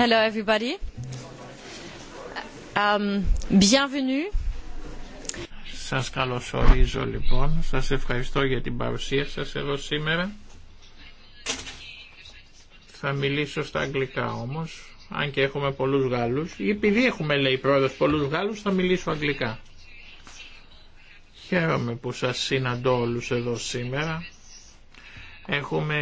Hello everybody. Um, bienvenue. Σας καλωσορίζω λοιπόν. Σας ευχαριστώ για την παρουσία σας εδώ σήμερα. Θα μιλήσω στα αγγλικά όμως, αν και έχουμε πολλούς Γάλλους. Επειδή έχουμε λέει πρόεδρος πολλούς Γάλλους θα μιλήσω αγγλικά. Χαίρομαι που σας συναντώ όλους εδώ σήμερα Έχουμε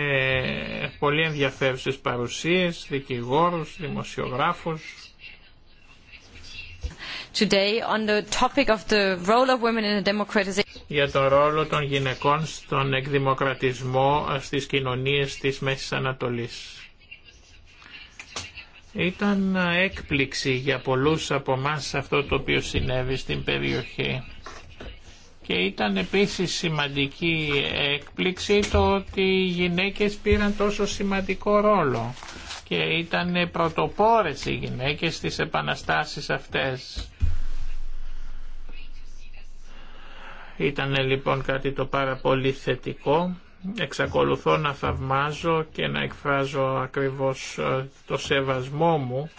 πολύ ενδιαφέρουσες παρουσίες, δικηγόρους, δημοσιογράφους. Today on the topic of Για τον ρόλο των γυναικών στον εκδημοκρατισμό στις κοινωνίες της Μέσης Ανατολής. Ήταν έκπληξη για πολλούς από μας αυτό το οποίο συνέβη στην περιοχή και ήταν επίσης σημαντική έκπληξη το ότι οι γυναίκες πήραν τόσο σημαντικό ρόλο και ήταν πρωτοπόρες οι γυναίκες στις επαναστάσεις αυτές. Ήταν λοιπόν κάτι το πάρα πολύ θετικό. Εξακολουθώ να θαυμάζω και να εκφράζω ακριβώς ε, το σεβασμό μου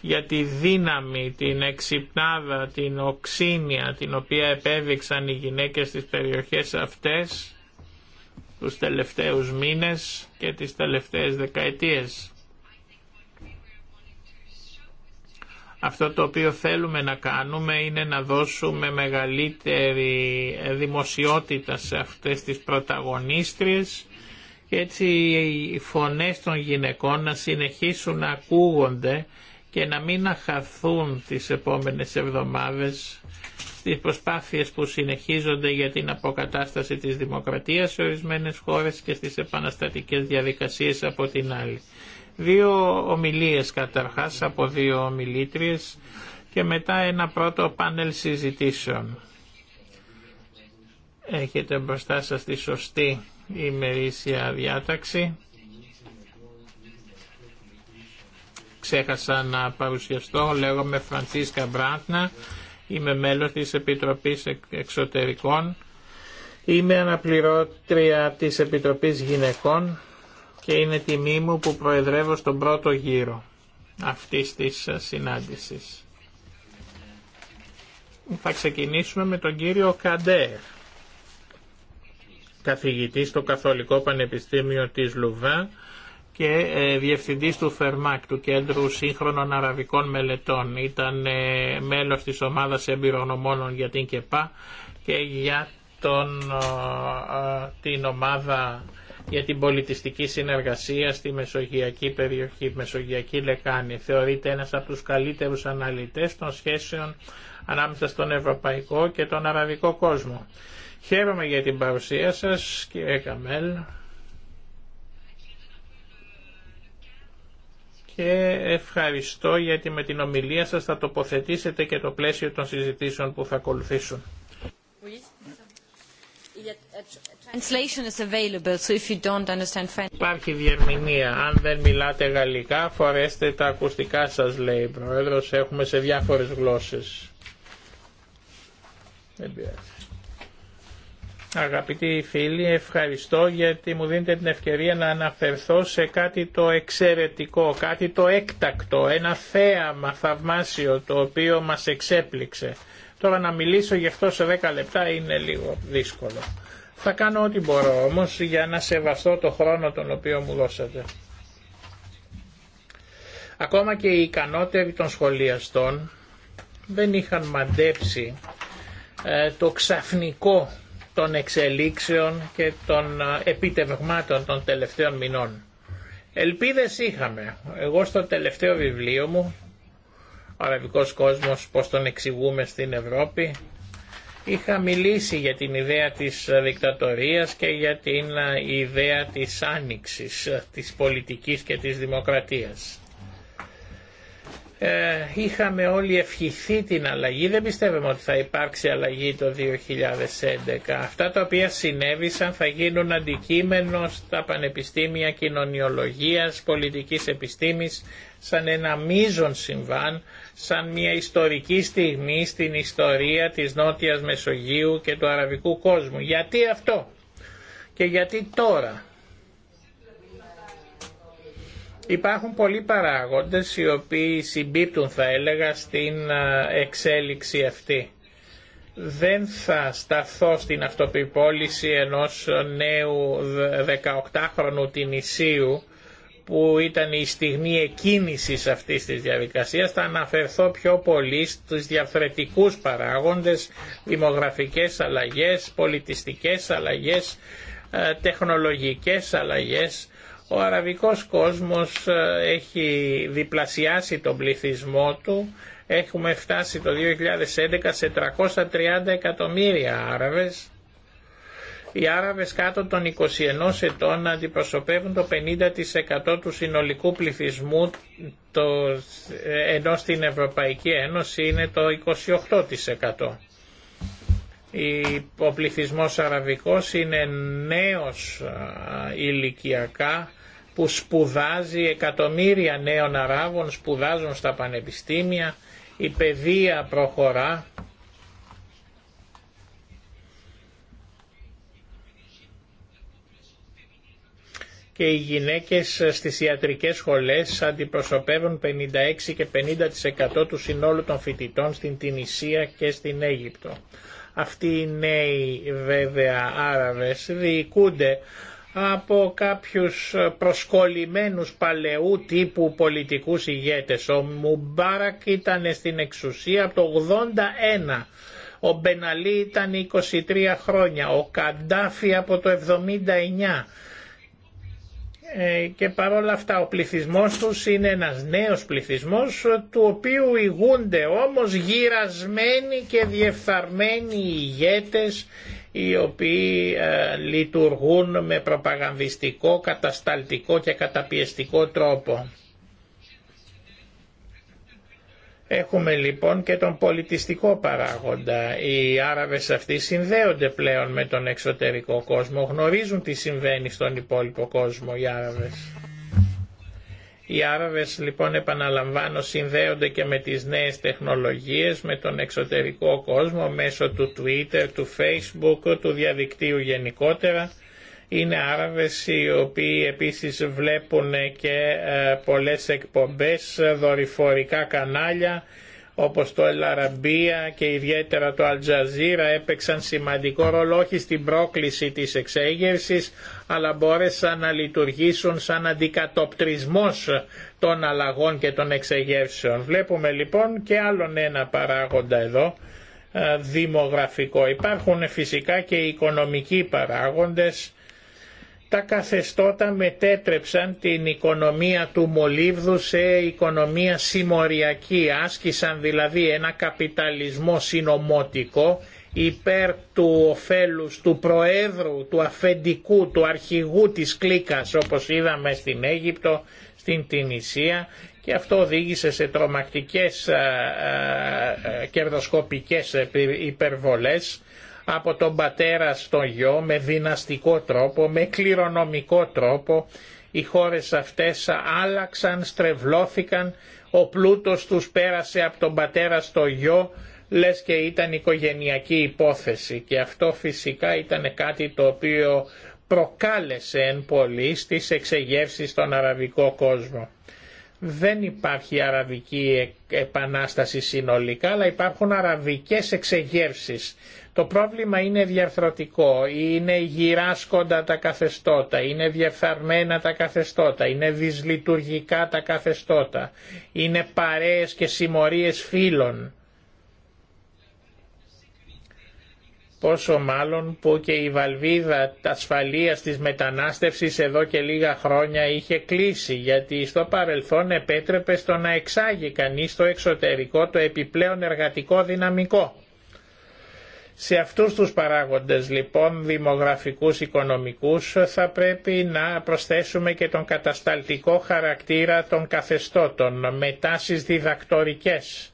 για τη δύναμη, την εξυπνάδα, την οξύνια την οποία επέδειξαν οι γυναίκες στις περιοχές αυτές τους τελευταίους μήνες και τις τελευταίες δεκαετίες. Αυτό το οποίο θέλουμε να κάνουμε είναι να δώσουμε μεγαλύτερη δημοσιότητα σε αυτές τις πρωταγωνίστριες και έτσι οι φωνές των γυναικών να συνεχίσουν να ακούγονται και να μην αχαθούν τις επόμενες εβδομάδες τις προσπάθειες που συνεχίζονται για την αποκατάσταση της δημοκρατίας σε ορισμένες χώρες και στις επαναστατικές διαδικασίες από την άλλη. Δύο ομιλίες καταρχάς από δύο ομιλήτριες και μετά ένα πρώτο πάνελ συζητήσεων. Έχετε μπροστά σας τη σωστή ημερήσια διάταξη. ξέχασα να παρουσιαστώ. Λέγομαι Φραντσίσκα Μπράντνα, είμαι μέλος της Επιτροπής Εξωτερικών. Είμαι αναπληρώτρια της Επιτροπής Γυναικών και είναι τιμή μου που προεδρεύω στον πρώτο γύρο αυτής της συνάντησης. Θα ξεκινήσουμε με τον κύριο Καντέρ, καθηγητή στο Καθολικό Πανεπιστήμιο της Λουβά και ε, διευθυντής του ΦΕΡΜΑΚ, του Κέντρου Σύγχρονων Αραβικών Μελετών. Ήταν ε, μέλος της ομάδας εμπειρογνωμόνων για την ΚΕΠΑ και για τον, ε, την ομάδα για την πολιτιστική συνεργασία στη Μεσογειακή περιοχή, Μεσογειακή Λεκάνη. Θεωρείται ένας από τους καλύτερους αναλυτές των σχέσεων ανάμεσα στον Ευρωπαϊκό και τον Αραβικό κόσμο. Χαίρομαι για την παρουσία σας, κύριε Καμέλ. και ευχαριστώ γιατί με την ομιλία σας θα τοποθετήσετε και το πλαίσιο των συζητήσεων που θα ακολουθήσουν. Υπάρχει διερμηνία. Αν δεν μιλάτε γαλλικά, φορέστε τα ακουστικά σας, λέει η Πρόεδρος. Έχουμε σε διάφορες γλώσσες. Δεν πειράζει. Αγαπητοί φίλοι, ευχαριστώ γιατί μου δίνετε την ευκαιρία να αναφερθώ σε κάτι το εξαιρετικό, κάτι το έκτακτο, ένα θέαμα θαυμάσιο το οποίο μας εξέπληξε. Τώρα να μιλήσω γι' αυτό σε 10 λεπτά είναι λίγο δύσκολο. Θα κάνω ό,τι μπορώ όμως για να σεβαστώ το χρόνο τον οποίο μου δώσατε. Ακόμα και οι ικανότεροι των σχολιαστών δεν είχαν μαντέψει ε, το ξαφνικό των εξελίξεων και των επιτευγμάτων των τελευταίων μηνών. Ελπίδες είχαμε. Εγώ στο τελευταίο βιβλίο μου, ο Αραβικός κόσμος, πώς τον εξηγούμε στην Ευρώπη, είχα μιλήσει για την ιδέα της δικτατορίας και για την ιδέα της άνοιξης, της πολιτικής και της δημοκρατίας. Ε, είχαμε όλοι ευχηθεί την αλλαγή. Δεν πιστεύουμε ότι θα υπάρξει αλλαγή το 2011. Αυτά τα οποία συνέβησαν θα γίνουν αντικείμενο στα πανεπιστήμια κοινωνιολογίας, πολιτικής επιστήμης, σαν ένα μείζον συμβάν, σαν μια ιστορική στιγμή στην ιστορία της Νότιας Μεσογείου και του αραβικού κόσμου. Γιατί αυτό και γιατί τώρα Υπάρχουν πολλοί παράγοντες οι οποίοι συμπίπτουν θα έλεγα στην ε, εξέλιξη αυτή. Δεν θα σταθώ στην αυτοπιπόληση ενός νέου 18χρονου Τινησίου που ήταν η στιγμή εκκίνησης αυτής της διαδικασίας θα αναφερθώ πιο πολύ στους διαφορετικούς παράγοντες, δημογραφικές αλλαγές, πολιτιστικές αλλαγές, ε, τεχνολογικές αλλαγές ο αραβικός κόσμος ε, έχει διπλασιάσει τον πληθυσμό του. Έχουμε φτάσει το 2011 σε 330 εκατομμύρια Άραβες. Οι Άραβες κάτω των 21 ετών αντιπροσωπεύουν το 50% του συνολικού πληθυσμού, το, ε, ενώ στην Ευρωπαϊκή Ένωση είναι το 28%. Ο πληθυσμός αραβικός είναι νέος ε, ηλικιακά που σπουδάζει, εκατομμύρια νέων Αράβων σπουδάζουν στα πανεπιστήμια, η παιδεία προχωρά. και οι γυναίκες στις ιατρικές σχολές αντιπροσωπεύουν 56 και 50% του συνόλου των φοιτητών στην Τινησία και στην Αίγυπτο. Αυτοί οι νέοι βέβαια Άραβες διοικούνται από κάποιους προσκολλημένους παλαιού τύπου πολιτικούς ηγέτες. Ο Μουμπάρακ ήταν στην εξουσία από το 81, ο Μπεναλή ήταν 23 χρόνια, ο Καντάφη από το 79 ε, και παρόλα αυτά ο πληθυσμός τους είναι ένας νέος πληθυσμός του οποίου ηγούνται όμως γυρασμένοι και διεφθαρμένοι ηγέτες οι οποίοι ε, λειτουργούν με προπαγανδιστικό, κατασταλτικό και καταπιεστικό τρόπο. Έχουμε λοιπόν και τον πολιτιστικό παράγοντα. Οι Άραβες αυτοί συνδέονται πλέον με τον εξωτερικό κόσμο, γνωρίζουν τι συμβαίνει στον υπόλοιπο κόσμο οι Άραβες. Οι Άραβες λοιπόν επαναλαμβάνω συνδέονται και με τις νέες τεχνολογίες, με τον εξωτερικό κόσμο μέσω του Twitter, του Facebook, του διαδικτύου γενικότερα. Είναι Άραβες οι οποίοι επίσης βλέπουν και ε, πολλές εκπομπές, ε, δορυφορικά κανάλια όπως το Ελαραμπία και ιδιαίτερα το Αλτζαζίρα έπαιξαν σημαντικό ρόλο όχι στην πρόκληση της εξέγερσης αλλά μπόρεσαν να λειτουργήσουν σαν αντικατοπτρισμός των αλλαγών και των εξεγεύσεων. Βλέπουμε λοιπόν και άλλον ένα παράγοντα εδώ, ε, δημογραφικό. Υπάρχουν φυσικά και οικονομικοί παράγοντες. Τα καθεστώτα μετέτρεψαν την οικονομία του μολύβδου σε οικονομία συμμοριακή. Άσκησαν δηλαδή ένα καπιταλισμό συνομωτικό υπέρ του ωφέλους του προέδρου, του αφεντικού, του αρχηγού της κλίκας όπως είδαμε στην Αίγυπτο, στην Τινησία και αυτό οδήγησε σε τρομακτικές α, ε, α, ε, ε, κερδοσκοπικές υπερβολές από τον πατέρα στο γιο με δυναστικό τρόπο, με κληρονομικό τρόπο. Οι χώρες αυτές άλλαξαν, στρεβλώθηκαν, ο πλούτος τους πέρασε από τον πατέρα στο γιο λες και ήταν οικογενειακή υπόθεση και αυτό φυσικά ήταν κάτι το οποίο προκάλεσε εν πολύ στις εξεγεύσεις στον αραβικό κόσμο. Δεν υπάρχει αραβική επανάσταση συνολικά, αλλά υπάρχουν αραβικές εξεγεύσεις. Το πρόβλημα είναι διαρθρωτικό, είναι γυράσκοντα τα καθεστώτα, είναι διεφθαρμένα τα καθεστώτα, είναι δυσλειτουργικά τα καθεστώτα, είναι παρέες και συμμορίες φίλων. πόσο μάλλον που και η βαλβίδα ασφαλείας της μετανάστευσης εδώ και λίγα χρόνια είχε κλείσει γιατί στο παρελθόν επέτρεπε στο να εξάγει κανείς το εξωτερικό το επιπλέον εργατικό δυναμικό. Σε αυτούς τους παράγοντες λοιπόν δημογραφικούς οικονομικούς θα πρέπει να προσθέσουμε και τον κατασταλτικό χαρακτήρα των καθεστώτων με τάσεις διδακτορικές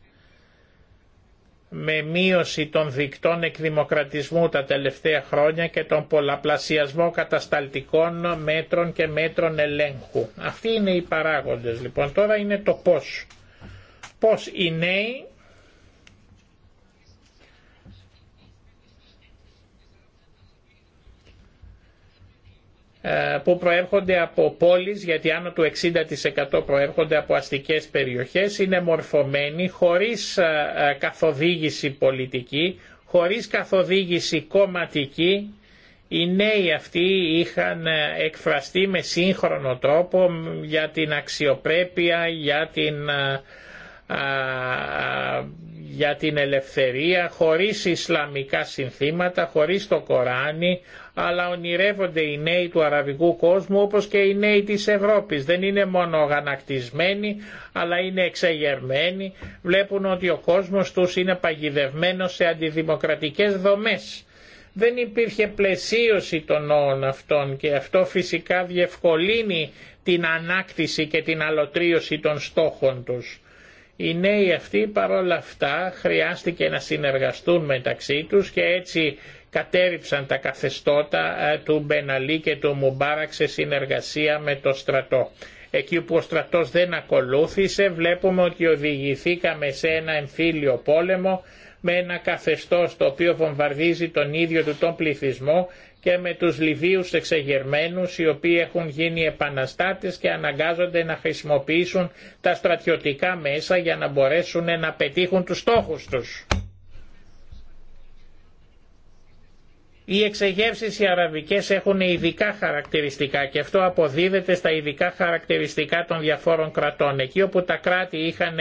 με μείωση των δικτών εκδημοκρατισμού τα τελευταία χρόνια και τον πολλαπλασιασμό κατασταλτικών μέτρων και μέτρων ελέγχου. Αυτοί είναι οι παράγοντες λοιπόν. Τώρα είναι το πώς. Πώς οι νέοι Ε, που προέρχονται από πόλεις, γιατί άνω του 60% προέρχονται από αστικές περιοχές, είναι μορφωμένοι χωρίς ε, ε, καθοδήγηση πολιτική, χωρίς καθοδήγηση κομματική. Οι νέοι αυτοί είχαν εκφραστεί με σύγχρονο τρόπο για την αξιοπρέπεια, για την, για την ελευθερία, χωρίς Ισλαμικά συνθήματα, χωρίς το Κοράνι, αλλά ονειρεύονται οι νέοι του αραβικού κόσμου όπως και οι νέοι της Ευρώπης. Δεν είναι μόνο γανακτισμένοι, αλλά είναι εξεγερμένοι, βλέπουν ότι ο κόσμος τους είναι παγιδευμένος σε αντιδημοκρατικές δομές. Δεν υπήρχε πλαισίωση των νόων αυτών και αυτό φυσικά διευκολύνει την ανάκτηση και την αλωτρίωση των στόχων τους. Οι νέοι αυτοί παρόλα αυτά χρειάστηκε να συνεργαστούν μεταξύ τους και έτσι κατέριψαν τα καθεστώτα ε, του Μπεναλή και του Μουμπάρακ σε συνεργασία με το στρατό. Εκεί που ο στρατός δεν ακολούθησε βλέπουμε ότι οδηγηθήκαμε σε ένα εμφύλιο πόλεμο με ένα καθεστώς το οποίο βομβαρδίζει τον ίδιο του τον πληθυσμό και με τους Λιβύους εξεγερμένους οι οποίοι έχουν γίνει επαναστάτες και αναγκάζονται να χρησιμοποιήσουν τα στρατιωτικά μέσα για να μπορέσουν να πετύχουν τους στόχους τους. Οι εξεγεύσεις οι αραβικές έχουν ειδικά χαρακτηριστικά και αυτό αποδίδεται στα ειδικά χαρακτηριστικά των διαφόρων κρατών. Εκεί όπου τα κράτη είχαν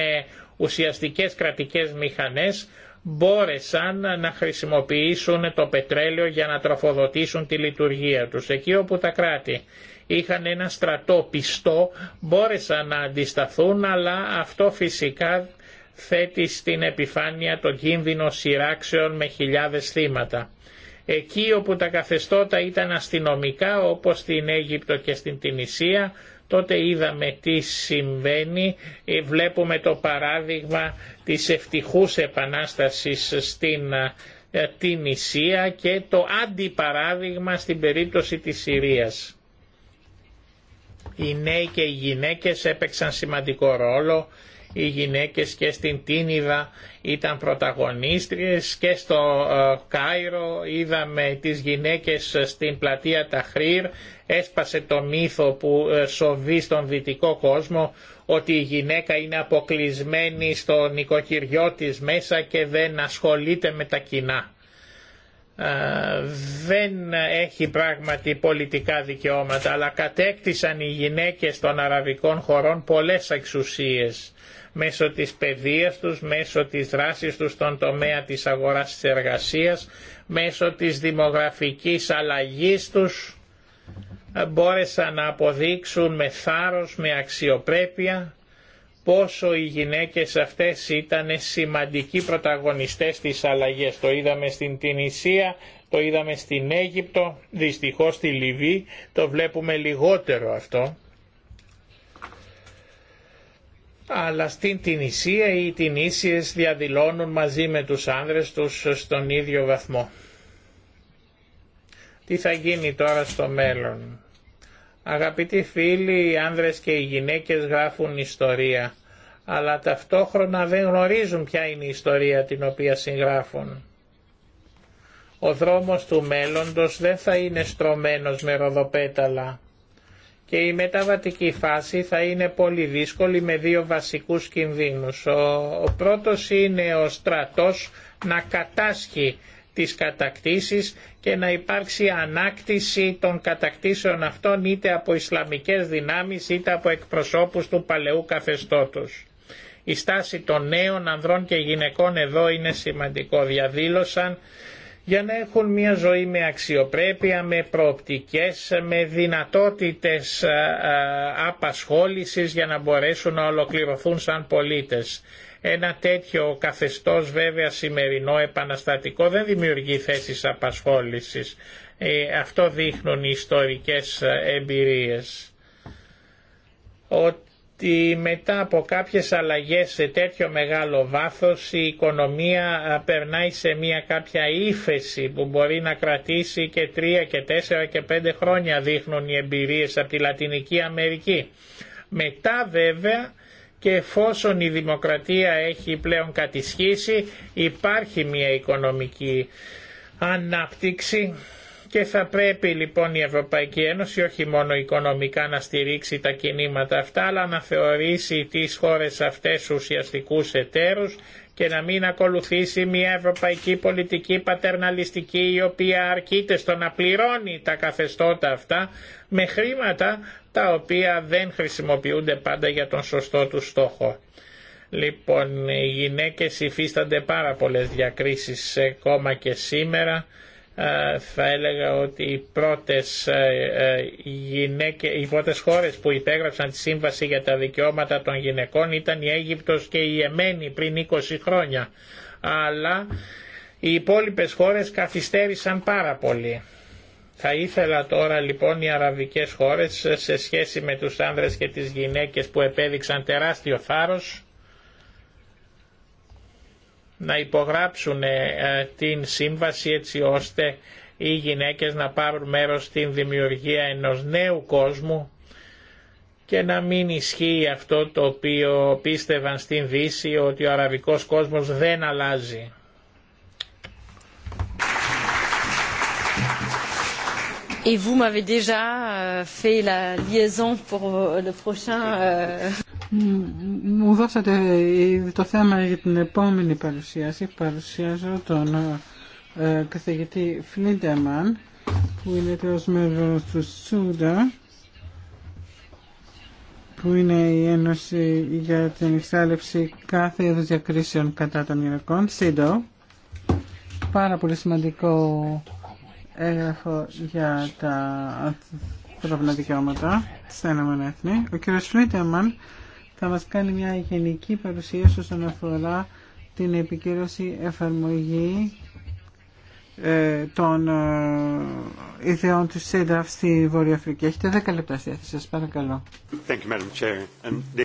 ουσιαστικές κρατικές μηχανές μπόρεσαν να χρησιμοποιήσουν το πετρέλαιο για να τροφοδοτήσουν τη λειτουργία τους. Εκεί όπου τα κράτη είχαν ένα στρατό πιστό μπόρεσαν να αντισταθούν αλλά αυτό φυσικά θέτει στην επιφάνεια τον κίνδυνο σειράξεων με χιλιάδες θύματα. Εκεί όπου τα καθεστώτα ήταν αστυνομικά όπως στην Αίγυπτο και στην Τινησία τότε είδαμε τι συμβαίνει, ε, βλέπουμε το παράδειγμα της ευτυχούς επανάστασης στην ε, Τινησία και το αντιπαράδειγμα στην περίπτωση της Συρίας. Οι νέοι και οι γυναίκες έπαιξαν σημαντικό ρόλο οι γυναίκες και στην Τίνιδα ήταν πρωταγωνίστριες και στο ε, Κάιρο είδαμε τις γυναίκες στην πλατεία Ταχρήρ έσπασε το μύθο που ε, σοβεί στον δυτικό κόσμο ότι η γυναίκα είναι αποκλεισμένη στο νοικοκυριό της μέσα και δεν ασχολείται με τα κοινά. Ε, δεν έχει πράγματι πολιτικά δικαιώματα αλλά κατέκτησαν οι γυναίκες των αραβικών χωρών πολλές εξουσίες μέσω της παιδείας τους, μέσω της δράσης τους στον τομέα της αγοράς της εργασίας, μέσω της δημογραφικής αλλαγής τους, ε, μπόρεσαν να αποδείξουν με θάρρος, με αξιοπρέπεια, πόσο οι γυναίκες αυτές ήταν σημαντικοί πρωταγωνιστές της αλλαγής. Το είδαμε στην Τινησία, το είδαμε στην Αίγυπτο, δυστυχώς στη Λιβύη, το βλέπουμε λιγότερο αυτό. αλλά στην Τινησία οι Τινήσιες διαδηλώνουν μαζί με τους άνδρες τους στον ίδιο βαθμό. Τι θα γίνει τώρα στο μέλλον. Αγαπητοί φίλοι, οι άνδρες και οι γυναίκες γράφουν ιστορία, αλλά ταυτόχρονα δεν γνωρίζουν ποια είναι η ιστορία την οποία συγγράφουν. Ο δρόμος του μέλλοντος δεν θα είναι στρωμένος με ροδοπέταλα και η μεταβατική φάση θα είναι πολύ δύσκολη με δύο βασικούς κινδύνους. Ο, ο πρώτος είναι ο στρατός να κατάσχει τις κατακτήσεις και να υπάρξει ανάκτηση των κατακτήσεων αυτών είτε από Ισλαμικές δυνάμεις είτε από εκπροσώπους του παλαιού καθεστώτος. Η στάση των νέων ανδρών και γυναικών εδώ είναι σημαντικό. Διαδήλωσαν για να έχουν μια ζωή με αξιοπρέπεια, με προοπτικές, με δυνατότητες ε, ε, απασχόλησης για να μπορέσουν να ολοκληρωθούν σαν πολίτες. Ένα τέτοιο καθεστώς βέβαια σημερινό επαναστατικό δεν δημιουργεί θέσεις απασχόλησης. Ε, αυτό δείχνουν οι ιστορικές εμπειρίες. Ότι ότι μετά από κάποιες αλλαγές σε τέτοιο μεγάλο βάθος η οικονομία περνάει σε μια κάποια ύφεση που μπορεί να κρατήσει και τρία και τέσσερα και πέντε χρόνια δείχνουν οι εμπειρίες από τη Λατινική Αμερική. Μετά βέβαια και εφόσον η δημοκρατία έχει πλέον κατησχίσει υπάρχει μια οικονομική ανάπτυξη και θα πρέπει λοιπόν η Ευρωπαϊκή Ένωση όχι μόνο οικονομικά να στηρίξει τα κινήματα αυτά αλλά να θεωρήσει τις χώρες αυτές ουσιαστικούς εταίρους και να μην ακολουθήσει μια ευρωπαϊκή πολιτική πατερναλιστική η οποία αρκείται στο να πληρώνει τα καθεστώτα αυτά με χρήματα τα οποία δεν χρησιμοποιούνται πάντα για τον σωστό του στόχο. Λοιπόν, οι γυναίκες υφίστανται πάρα πολλές διακρίσεις ακόμα και σήμερα ε, θα έλεγα ότι οι πρώτες, ε, ε, γυναίκες, οι πρώτες χώρες που υπέγραψαν τη Σύμβαση για τα Δικαιώματα των Γυναικών ήταν η Αίγυπτος και η Εμένη πριν 20 χρόνια. Αλλά οι υπόλοιπες χώρες καθυστέρησαν πάρα πολύ. Θα ήθελα τώρα λοιπόν οι αραβικές χώρες σε σχέση με τους άνδρες και τις γυναίκες που επέδειξαν τεράστιο θάρρος να υπογράψουν ε, ε, την σύμβαση έτσι ώστε οι γυναίκες να πάρουν μέρος στην δημιουργία ενός νέου κόσμου και να μην ισχύει αυτό το οποίο πίστευαν στην Δύση ότι ο αραβικός κόσμος δεν αλλάζει. Et vous m'avez déjà euh, fait la liaison pour euh, le prochain... Euh, μου δώσατε το θέμα για την επόμενη παρουσίαση. Παρουσιάζω τον ε, καθηγητή Φλίντεμαν που είναι το μέρο του Σούντα που είναι η Ένωση για την Εξάλληψη κάθε είδους διακρίσεων κατά των γυναικών, ΣΥΝΤΟ. Πάρα πολύ σημαντικό έγγραφο για τα ανθρώπινα δικαιώματα στα Ηνωμένα Έθνη. Ο κύριο Φλίντεμαν, θα μας κάνει μια γενική παρουσίαση όσον αφορά την επικύρωση εφαρμογή ε, των ε, ιδεών του ΣΕΝΤΑΦ στη Βόρεια Αφρική. Έχετε 10 λεπτά στη διάθεση σας, παρακαλώ.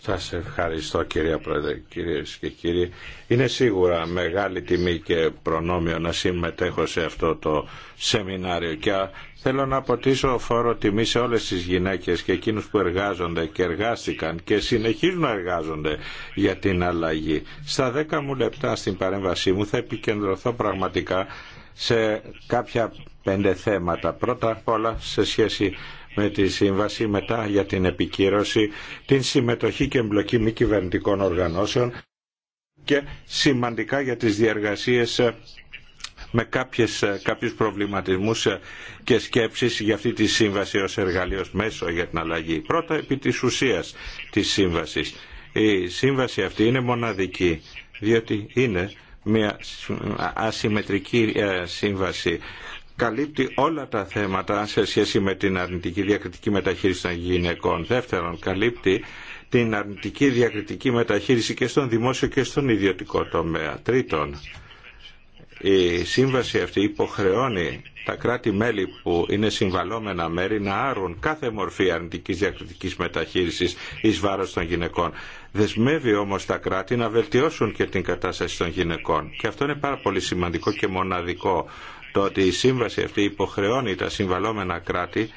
Σας ευχαριστώ κυρία Πρόεδρε, κυρίες και κύριοι. Είναι σίγουρα μεγάλη τιμή και προνόμιο να συμμετέχω σε αυτό το σεμινάριο και θέλω να αποτίσω φόρο τιμή σε όλες τις γυναίκες και εκείνους που εργάζονται και εργάστηκαν και συνεχίζουν να εργάζονται για την αλλαγή. Στα 10 μου λεπτά στην παρέμβασή μου θα επικεντρωθώ πραγματικά σε κάποια πέντε θέματα. Πρώτα απ' όλα σε σχέση με τη σύμβαση, μετά για την επικύρωση, την συμμετοχή και εμπλοκή μη κυβερνητικών οργανώσεων και σημαντικά για τις διεργασίες με κάποιες, κάποιους προβληματισμούς και σκέψεις για αυτή τη σύμβαση ως εργαλείο μέσο για την αλλαγή. Πρώτα επί της ουσίας της σύμβασης. Η σύμβαση αυτή είναι μοναδική, διότι είναι μια ασυμμετρική ε, σύμβαση καλύπτει όλα τα θέματα σε σχέση με την αρνητική διακριτική μεταχείριση των γυναικών. Δεύτερον, καλύπτει την αρνητική διακριτική μεταχείριση και στον δημόσιο και στον ιδιωτικό τομέα. Τρίτον, η σύμβαση αυτή υποχρεώνει τα κράτη-μέλη που είναι συμβαλόμενα μέρη να άρουν κάθε μορφή αρνητικής διακριτικής μεταχείρισης εις βάρος των γυναικών. Δεσμεύει όμως τα κράτη να βελτιώσουν και την κατάσταση των γυναικών. Και αυτό είναι πάρα πολύ σημαντικό και μοναδικό το ότι η σύμβαση αυτή υποχρεώνει τα συμβαλόμενα κράτη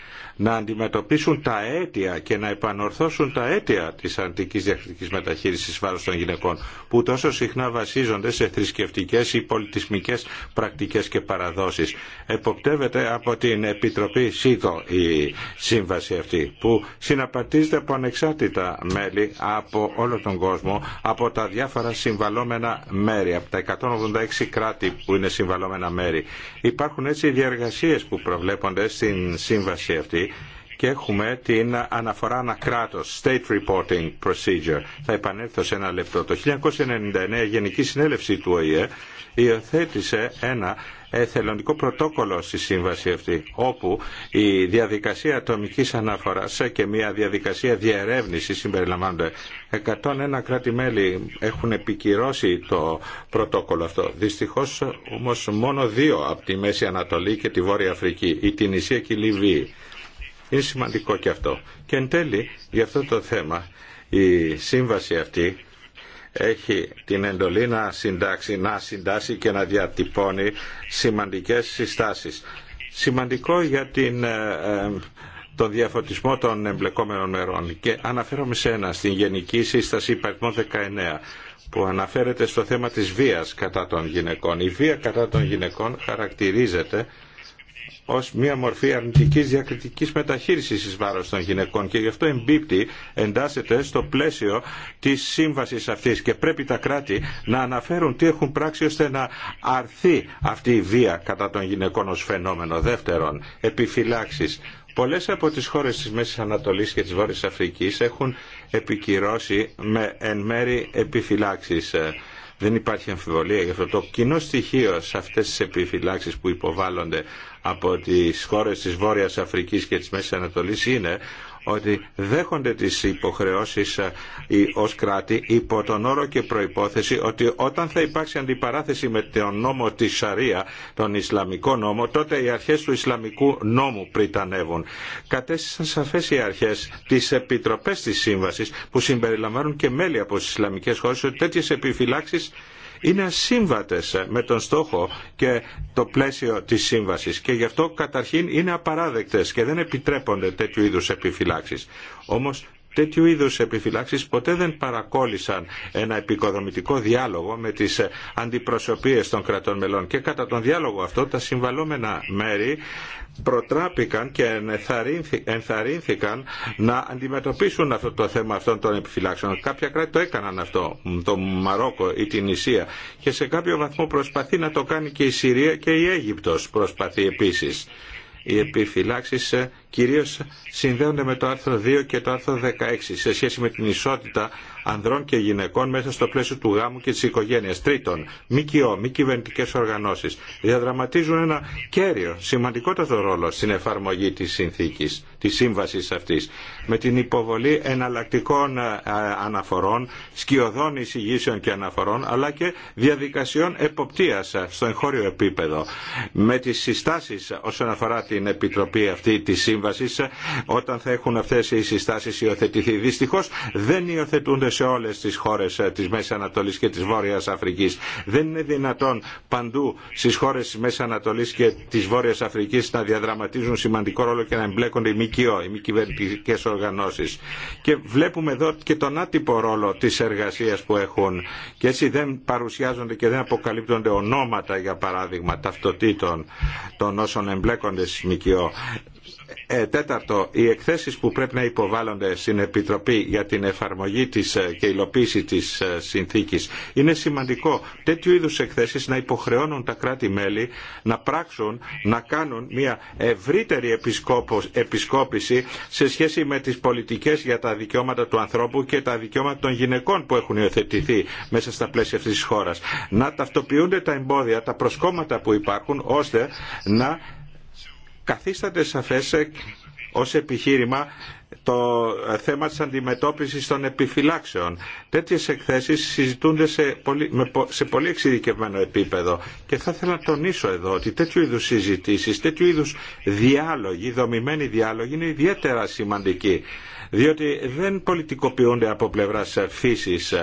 να αντιμετωπίσουν τα αίτια και να επανορθώσουν τα αίτια της αντικής διακριτικής μεταχείρισης βάρος των γυναικών που τόσο συχνά βασίζονται σε θρησκευτικές ή πολιτισμικές πρακτικές και παραδόσεις. Εποπτεύεται από την Επιτροπή ΣΥΔΟ η σύμβαση αυτή που συναπαρτίζεται από ανεξάρτητα μέλη από όλο τον κόσμο από τα διάφορα συμβαλόμενα μέρη, από τα 186 κράτη που είναι συμβαλόμενα μέρη. Υπάρχουν έτσι διαργασίε που προβλέπονται στην σύμβαση αυτή και έχουμε την αναφορά ανακράτος, State Reporting Procedure. Θα επανέλθω σε ένα λεπτό. Το 1999 η Γενική Συνέλευση του ΟΗΕ υιοθέτησε ένα εθελοντικό πρωτόκολλο στη σύμβαση αυτή, όπου η διαδικασία ατομικής αναφοράς και μια διαδικασία διερεύνηση, συμπεριλαμβάνονται. 101 κράτη-μέλη έχουν επικυρώσει το πρωτόκολλο αυτό. Δυστυχώ όμω μόνο δύο από τη Μέση Ανατολή και τη Βόρεια Αφρική, η Τινησία και η Λιβύη. Είναι σημαντικό και αυτό. Και εν τέλει, για αυτό το θέμα, η σύμβαση αυτή έχει την εντολή να συντάξει, να συντάσει και να διατυπώνει σημαντικές συστάσεις. Σημαντικό για την, ε, ε, τον διαφωτισμό των εμπλεκόμενων μερών. Και αναφέρομαι σε ένα, στην Γενική Σύσταση Υπαριθμών 19 που αναφέρεται στο θέμα της βίας κατά των γυναικών. Η βία κατά των γυναικών χαρακτηρίζεται ως μια μορφή αρνητικής διακριτικής μεταχείρισης εις βάρος των γυναικών και γι' αυτό εμπίπτει, εντάσσεται στο πλαίσιο της σύμβασης αυτής και πρέπει τα κράτη να αναφέρουν τι έχουν πράξει ώστε να αρθεί αυτή η βία κατά των γυναικών ως φαινόμενο. Δεύτερον, επιφυλάξεις. Πολλές από τις χώρες της Μέσης Ανατολής και της Βόρειας Αφρικής έχουν επικυρώσει με εν μέρη επιφυλάξεις. Ε, δεν υπάρχει αμφιβολία γι' αυτό. Το κοινό στοιχείο σε αυτές τι επιφυλάξει που υποβάλλονται από τις χώρες της Βόρειας Αφρικής και της Μέσης Ανατολής είναι ότι δέχονται τις υποχρεώσεις ε, ως κράτη υπό τον όρο και προϋπόθεση ότι όταν θα υπάρξει αντιπαράθεση με τον νόμο της Σαρία, τον Ισλαμικό νόμο, τότε οι αρχές του Ισλαμικού νόμου πριτανεύουν. Κατέστησαν σαφές οι αρχές τις επιτροπές της σύμβασης που συμπεριλαμβάνουν και μέλη από τις Ισλαμικές χώρες ότι τέτοιες επιφυλάξεις είναι σύμβατες με τον στόχο και το πλαίσιο της σύμβασης και γι' αυτό καταρχήν είναι απαράδεκτες και δεν επιτρέπονται τέτοιου είδους επιφυλάξεις. Όμως τέτοιου είδους επιφυλάξεις ποτέ δεν παρακόλλησαν ένα επικοδομητικό διάλογο με τις αντιπροσωπείες των κρατών μελών και κατά τον διάλογο αυτό τα συμβαλόμενα μέρη προτράπηκαν και ενθαρρύνθηκαν να αντιμετωπίσουν αυτό το θέμα αυτών των επιφυλάξεων. Κάποια κράτη το έκαναν αυτό, το Μαρόκο ή την Ισία και σε κάποιο βαθμό προσπαθεί να το κάνει και η Συρία και η Αίγυπτος προσπαθεί επίσης οι επιφυλάξει ε, κυρίως συνδέονται με το άρθρο 2 και το άρθρο 16 σε σχέση με την ισότητα ανδρών και γυναικών μέσα στο πλαίσιο του γάμου και τη οικογένεια. Τρίτον, ΜΚΟ, μη κυβερνητικέ οργανώσει, διαδραματίζουν ένα κέριο, σημαντικότατο ρόλο στην εφαρμογή τη συνθήκη, τη σύμβαση αυτή, με την υποβολή εναλλακτικών ε, αναφορών, σκιωδών εισηγήσεων και αναφορών, αλλά και διαδικασιών εποπτεία στο εγχώριο επίπεδο. Με τι συστάσει όσον αφορά την επιτροπή αυτή τη σύμβαση, όταν θα έχουν αυτέ οι συστάσει υιοθετηθεί. Δυστυχώ δεν υιοθετούνται σε όλες τις χώρες ε, της Μέσης Ανατολής και της Βόρειας Αφρικής. Δεν είναι δυνατόν παντού στις χώρες της Μέσης Ανατολής και της Βόρειας Αφρικής να διαδραματίζουν σημαντικό ρόλο και να εμπλέκονται οι ΜΚΟ, οι μη κυβερνητικέ οργανώσεις. Και βλέπουμε εδώ και τον άτυπο ρόλο τη εργασία που έχουν και έτσι δεν παρουσιάζονται και δεν αποκαλύπτονται ονόματα για παράδειγμα ταυτοτήτων των όσων εμπλέκονται στι ΜΚΟ. Ε, τέταρτο, οι εκθέσεις που πρέπει να υποβάλλονται στην Επιτροπή για την εφαρμογή της ε, και υλοποίηση της ε, συνθήκης. Είναι σημαντικό τέτοιου είδους εκθέσεις να υποχρεώνουν τα κράτη-μέλη να πράξουν, να κάνουν μια ευρύτερη επισκόπηση σε σχέση με τις πολιτικές για τα δικαιώματα του ανθρώπου και τα δικαιώματα των γυναικών που έχουν υιοθετηθεί μέσα στα πλαίσια αυτής της χώρας. Να ταυτοποιούνται τα εμπόδια, τα προσκόμματα που υπάρχουν ώστε να καθίσταται σαφές ε, ως επιχείρημα το θέμα της αντιμετώπισης των επιφυλάξεων. Τέτοιες εκθέσεις συζητούνται σε πολύ, σε πολύ εξειδικευμένο επίπεδο και θα ήθελα να τονίσω εδώ ότι τέτοιου είδους συζητήσεις, τέτοιου είδους διάλογοι, δομημένοι διάλογοι είναι ιδιαίτερα σημαντικοί διότι δεν πολιτικοποιούνται από πλευράς φύσης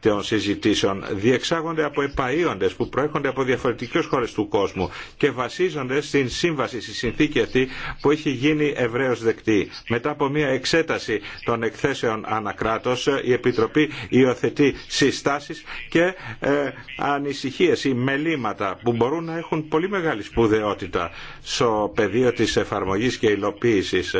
των συζητήσεων, διεξάγονται από επαΐοντες που προέρχονται από διαφορετικές χώρες του κόσμου και βασίζονται στην σύμβαση, στη συνθήκη αυτή που έχει γίνει ευρέως δεκτή. Μετά από μια εξέταση των εκθέσεων ανακράτος, η Επιτροπή υιοθετεί συστάσεις και ε, ανησυχίες ή μελήματα που μπορούν να έχουν πολύ μεγάλη σπουδαιότητα στο πεδίο της εφαρμογής και υλοποίησης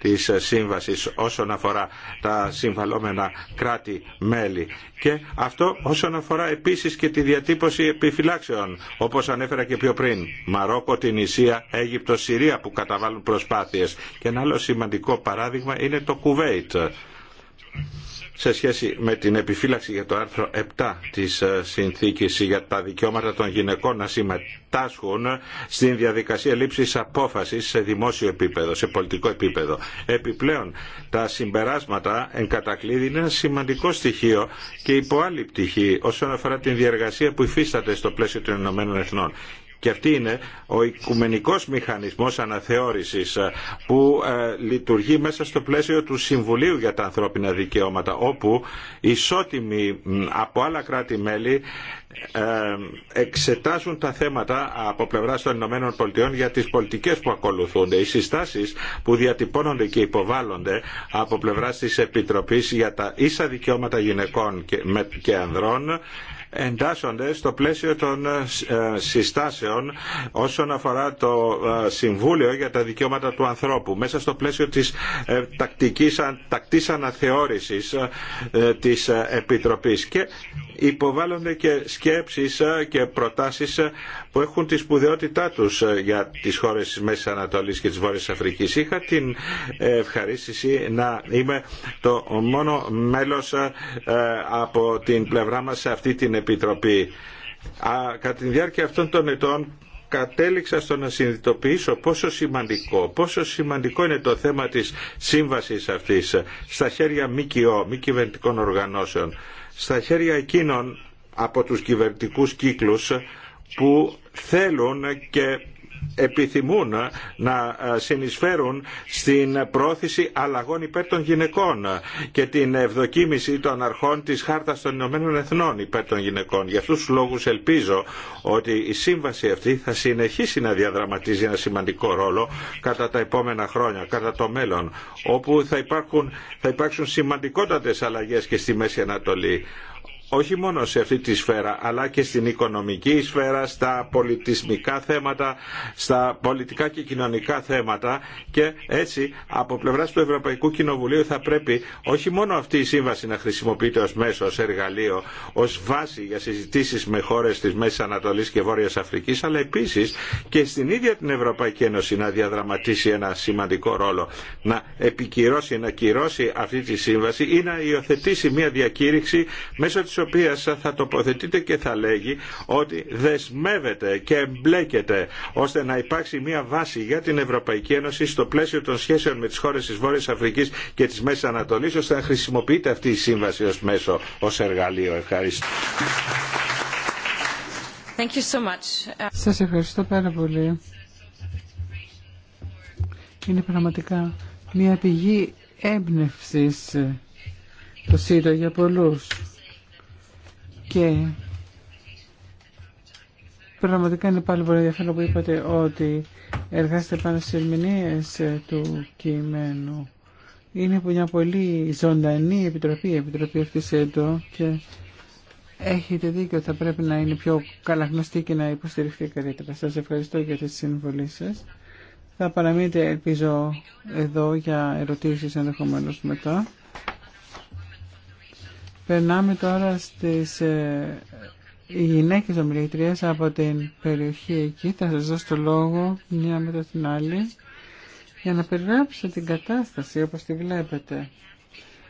της σύμβασης όσον αφορά τα συμβαλόμενα κράτη-μέλη. Και αυτό όσον αφορά επίσης και τη διατύπωση επιφυλάξεων, όπως ανέφερα και πιο πριν. Μαρόκο, την Ισία, Αίγυπτο, Συρία που καταβάλουν προσπάθειες. Και ένα άλλο σημαντικό παράδειγμα είναι το Κουβέιτ σε σχέση με την επιφύλαξη για το άρθρο 7 της ε, συνθήκης για τα δικαιώματα των γυναικών να συμμετάσχουν στην διαδικασία λήψης απόφασης σε δημόσιο επίπεδο, σε πολιτικό επίπεδο. Επιπλέον, τα συμπεράσματα εν κατακλείδη είναι ένα σημαντικό στοιχείο και υπό άλλη πτυχή όσον αφορά την διεργασία που υφίσταται στο πλαίσιο των Ηνωμένων Εθνών και αυτή είναι ο οικουμενικός μηχανισμός αναθεώρησης ε, που ε, λειτουργεί μέσα στο πλαίσιο του Συμβουλίου για τα Ανθρώπινα Δικαιώματα όπου ισότιμοι από άλλα κράτη-μέλη ε, εξετάζουν τα θέματα από πλευρά των Ηνωμένων Πολιτειών για τις πολιτικές που ακολουθούνται. Οι συστάσεις που διατυπώνονται και υποβάλλονται από πλευρά της Επιτροπής για τα ίσα δικαιώματα γυναικών και ανδρών εντάσσονται στο πλαίσιο των ε, ε, συστάσεων όσον αφορά το ε, Συμβούλιο για τα Δικαιώματα του Ανθρώπου μέσα στο πλαίσιο της τακτικής, τακτής αναθεώρησης της Επιτροπής και υποβάλλονται και σκέψεις ε, και προτάσεις ε, που έχουν τη σπουδαιότητά τους ε, για τις χώρες της Μέσης Ανατολής και της Βόρειας Αφρικής. Είχα την ευχαρίστηση να είμαι το μόνο μέλος από την πλευρά μας σε αυτή την Επιτροπή. Κατά τη διάρκεια αυτών των ετών κατέληξα στο να συνειδητοποιήσω πόσο σημαντικό, πόσο σημαντικό είναι το θέμα της σύμβασης αυτής στα χέρια ΜΚΟ, μη κυβερνητικών οργανώσεων στα χέρια εκείνων από τους κυβερνητικούς κύκλους που θέλουν και επιθυμούν να ε, συνεισφέρουν στην πρόθεση αλλαγών υπέρ των γυναικών και την ευδοκίμηση των αρχών της Χάρτας των Ηνωμένων Εθνών υπέρ των γυναικών. Για αυτούς τους λόγους ελπίζω ότι η σύμβαση αυτή θα συνεχίσει να διαδραματίζει ένα σημαντικό ρόλο κατά τα επόμενα χρόνια, κατά το μέλλον, όπου θα, υπάρχουν, θα υπάρξουν σημαντικότατες αλλαγές και στη Μέση Ανατολή όχι μόνο σε αυτή τη σφαίρα αλλά και στην οικονομική σφαίρα, στα πολιτισμικά θέματα, στα πολιτικά και κοινωνικά θέματα και έτσι από πλευρά του Ευρωπαϊκού Κοινοβουλίου θα πρέπει όχι μόνο αυτή η σύμβαση να χρησιμοποιείται ως μέσο, ως εργαλείο, ως βάση για συζητήσεις με χώρες της Μέσης Ανατολής και Βόρειας Αφρικής αλλά επίσης και στην ίδια την Ευρωπαϊκή Ένωση να διαδραματίσει ένα σημαντικό ρόλο, να επικυρώσει, να κυρώσει αυτή τη σύμβαση ή να υιοθετήσει μια διακήρυξη μέσω οποία θα τοποθετείται και θα λέγει ότι δεσμεύεται και εμπλέκεται ώστε να υπάρξει μια βάση για την Ευρωπαϊκή Ένωση στο πλαίσιο των σχέσεων με τις χώρες της Βόρειας Αφρικής και τη μέση Ανατολής ώστε να χρησιμοποιείται αυτή η σύμβαση ως μέσο, ω εργαλείο. Ευχαριστώ. Thank so Σας ευχαριστώ πάρα πολύ. Είναι πραγματικά μια πηγή έμπνευσης το ΣΥΡΟ για πολλούς. Και πραγματικά είναι πάλι πολύ ενδιαφέρον που είπατε ότι εργάζεται πάνω στις ερμηνείες ε, του κειμένου. Είναι μια πολύ ζωντανή επιτροπή, η επιτροπή αυτή εδώ και έχετε δίκιο, θα πρέπει να είναι πιο καλά γνωστή και να υποστηριχθεί καλύτερα. Σας ευχαριστώ για τις συμβολή σας. Θα παραμείνετε, ελπίζω, εδώ για ερωτήσεις ενδεχομένως μετά. Περνάμε τώρα στις ε, γυναίκες ομιλητρίες από την περιοχή εκεί. Θα σας δώσω το λόγο μία μετά την άλλη για να περιγράψω την κατάσταση όπως τη βλέπετε.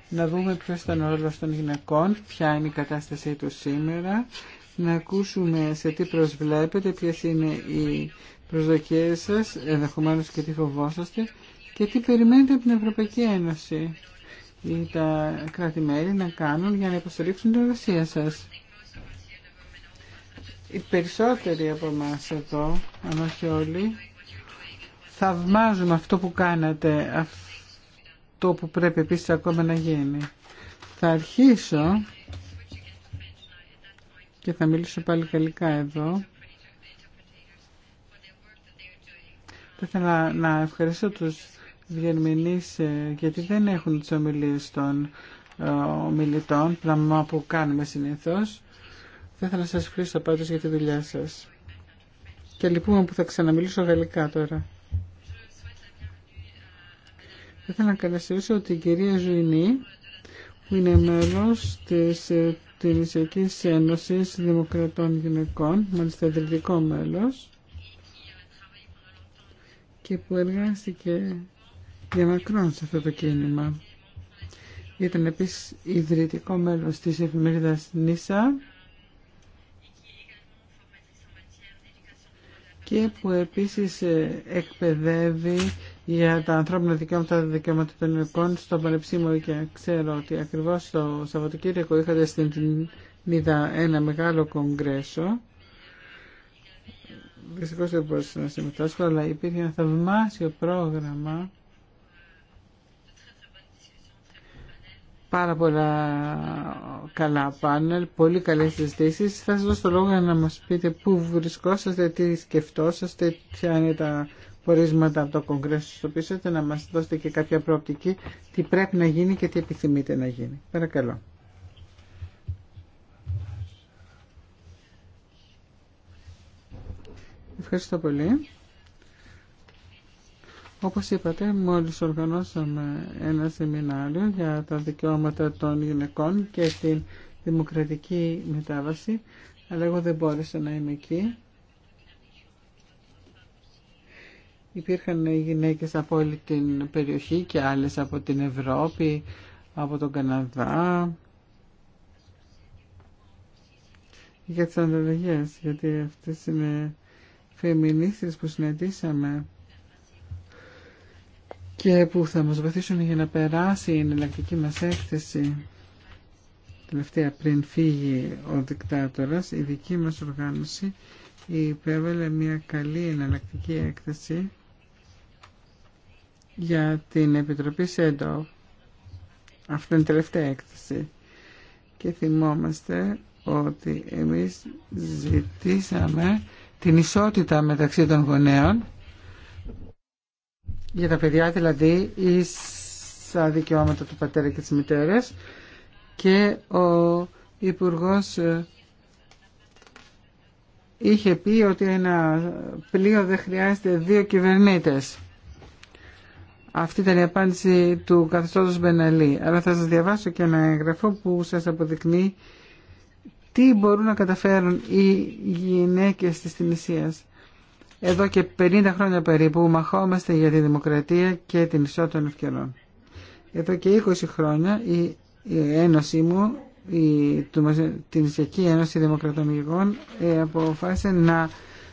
Να δούμε ποιος ήταν ο ρόλος των γυναικών, ποια είναι η κατάστασή του σήμερα, να ακούσουμε σε τι προσβλέπετε, ποιες είναι οι προσδοκίες σας, ενδεχομένως και τι φοβόσαστε και τι περιμένετε από την Ευρωπαϊκή Ένωση ή τα κράτη-μέλη να κάνουν για να υποστηρίξουν την εργασία σας. Οι περισσότεροι από εμά εδώ, αν όχι όλοι, θαυμάζουμε αυτό που κάνατε, αυτό που πρέπει επίση ακόμα να γίνει. Θα αρχίσω και θα μιλήσω πάλι καλικά εδώ. Θα ήθελα να ευχαριστώ τους διερμηνείς ε, γιατί δεν έχουν τις ομιλίες των ε, ομιλητών, πράγμα που κάνουμε συνήθως. Θα ήθελα να σας ευχαριστώ πάντως για τη δουλειά σας. Και λυπούμε που θα ξαναμιλήσω γαλλικά τώρα. Θα ήθελα να ότι η κυρία Ζουινή, που είναι μέλος της ε, Τινησιακής Ένωση Δημοκρατών Γυναικών, μάλιστα ιδρυτικό μέλος, και που εργάστηκε διαμακρών σε αυτό το κίνημα. Ήταν επίσης ιδρυτικό μέλος της εφημερίδας Νίσα και που επίσης ε, εκπαιδεύει για τα ανθρώπινα δικαιώματα δικαιώματα των ελληνικών στο Πανεπιστήμιο και ξέρω ότι ακριβώς το Σαββατοκύριακο είχατε στην Νίδα ένα μεγάλο κογκρέσο δυστυχώς δεν μπορούσα να συμμετάσχω αλλά υπήρχε ένα θαυμάσιο πρόγραμμα πάρα πολλά καλά πάνελ, πολύ καλές συζητήσει. Θα σας δώσω το λόγο για να μας πείτε πού βρισκόσαστε, τι σκεφτόσαστε, ποια είναι τα πορίσματα από το Κογκρέσο στο πίσω, και να μας δώσετε και κάποια προοπτική, τι πρέπει να γίνει και τι επιθυμείτε να γίνει. Παρακαλώ. Ευχαριστώ πολύ. Όπως είπατε, μόλις οργανώσαμε ένα σεμινάριο για τα δικαιώματα των γυναικών και την δημοκρατική μετάβαση, αλλά εγώ δεν μπόρεσα να είμαι εκεί. Υπήρχαν γυναίκες από όλη την περιοχή και άλλες από την Ευρώπη, από τον Καναδά, για τις ανταλλαγές, γιατί αυτές είναι φεμινίστρες που συναντήσαμε και που θα μας βοηθήσουν για να περάσει η εναλλακτική μας έκθεση τελευταία πριν φύγει ο δικτάτορας, η δική μας οργάνωση υπέβαλε μια καλή εναλλακτική έκθεση για την Επιτροπή ΣΕΝΤΟ. Αυτή είναι η τελευταία έκθεση. Και θυμόμαστε ότι εμείς ζητήσαμε την ισότητα μεταξύ των γονέων για τα παιδιά δηλαδή ίσα δικαιώματα του πατέρα και της μητέρας και ο Υπουργός ε, είχε πει ότι ένα πλοίο δεν χρειάζεται δύο κυβερνήτες. Αυτή ήταν η απάντηση του καθεστώτος Μπεναλή. Αλλά θα σας διαβάσω και ένα εγγραφό που σας αποδεικνύει τι μπορούν να καταφέρουν οι γυναίκες της Τινησίας. Εδώ και 50 χρόνια περίπου μαχόμαστε για τη δημοκρατία και την ισότητα των ευκαιρών. Εδώ και 20 χρόνια η, η ένωση μου, η, την Ισιακή Ένωση Δημοκρατών Υγών, ε, αποφάσισε να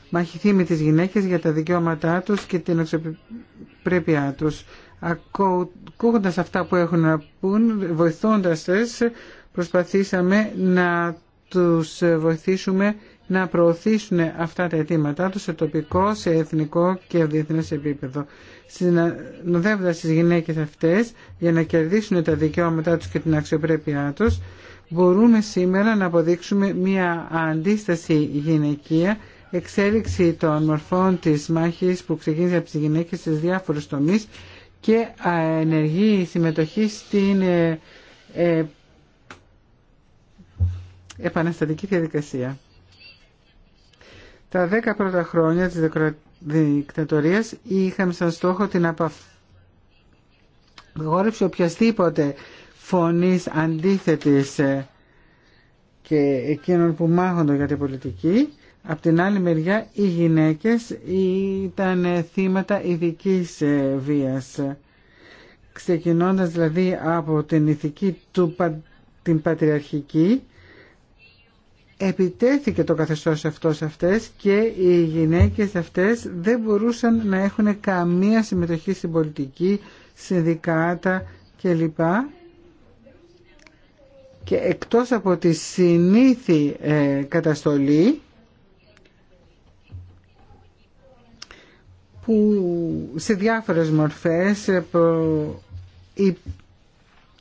μαχηθεί με τις γυναίκες για τα δικαιώματά τους και την αξιοπρέπειά τους. Ακούγοντας αυτά που έχουν να πούν, βοηθώντας τες, προσπαθήσαμε να τους βοηθήσουμε να προωθήσουν αυτά τα αιτήματά τους σε τοπικό, σε εθνικό και διεθνές επίπεδο, συνοδεύοντας τις γυναίκες αυτές για να κερδίσουν τα δικαιώματά τους και την αξιοπρέπειά τους, μπορούμε σήμερα να αποδείξουμε μια αντίσταση γυναικεία εξέλιξη των μορφών της μάχης που ξεκίνησε από τις γυναίκες στις διάφορους τομείς και ενεργή συμμετοχή στην ε, ε επαναστατική διαδικασία. Τα δέκα πρώτα χρόνια της δικτατορίας είχαμε σαν στόχο την απαγόρευση οποιασδήποτε φωνής αντίθετης ε, και εκείνων που μάχονται για την πολιτική. Απ' την άλλη μεριά οι γυναίκες ήταν θύματα ειδική ε, βίας. Ξεκινώντας δηλαδή από την ηθική του την πατριαρχική επιτέθηκε το καθεστώς αυτό σε αυτές και οι γυναίκες αυτές δεν μπορούσαν να έχουν καμία συμμετοχή στην πολιτική, συνδικάτα κλπ. Και εκτός από τη συνήθη ε, καταστολή που σε διάφορες μορφές ε,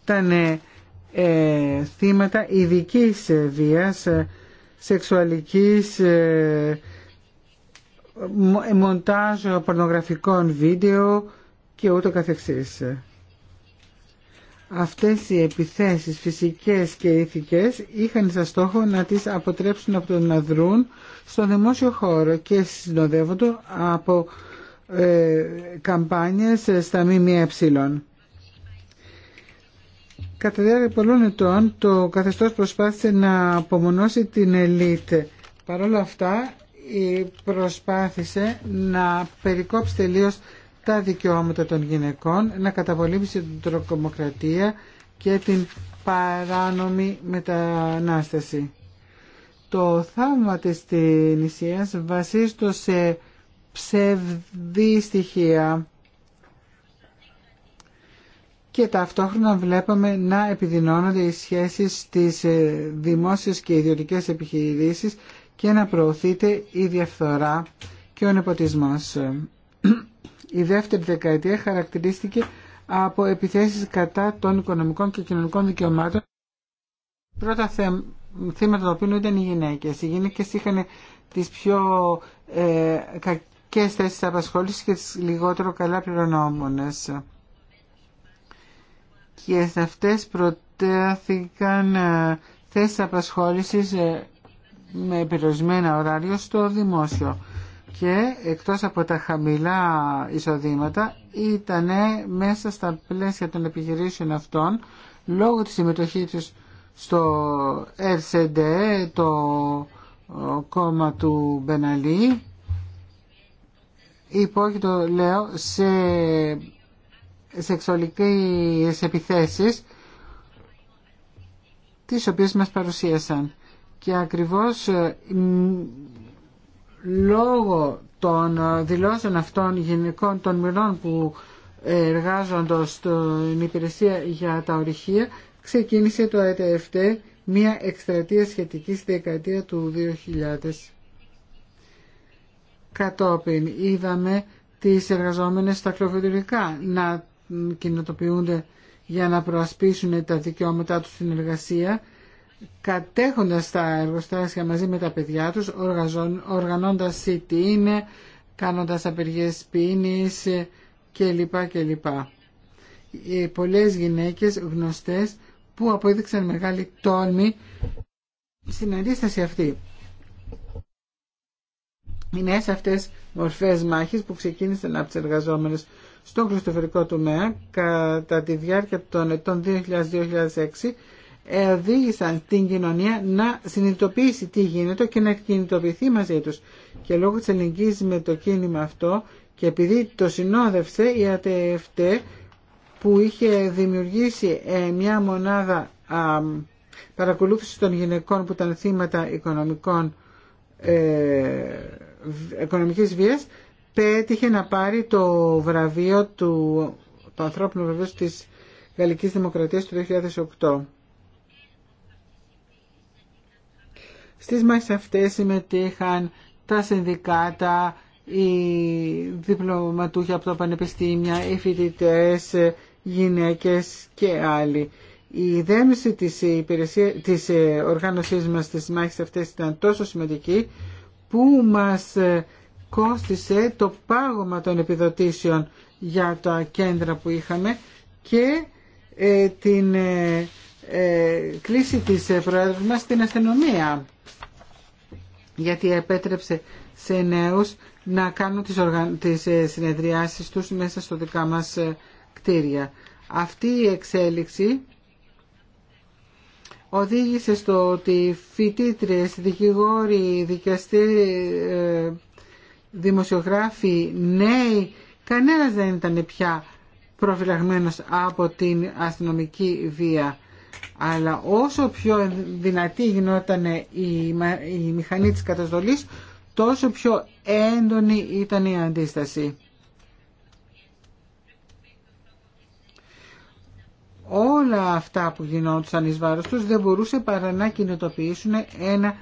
ήταν ε, θύματα ειδικής βίας σεξουαλικής ε, ε, μοντάζ πορνογραφικών βίντεο και ούτω καθεξής. Αυτές οι επιθέσεις φυσικές και ηθικές είχαν σαν στόχο να τις αποτρέψουν από το να δρούν στο δημόσιο χώρο και συνοδεύονται από ε, καμπάνιες στα ΜΜΕ. Κατά διάρκεια πολλών ετών το καθεστώς προσπάθησε να απομονώσει την ελίτ. Παρ' όλα αυτά προσπάθησε να περικόψει τελείω τα δικαιώματα των γυναικών, να καταβολήψει την τροκομοκρατία και την παράνομη μετανάσταση. Το θαύμα της νησίας, βασίστοσε σε ψευδή στοιχεία και ταυτόχρονα βλέπαμε να επιδεινώνονται οι σχέσεις στις ε, δημόσιες και ιδιωτικές επιχειρήσεις και να προωθείται η διαφθορά και ο νεποτισμός. Η δεύτερη δεκαετία χαρακτηρίστηκε από επιθέσεις κατά των οικονομικών και κοινωνικών δικαιωμάτων. Πρώτα θέματα το οποίο ήταν οι γυναίκες. Οι γυναίκες είχαν τις πιο ε, κακές θέσεις απασχόλησης και τις λιγότερο καλά πληρονόμονες και σε αυτές προτέθηκαν ε, θέσεις απασχόλησης ε, με περιορισμένα ωράριο στο δημόσιο και εκτός από τα χαμηλά εισοδήματα ήταν μέσα στα πλαίσια των επιχειρήσεων αυτών λόγω της συμμετοχή τους στο RCD το κόμμα του Μπεναλή το λέω σε σεξουαλικές επιθέσεις τις οποίες μας παρουσίασαν. Και ακριβώς ε, λόγω των δηλώσεων αυτών γυναικών των μηνών που εργάζονται στην υπηρεσία για τα ορυχεία ξεκίνησε το ΕΤΕΦΤ μια εκστρατεία σχετική στη δεκαετία του 2000. Κατόπιν είδαμε τις εργαζόμενες στα κλωβιδουλικά να κινητοποιούνται για να προασπίσουν τα δικαιώματά τους στην εργασία, κατέχοντας τα εργοστάσια μαζί με τα παιδιά τους, οργανώντας είναι κάνοντας απεργίες και κλπ. κλπ. Πολλές γυναίκες γνωστές που αποδείξαν μεγάλη τόλμη στην αντίσταση αυτή. Οι νέες αυτές μορφές μάχης που ξεκίνησαν από τις εργαζόμενες στον του τομέα κατά τη διάρκεια των ετών 2000-2006 οδήγησαν την κοινωνία να συνειδητοποιήσει τι γίνεται και να κινητοποιηθεί μαζί τους. Και λόγω της ελληνικής με το κίνημα αυτό και επειδή το συνόδευσε η ΑΤΕΦΤΕ που είχε δημιουργήσει ε, μια μονάδα παρακολούθησης των γυναικών που ήταν θύματα οικονομικών, ε, οικονομικής βίας πέτυχε να πάρει το βραβείο του, το ανθρώπινο βραβείο της Γαλλικής Δημοκρατίας του 2008. Στις μάχες αυτές συμμετείχαν τα συνδικάτα, οι διπλωματούχοι από τα πανεπιστήμια, οι φοιτητέ, γυναίκες και άλλοι. Η δέμιση της, υπηρεσία, της ε, οργάνωσής μας στις μάχες αυτές ήταν τόσο σημαντική που μας ε, κόστισε το πάγωμα των επιδοτήσεων για τα κέντρα που είχαμε και ε, την ε, ε, κλίση της Προέδρου μας στην αστυνομία γιατί επέτρεψε σε νέους να κάνουν τις, οργαν... τις συνεδριάσεις τους μέσα στο δικά μας κτίρια. Αυτή η εξέλιξη οδήγησε στο ότι φοιτήτρες, δικηγόροι, δικαστή δημοσιογράφοι νέοι, κανένας δεν ήταν πια προφυλαγμένος από την αστυνομική βία. Αλλά όσο πιο δυνατή γινόταν η, μηχανή της καταστολής, τόσο πιο έντονη ήταν η αντίσταση. Όλα αυτά που γινόντουσαν εις βάρος τους δεν μπορούσε παρά να κινητοποιήσουν ένα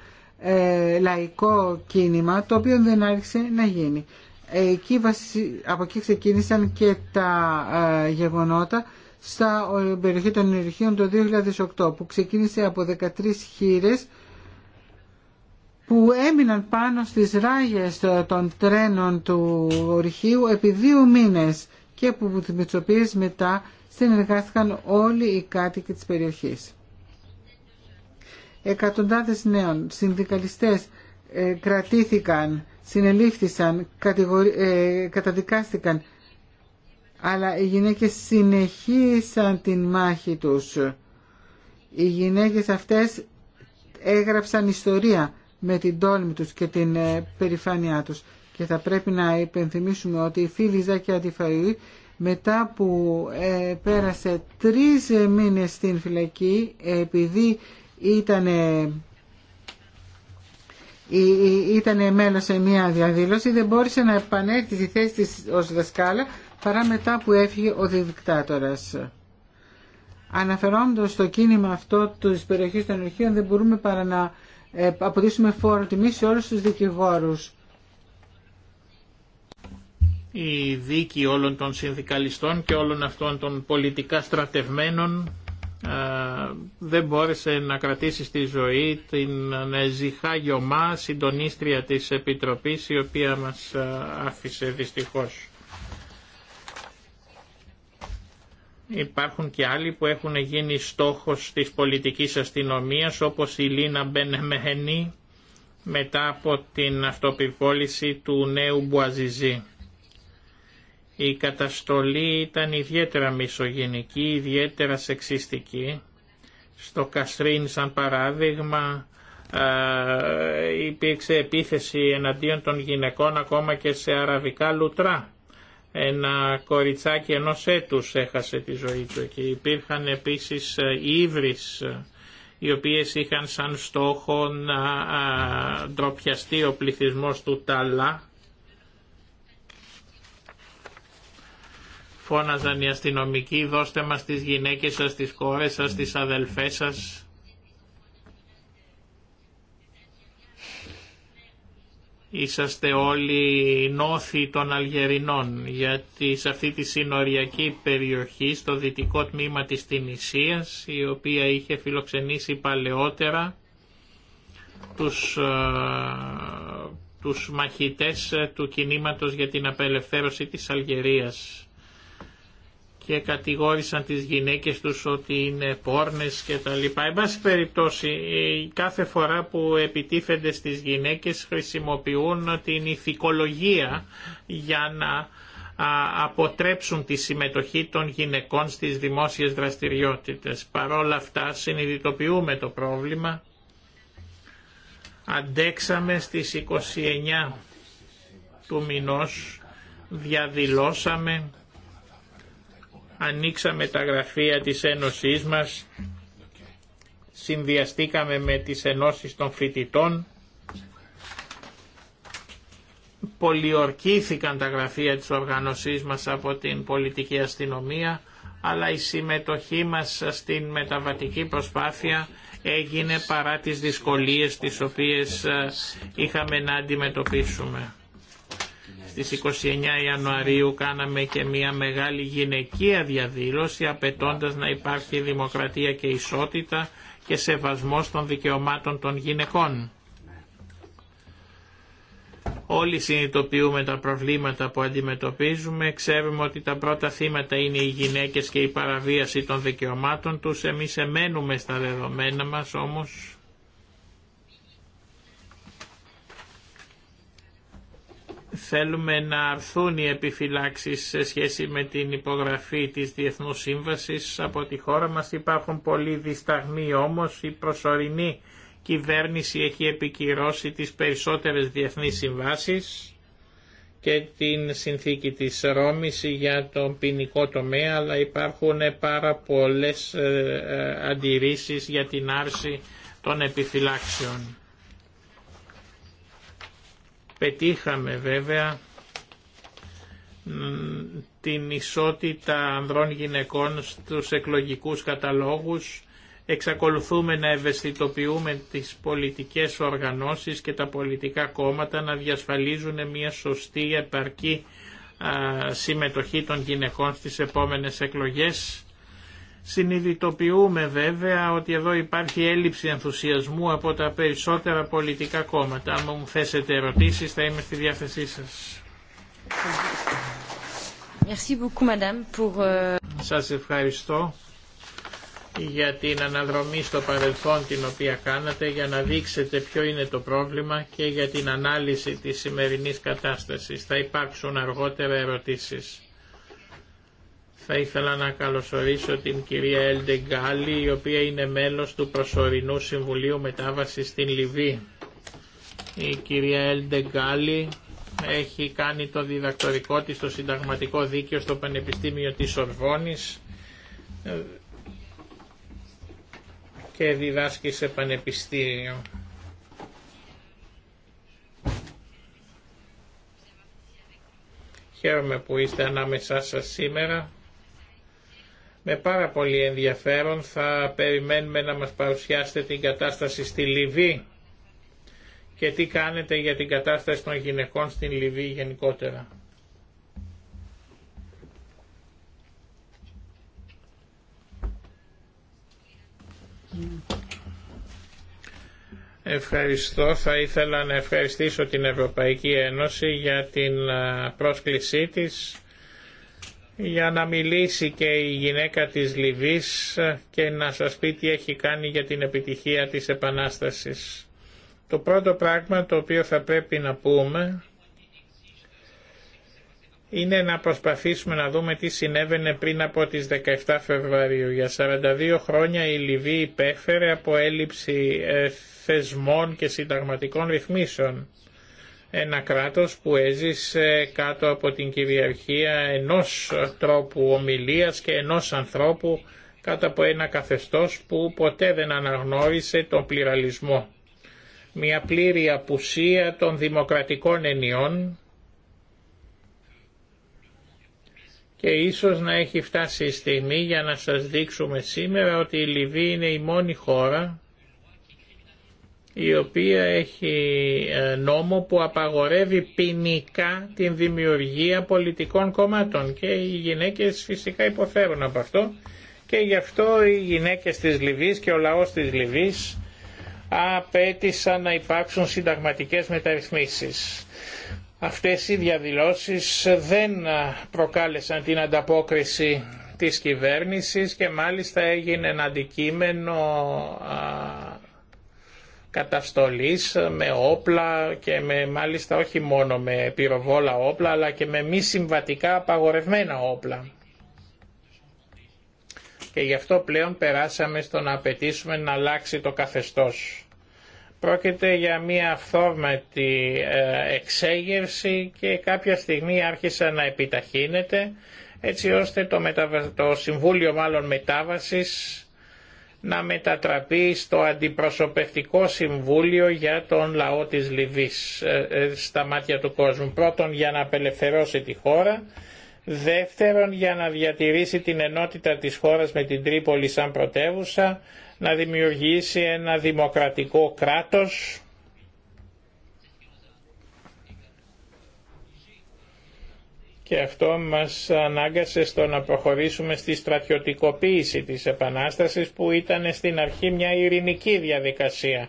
ε, λαϊκό κίνημα το οποίο δεν άρχισε να γίνει. Εκεί, από εκεί ξεκίνησαν και τα ε, γεγονότα στα περιοχή των ενεργείων το 2008 που ξεκίνησε από 13 χείρες που έμειναν πάνω στις ράγες των τρένων του ορχείου επί δύο μήνες και που, με τις οποίες μετά συνεργάστηκαν όλοι οι κάτοικοι της περιοχής εκατοντάδες νέων συνδικαλιστές ε, κρατήθηκαν, συνελήφθησαν, ε, καταδικάστηκαν αλλά οι γυναίκες συνεχίσαν την μάχη τους. Οι γυναίκες αυτές έγραψαν ιστορία με την τόλμη τους και την ε, περηφάνειά τους. Και θα πρέπει να υπενθυμίσουμε ότι η φίλη Ζάκη Αντιφαΐου μετά που πέρασε τρεις μήνες στην φυλακή επειδή ήταν ήταν μέλος σε μια διαδήλωση δεν μπόρεσε να επανέλθει στη θέση της ως δασκάλα παρά μετά που έφυγε ο διδικτάτορας. Αναφερόμενος στο κίνημα αυτό της περιοχής των αρχείων δεν μπορούμε παρά να ε, αποδίσουμε φόρο τιμή σε όλους τους δικηγόρους. Η δίκη όλων των συνδικαλιστών και όλων αυτών των πολιτικά στρατευμένων ε, δεν μπόρεσε να κρατήσει στη ζωή την Νεζιχά Γιωμά, συντονίστρια της Επιτροπής, η οποία μας ε, άφησε δυστυχώς. Υπάρχουν και άλλοι που έχουν γίνει στόχος της πολιτικής αστυνομίας, όπως η Λίνα Μπενεμεχενή, μετά από την αυτοπιβόληση του νέου Μπουαζιζή. Η καταστολή ήταν ιδιαίτερα μισογενική, ιδιαίτερα σεξιστική. Στο Καστρίν σαν παράδειγμα υπήρξε επίθεση εναντίον των γυναικών ακόμα και σε αραβικά λουτρά. Ένα κοριτσάκι ενός έτους έχασε τη ζωή του εκεί. Υπήρχαν επίσης ε, ύβρις οι οποίες είχαν σαν στόχο να ντροπιαστεί ο πληθυσμός του Ταλά Φώναζαν οι αστυνομικοί, δώστε μας τις γυναίκες σας, τις κόρες σας, τις αδελφές σας. Είσαστε όλοι νόθοι των Αλγερινών, γιατί σε αυτή τη συνοριακή περιοχή, στο δυτικό τμήμα της Τινησίας, η οποία είχε φιλοξενήσει παλαιότερα τους, τους μαχητές του κινήματος για την απελευθέρωση της Αλγερίας και κατηγόρησαν τις γυναίκες τους ότι είναι πόρνες και τα λοιπά. Εν πάση περιπτώσει, ε, κάθε φορά που επιτίθενται στις γυναίκες χρησιμοποιούν την ηθικολογία για να αποτρέψουν τη συμμετοχή των γυναικών στις δημόσιες δραστηριότητες. Παρόλα αυτά συνειδητοποιούμε το πρόβλημα. Αντέξαμε στις 29 του μηνός, διαδηλώσαμε ανοίξαμε τα γραφεία της Ένωσής μας, συνδυαστήκαμε με τις ενώσεις των φοιτητών, πολιορκήθηκαν τα γραφεία της οργανωσής μας από την πολιτική αστυνομία, αλλά η συμμετοχή μας στην μεταβατική προσπάθεια έγινε παρά τις δυσκολίες τις οποίες ε, είχαμε να αντιμετωπίσουμε. Στις 29 Ιανουαρίου κάναμε και μια μεγάλη γυναικεία διαδήλωση απαιτώντα να υπάρχει δημοκρατία και ισότητα και σεβασμός των δικαιωμάτων των γυναικών. Όλοι συνειδητοποιούμε τα προβλήματα που αντιμετωπίζουμε, ξέρουμε ότι τα πρώτα θύματα είναι οι γυναίκες και η παραβίαση των δικαιωμάτων τους, εμείς εμένουμε στα δεδομένα μας όμως Θέλουμε να αρθούν οι επιφυλάξεις σε σχέση με την υπογραφή της Διεθνούς Σύμβασης από τη χώρα μας. Υπάρχουν πολλοί δισταγμοί όμως. Η προσωρινή κυβέρνηση έχει επικυρώσει τις περισσότερες διεθνείς συμβάσεις και την συνθήκη της Ρώμης για τον ποινικό τομέα, αλλά υπάρχουν πάρα πολλές ε, ε, αντιρρήσεις για την άρση των επιφυλάξεων. Πετύχαμε βέβαια την ισότητα ανδρών γυναικών στους εκλογικούς καταλόγους. Εξακολουθούμε να ευαισθητοποιούμε τις πολιτικές οργανώσεις και τα πολιτικά κόμματα να διασφαλίζουν μια σωστή επαρκή συμμετοχή των γυναικών στις επόμενες εκλογές Συνειδητοποιούμε βέβαια ότι εδώ υπάρχει έλλειψη ενθουσιασμού από τα περισσότερα πολιτικά κόμματα. Αν μου θέσετε ερωτήσεις θα είμαι στη διάθεσή σας. Euh, σας ευχαριστώ για την αναδρομή στο παρελθόν την οποία κάνατε για να δείξετε ποιο είναι το πρόβλημα και για την ανάλυση της σημερινής κατάστασης. Θα υπάρξουν αργότερα ερωτήσεις. Θα ήθελα να καλωσορίσω την κυρία Έλντε η οποία είναι μέλος του προσωρινού Συμβουλίου Μετάβασης στην Λιβύη. Η κυρία Ελντεγκάλη έχει κάνει το διδακτορικό της στο Συνταγματικό Δίκαιο στο Πανεπιστήμιο της Ορβόνης και διδάσκει σε πανεπιστήμιο. Χαίρομαι που είστε ανάμεσά σας σήμερα. Με πάρα πολύ ενδιαφέρον θα περιμένουμε να μας παρουσιάσετε την κατάσταση στη Λιβύη και τι κάνετε για την κατάσταση των γυναικών στην Λιβύη γενικότερα. Ευχαριστώ. Θα ήθελα να ευχαριστήσω την Ευρωπαϊκή Ένωση για την πρόσκλησή της για να μιλήσει και η γυναίκα της Λιβύης και να σας πει τι έχει κάνει για την επιτυχία της Επανάστασης. Το πρώτο πράγμα το οποίο θα πρέπει να πούμε είναι να προσπαθήσουμε να δούμε τι συνέβαινε πριν από τις 17 Φεβρουαρίου. Για 42 χρόνια η Λιβύη υπέφερε από έλλειψη ε, θεσμών και συνταγματικών ρυθμίσεων ένα κράτος που έζησε κάτω από την κυριαρχία ενός τρόπου ομιλίας και ενός ανθρώπου κάτω από ένα καθεστώς που ποτέ δεν αναγνώρισε τον πληραλισμό. Μια πλήρη απουσία των δημοκρατικών ενιών και ίσως να έχει φτάσει η στιγμή για να σας δείξουμε σήμερα ότι η Λιβύη είναι η μόνη χώρα η οποία έχει ε, νόμο που απαγορεύει ποινικά την δημιουργία πολιτικών κομμάτων και οι γυναίκες φυσικά υποφέρουν από αυτό και γι' αυτό οι γυναίκες της Λιβύης και ο λαός της Λιβύης απέτησαν να υπάρξουν συνταγματικές μεταρρυθμίσεις. Αυτές οι διαδηλώσεις δεν προκάλεσαν την ανταπόκριση της κυβέρνησης και μάλιστα έγινε ένα αντικείμενο καταστολής ε, με όπλα και με, μάλιστα όχι μόνο με πυροβόλα όπλα αλλά και με μη συμβατικά απαγορευμένα όπλα. Και γι' αυτό πλέον περάσαμε στο να απαιτήσουμε να αλλάξει το καθεστώς. Πρόκειται για μια αυθόρματη ε, εξέγερση και κάποια στιγμή άρχισε να επιταχύνεται έτσι ώστε το, το Συμβούλιο μάλλον Μετάβασης να μετατραπεί στο αντιπροσωπευτικό συμβούλιο για τον λαό της Λιβύης ε, ε, στα μάτια του κόσμου. Πρώτον για να απελευθερώσει τη χώρα, δεύτερον για να διατηρήσει την ενότητα της χώρας με την Τρίπολη σαν πρωτεύουσα, να δημιουργήσει ένα δημοκρατικό κράτος και αυτό μας ανάγκασε στο να προχωρήσουμε στη στρατιωτικοποίηση της Επανάστασης που ήταν στην αρχή μια ειρηνική διαδικασία.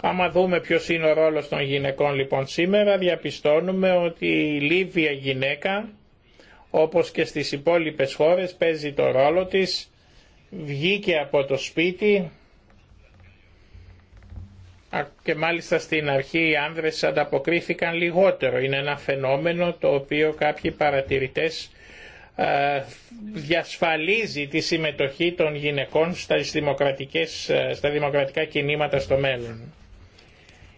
Άμα δούμε ποιος είναι ο ρόλος των γυναικών λοιπόν σήμερα διαπιστώνουμε ότι η Λίβια γυναίκα όπως και στις υπόλοιπες χώρες παίζει το ρόλο της, βγήκε από το σπίτι, και μάλιστα στην αρχή οι άνδρες ανταποκρίθηκαν λιγότερο. Είναι ένα φαινόμενο το οποίο κάποιοι παρατηρητές διασφαλίζει τη συμμετοχή των γυναικών στα, δημοκρατικές, στα δημοκρατικά κινήματα στο μέλλον.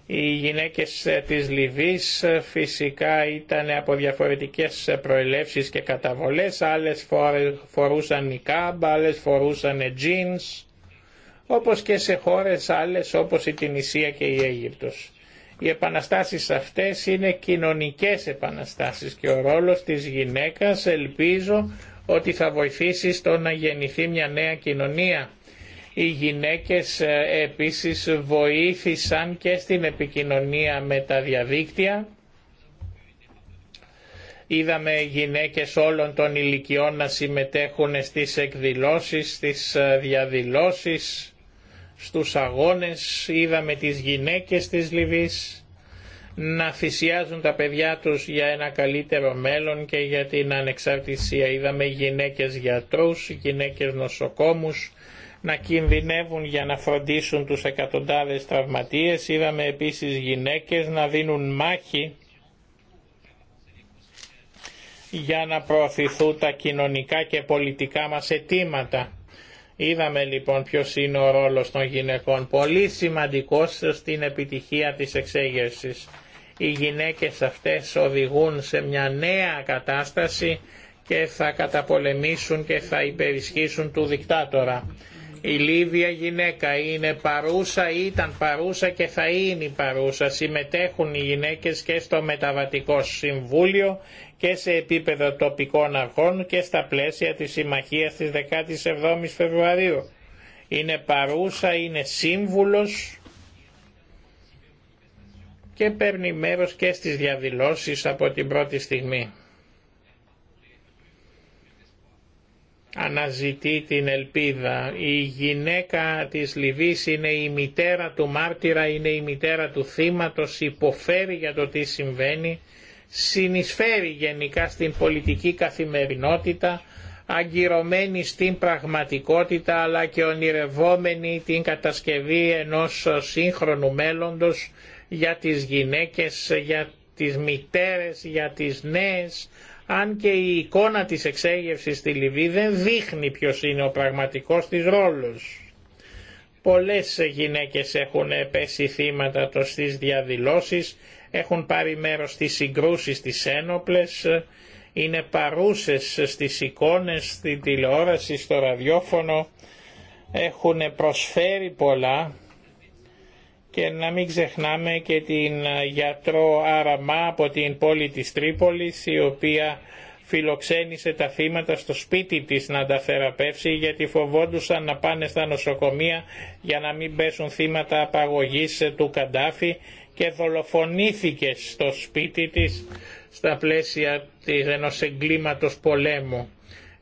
Οι γυναίκες της Λιβύης φυσικά ήταν από διαφορετικές προελεύσεις και καταβολές, άλλες φορούσαν νικάμπ, άλλες φορούσαν τζίνς όπως και σε χώρες άλλες όπως η Τινησία και η Αίγυπτος. Οι επαναστάσεις αυτές είναι κοινωνικές επαναστάσεις και ο ρόλος της γυναίκας ελπίζω ότι θα βοηθήσει στο να γεννηθεί μια νέα κοινωνία. Οι γυναίκες ε, επίσης βοήθησαν και στην επικοινωνία με τα διαδίκτυα. Είδαμε γυναίκες όλων των ηλικιών να συμμετέχουν στις εκδηλώσεις, στις ε, διαδηλώσεις στους αγώνες, είδαμε τις γυναίκες της Λιβύης να θυσιάζουν τα παιδιά τους για ένα καλύτερο μέλλον και για την ανεξαρτησία. Είδαμε γυναίκες γιατρούς, γυναίκες νοσοκόμους να κινδυνεύουν για να φροντίσουν τους εκατοντάδες τραυματίες. Είδαμε επίσης γυναίκες να δίνουν μάχη για να προωθηθούν τα κοινωνικά και πολιτικά μας αιτήματα. Είδαμε λοιπόν ποιος είναι ο ρόλος των γυναικών, πολύ σημαντικός στην επιτυχία της εξέγερσης. Οι γυναίκες αυτές οδηγούν σε μια νέα κατάσταση και θα καταπολεμήσουν και θα υπερισχύσουν του δικτάτορα. Η Λίβια γυναίκα είναι παρούσα, ήταν παρούσα και θα είναι παρούσα. Συμμετέχουν οι γυναίκες και στο Μεταβατικό Συμβούλιο και σε επίπεδο τοπικών αρχών και στα πλαίσια της συμμαχίας της 17ης Φεβρουαρίου. Είναι παρούσα, είναι σύμβουλος και παίρνει μέρος και στις διαδηλώσεις από την πρώτη στιγμή. Αναζητεί την ελπίδα. Η γυναίκα της Λιβύης είναι η μητέρα του μάρτυρα, είναι η μητέρα του θύματος, υποφέρει για το τι συμβαίνει συνεισφέρει γενικά στην πολιτική καθημερινότητα αγκυρωμένη στην πραγματικότητα αλλά και ονειρευόμενη την κατασκευή ενός σύγχρονου μέλλοντος για τις γυναίκες, για τις μητέρες, για τις νέες, αν και η εικόνα της εξέγευσης στη Λιβύη δεν δείχνει ποιος είναι ο πραγματικός της ρόλος. Πολλές γυναίκες έχουν πέσει θύματα στις έχουν πάρει μέρος στις συγκρούσεις τις ένοπλες, είναι παρούσες στις εικόνες, στη τηλεόραση, στο ραδιόφωνο, έχουν προσφέρει πολλά και να μην ξεχνάμε και την ε, γιατρό Άραμά από την πόλη της Τρίπολης η οποία φιλοξένησε τα θύματα στο σπίτι της να τα θεραπεύσει γιατί φοβόντουσαν να πάνε στα νοσοκομεία για να μην πέσουν θύματα απαγωγής ε, του Καντάφη και δολοφονήθηκε στο σπίτι της στα πλαίσια της ενός εγκλήματος πολέμου.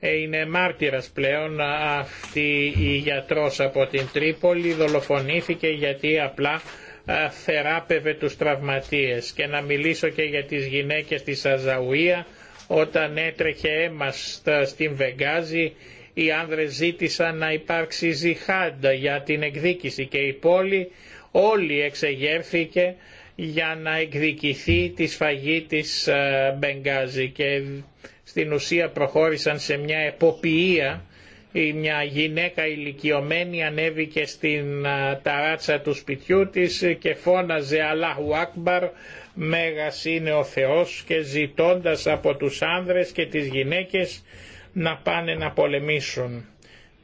Ε, είναι μάρτυρας πλέον αυτή η γιατρός από την Τρίπολη, δολοφονήθηκε γιατί απλά θεράπευε τους τραυματίες και να μιλήσω και για τις γυναίκες της Αζαουία όταν έτρεχε αίμα στην Βεγγάζη οι άνδρες ζήτησαν να υπάρξει ζιχάντα για την εκδίκηση και η πόλη όλοι εξεγέρθηκε για να εκδικηθεί τη σφαγή της ε, Μπενγκάζη και στην ουσία προχώρησαν σε μια Η μια γυναίκα ηλικιωμένη ανέβηκε στην ε, ταράτσα του σπιτιού της και φώναζε «Αλάχου Ακμπαρ» «Μέγας είναι ο Θεός» και ζητώντας από τους άνδρες και τις γυναίκες να πάνε να πολεμήσουν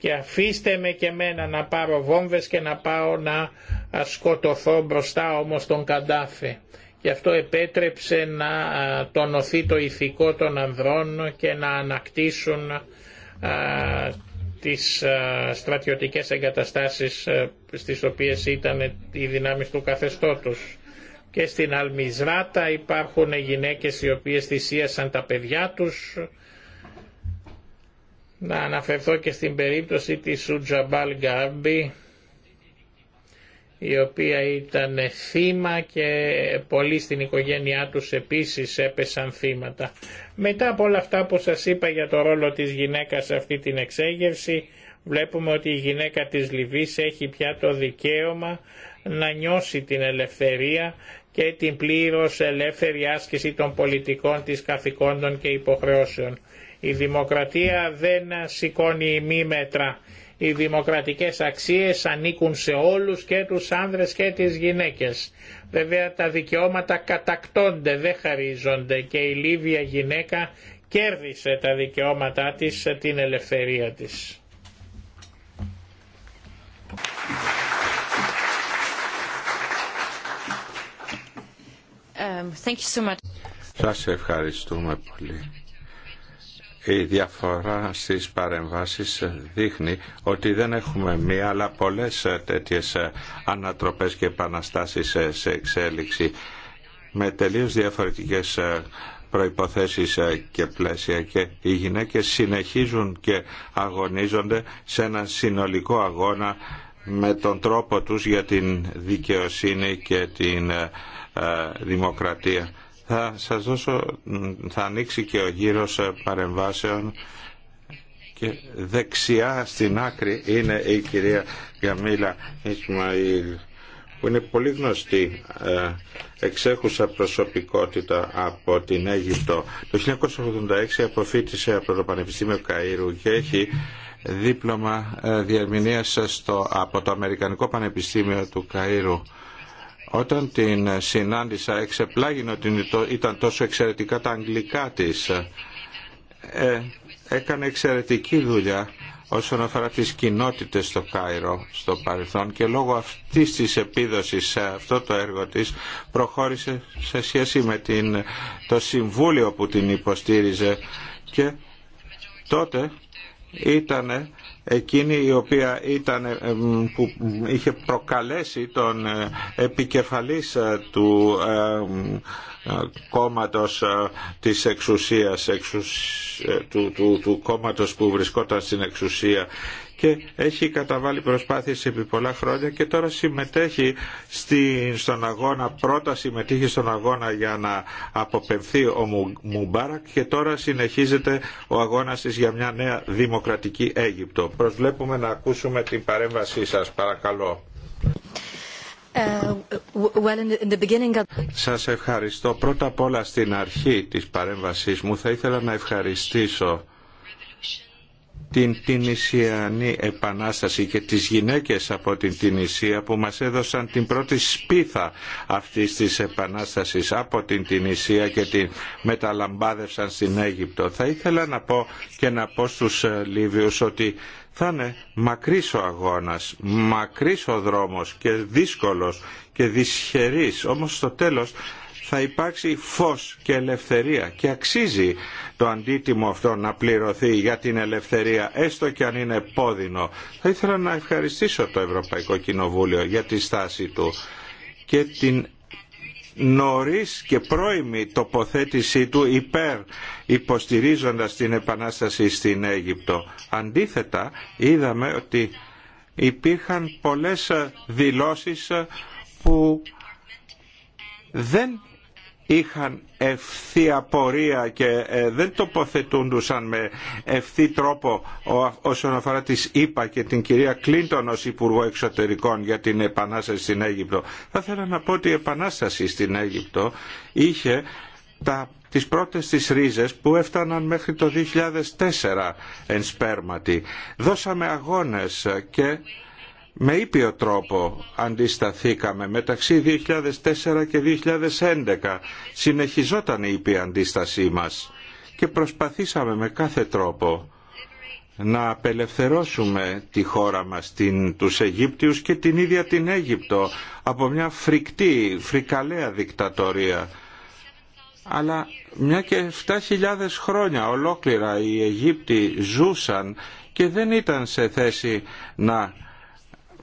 και αφήστε με και μένα να πάρω βόμβες και να πάω να σκοτωθώ μπροστά όμως τον καντάφε. Γι' αυτό επέτρεψε να τονωθεί το ηθικό των ανδρών και να ανακτήσουν α, τις στρατιωτικές εγκαταστάσεις στις οποίες ήταν οι δυνάμεις του καθεστώτος. Και στην Αλμιζράτα υπάρχουν γυναίκες οι οποίες θυσίασαν τα παιδιά τους να αναφερθώ και στην περίπτωση της Σουτζαμπάλ Γκάμπη, η οποία ήταν θύμα και πολλοί στην οικογένειά τους επίσης έπεσαν θύματα. Μετά από όλα αυτά που σας είπα για το ρόλο της γυναίκας σε αυτή την εξέγερση βλέπουμε ότι η γυναίκα της Λιβύης έχει πια το δικαίωμα να νιώσει την ελευθερία και την πλήρως ελεύθερη άσκηση των πολιτικών της καθηκόντων και υποχρεώσεων. Η δημοκρατία δεν σηκώνει ημίμετρα. Οι δημοκρατικές αξίες ανήκουν σε όλους και τους άνδρες και τις γυναίκες. Βέβαια τα δικαιώματα κατακτώνται, δεν χαρίζονται και η Λίβια γυναίκα κέρδισε τα δικαιώματά της, την ελευθερία της. Um, thank you Σας ευχαριστούμε πολύ η διαφορά στις παρεμβάσεις δείχνει ότι δεν έχουμε μία αλλά πολλές τέτοιες ανατροπές και επαναστάσεις σε εξέλιξη με τελείως διαφορετικές προϋποθέσεις και πλαίσια και οι γυναίκες συνεχίζουν και αγωνίζονται σε ένα συνολικό αγώνα με τον τρόπο τους για την δικαιοσύνη και την ε, δημοκρατία. Θα σας δώσω, θα ανοίξει και ο γύρος ε, παρεμβάσεων και δεξιά στην άκρη είναι η κυρία Γαμίλα Ισμαήλ που είναι πολύ γνωστή ε, εξέχουσα προσωπικότητα από την Αίγυπτο. Το 1986 αποφύτησε από το Πανεπιστήμιο Καΐρου και έχει δίπλωμα ε, διερμηνίας στο, από το Αμερικανικό Πανεπιστήμιο του Καΐρου όταν την συνάντησα έξεπλάγινε ότι ήταν τόσο εξαιρετικά τα αγγλικά της. Ε, έκανε εξαιρετική δουλειά όσον αφορά τις κοινότητες στο Κάιρο στο παρελθόν και λόγω αυτής της επίδοσης σε αυτό το έργο της προχώρησε σε σχέση με την, το συμβούλιο που την υποστήριζε και τότε ήταν εκείνη η οποία ήταν, ε, ε, που είχε προκαλέσει τον ε, επικεφαλής του κόμματος της εξουσίας, του, του, του κόμματος που βρισκόταν στην εξουσία και έχει καταβάλει προσπάθειες επί πολλά χρόνια και τώρα συμμετέχει στην, στον αγώνα, πρώτα συμμετείχε στον αγώνα για να αποπευθεί ο Μουμπάρακ και τώρα συνεχίζεται ο αγώνας της για μια νέα δημοκρατική Αίγυπτο. Προσβλέπουμε να ακούσουμε την παρέμβασή σας, παρακαλώ. Ε, well, in the beginning Σας ευχαριστώ. Πρώτα απ' όλα στην αρχή της παρέμβασής μου θα ήθελα να ευχαριστήσω την Τινησιανή Επανάσταση και τις γυναίκες από την Τινησία που μας έδωσαν την πρώτη σπίθα αυτής της Επανάστασης από την Τινησία και την μεταλαμπάδευσαν στην Αίγυπτο. Θα ήθελα να πω και να πω στους ε, Λίβιους ότι θα είναι μακρύς ο αγώνας, μακρύς ο δρόμος και δύσκολος και δυσχερής. Όμως στο τέλος θα υπάρξει φως και ελευθερία και αξίζει το αντίτιμο αυτό να πληρωθεί για την ελευθερία έστω και αν είναι πόδινο. Θα ήθελα να ευχαριστήσω το Ευρωπαϊκό Κοινοβούλιο για τη στάση του και την νωρίς και πρώιμη τοποθέτησή του υπέρ υποστηρίζοντας την επανάσταση στην Αίγυπτο. Αντίθετα είδαμε ότι υπήρχαν πολλές δηλώσεις που δεν είχαν ευθεία πορεία και ε, δεν τοποθετούντουσαν με ευθύ τρόπο όσον αφορά τις ΗΠΑ και την κυρία Κλίντον ως Υπουργό Εξωτερικών για την Επανάσταση στην Αίγυπτο. Θα ήθελα να πω ότι η Επανάσταση στην Αίγυπτο είχε τα, τις πρώτες τις ρίζες που έφταναν μέχρι το 2004 εν σπέρματι. Δώσαμε αγώνες και με ήπιο τρόπο αντισταθήκαμε μεταξύ 2004 και 2011. Συνεχιζόταν η ήπια αντίστασή μας και προσπαθήσαμε με κάθε τρόπο να απελευθερώσουμε τη χώρα μας, την, τους Αιγύπτιους και την ίδια την Αίγυπτο από μια φρικτή, φρικαλέα δικτατορία. Αλλά μια και 7.000 χρόνια ολόκληρα οι Αιγύπτιοι ζούσαν και δεν ήταν σε θέση να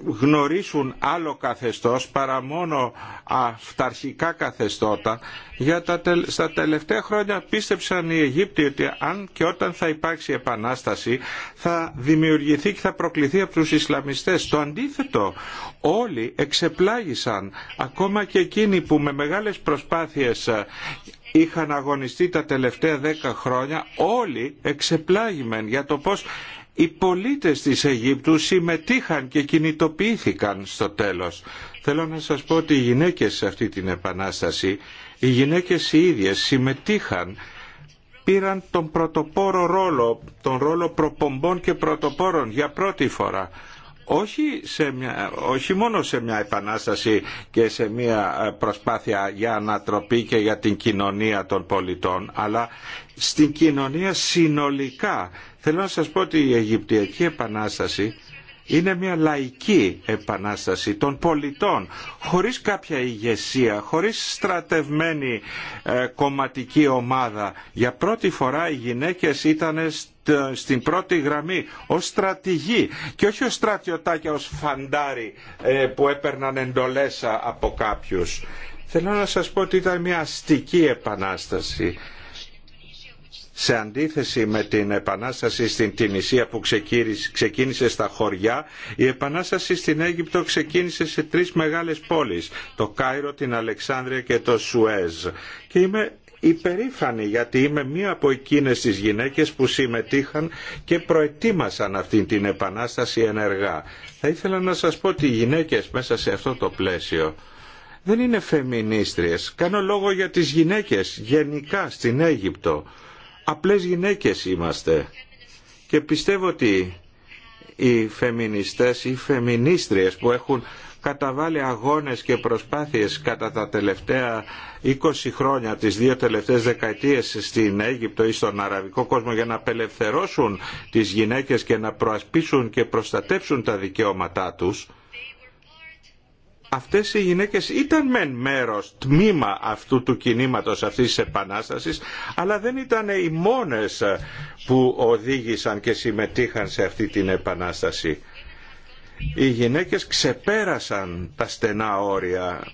γνωρίσουν άλλο καθεστώς παρά μόνο αυταρχικά καθεστώτα για τα, στα τελευταία χρόνια πίστεψαν οι Αιγύπτιοι ότι αν και όταν θα υπάρξει επανάσταση θα δημιουργηθεί και θα προκληθεί από τους Ισλαμιστές το αντίθετο όλοι εξεπλάγησαν ακόμα και εκείνοι που με μεγάλες προσπάθειες ε, είχαν αγωνιστεί τα τελευταία δέκα χρόνια όλοι εξεπλάγημεν για το πως οι πολίτες της Αιγύπτου συμμετείχαν και κινητοποιήθηκαν στο τέλος. Θέλω να σας πω ότι οι γυναίκες σε αυτή την επανάσταση, οι γυναίκες οι ίδιες συμμετείχαν, πήραν τον πρωτοπόρο ρόλο, τον ρόλο προπομπών και πρωτοπόρων για πρώτη φορά. Όχι, μια, όχι μόνο σε μια επανάσταση και σε μια ε, προσπάθεια για ανατροπή και για την κοινωνία των πολιτών, αλλά στην κοινωνία συνολικά Θέλω να σας πω ότι η Αιγυπτιακή Επανάσταση είναι μια λαϊκή επανάσταση των πολιτών, χωρίς κάποια ηγεσία, χωρίς στρατευμένη ε, κομματική ομάδα. Για πρώτη φορά οι γυναίκες ήταν στην πρώτη γραμμή ως στρατηγοί και όχι ως στρατιωτάκια, ως φαντάρι ε, που έπαιρναν εντολές από κάποιους. Θέλω να σας πω ότι ήταν μια αστική επανάσταση σε αντίθεση με την επανάσταση στην Τινησία που ξεκίνησε στα χωριά, η επανάσταση στην Αίγυπτο ξεκίνησε σε τρεις μεγάλες πόλεις, το Κάιρο, την Αλεξάνδρεια και το Σουέζ. Και είμαι υπερήφανη γιατί είμαι μία από εκείνες τις γυναίκες που συμμετείχαν και προετοίμασαν αυτή την επανάσταση ενεργά. Θα ήθελα να σας πω ότι οι γυναίκες μέσα σε αυτό το πλαίσιο δεν είναι φεμινίστριες. Κάνω λόγο για τις γυναίκες γενικά στην Αίγυπτο απλές γυναίκες είμαστε και πιστεύω ότι οι φεμινιστές ή φεμινίστριες που έχουν καταβάλει αγώνες και προσπάθειες κατά τα τελευταία 20 χρόνια, τις δύο τελευταίες δεκαετίες στην Αίγυπτο ή στον Αραβικό κόσμο για να απελευθερώσουν τις γυναίκες και να προασπίσουν και προστατεύσουν τα δικαιώματά τους αυτές οι γυναίκες ήταν μεν μέρος, τμήμα αυτού του κινήματος, αυτής της επανάστασης, αλλά δεν ήταν οι μόνες που οδήγησαν και συμμετείχαν σε αυτή την επανάσταση. Οι γυναίκες ξεπέρασαν τα στενά όρια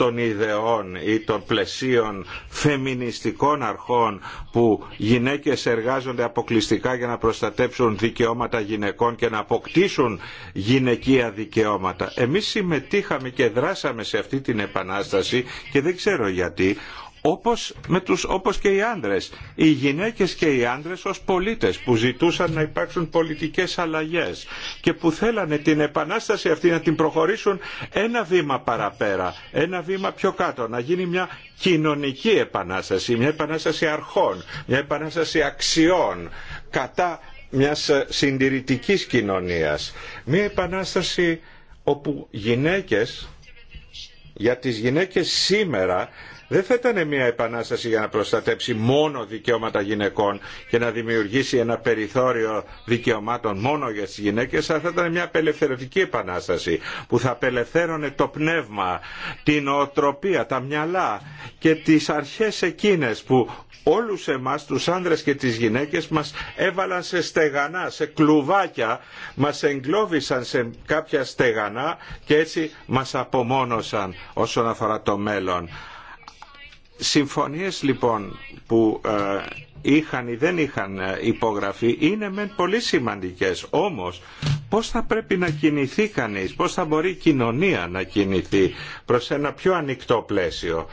των ιδεών ή των πλαισίων φεμινιστικών αρχών που γυναίκες εργάζονται αποκλειστικά για να προστατέψουν δικαιώματα γυναικών και να αποκτήσουν γυναικεία δικαιώματα. Εμείς συμμετείχαμε και δράσαμε σε αυτή την επανάσταση και δεν ξέρω γιατί όπως, με τους, όπως και οι άντρες. Οι γυναίκες και οι άντρες ως πολίτες που ζητούσαν να υπάρξουν πολιτικές αλλαγές και που θέλανε την επανάσταση αυτή να την προχωρήσουν ένα βήμα παραπέρα, ένα βήμα πιο κάτω, να γίνει μια κοινωνική επανάσταση, μια επανάσταση αρχών, μια επανάσταση αξιών κατά μιας συντηρητικής κοινωνίας. Μια επανάσταση όπου γυναίκες, για τις γυναίκες σήμερα δεν θα ήταν μια επανάσταση για να προστατέψει μόνο δικαιώματα γυναικών και να δημιουργήσει ένα περιθώριο δικαιωμάτων μόνο για τις γυναίκες, αλλά θα ήταν μια απελευθερωτική επανάσταση που θα απελευθέρωνε το πνεύμα, την οτροπία, τα μυαλά και τις αρχές εκείνες που όλους εμάς τους άνδρες και τις γυναίκες μας έβαλαν σε στεγανά, σε κλουβάκια, μας εγκλώβησαν σε κάποια στεγανά και έτσι μας απομόνωσαν όσον αφορά το μέλλον. Συμφωνίες λοιπόν που ε, είχαν ή δεν είχαν ε, υπογραφεί είναι μεν πολύ σημαντικές. Όμως πώς θα πρέπει να κινηθεί κανείς, πώς θα μπορεί η κοινωνία να κινηθεί προς ένα πιο ανοιχτό πλαίσιο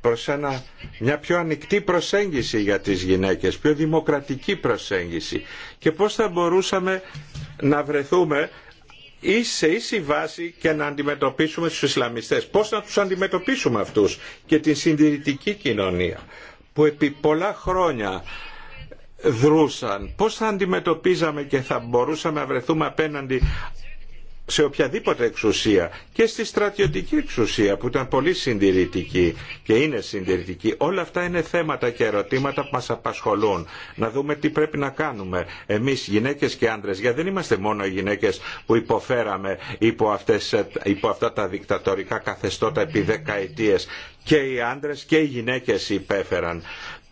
προς ένα, μια πιο ανοιχτή προσέγγιση για τις γυναίκες, πιο δημοκρατική προσέγγιση και πώς θα μπορούσαμε να βρεθούμε ή σε ίση βάση και να αντιμετωπίσουμε τους Ισλαμιστές. Πώς να τους αντιμετωπίσουμε αυτούς και την συντηρητική κοινωνία που επί πολλά χρόνια δρούσαν. Πώς θα αντιμετωπίζαμε και θα μπορούσαμε να βρεθούμε απέναντι σε οποιαδήποτε εξουσία και στη στρατιωτική εξουσία που ήταν πολύ συντηρητική και είναι συντηρητική. Όλα αυτά είναι θέματα και ερωτήματα που μας απασχολούν. Να δούμε τι πρέπει να κάνουμε εμείς γυναίκες και άντρες. Γιατί δεν είμαστε μόνο οι γυναίκες που υποφέραμε υπό, αυτές, υπό αυτά τα δικτατορικά καθεστώτα επί δεκαετίες. Και οι άντρες και οι γυναίκες υπέφεραν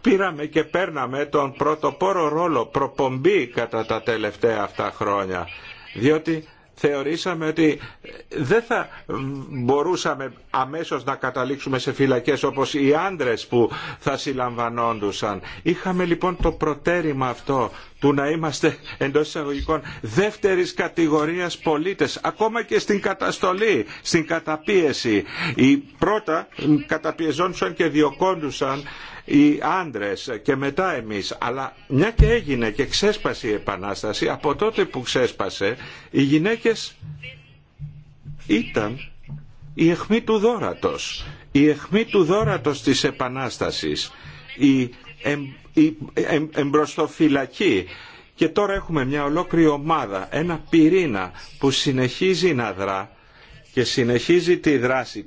πήραμε και παίρναμε τον πρωτοπόρο ρόλο προπομπή κατά τα τελευταία αυτά χρόνια διότι θεωρήσαμε ότι δεν θα μπορούσαμε αμέσως να καταλήξουμε σε φυλακές όπως οι άντρες που θα συλλαμβανόντουσαν. Είχαμε λοιπόν το προτέρημα αυτό του να είμαστε εντός εισαγωγικών δεύτερης κατηγορίας πολίτες, ακόμα και στην καταστολή, στην καταπίεση. Οι πρώτα καταπιεζόντουσαν και διοκόντουσαν οι άντρες και μετά εμείς. Αλλά μια και έγινε και ξέσπασε η Επανάσταση, από τότε που ξέσπασε οι γυναίκες ήταν η αιχμή του δόρατος. Η αιχμή του δόρατος της Επανάστασης. Η, εμ, εμπροστοφυλακή. Και τώρα έχουμε μια ολόκληρη ομάδα, ένα πυρήνα που συνεχίζει να δρά και συνεχίζει τη δράση,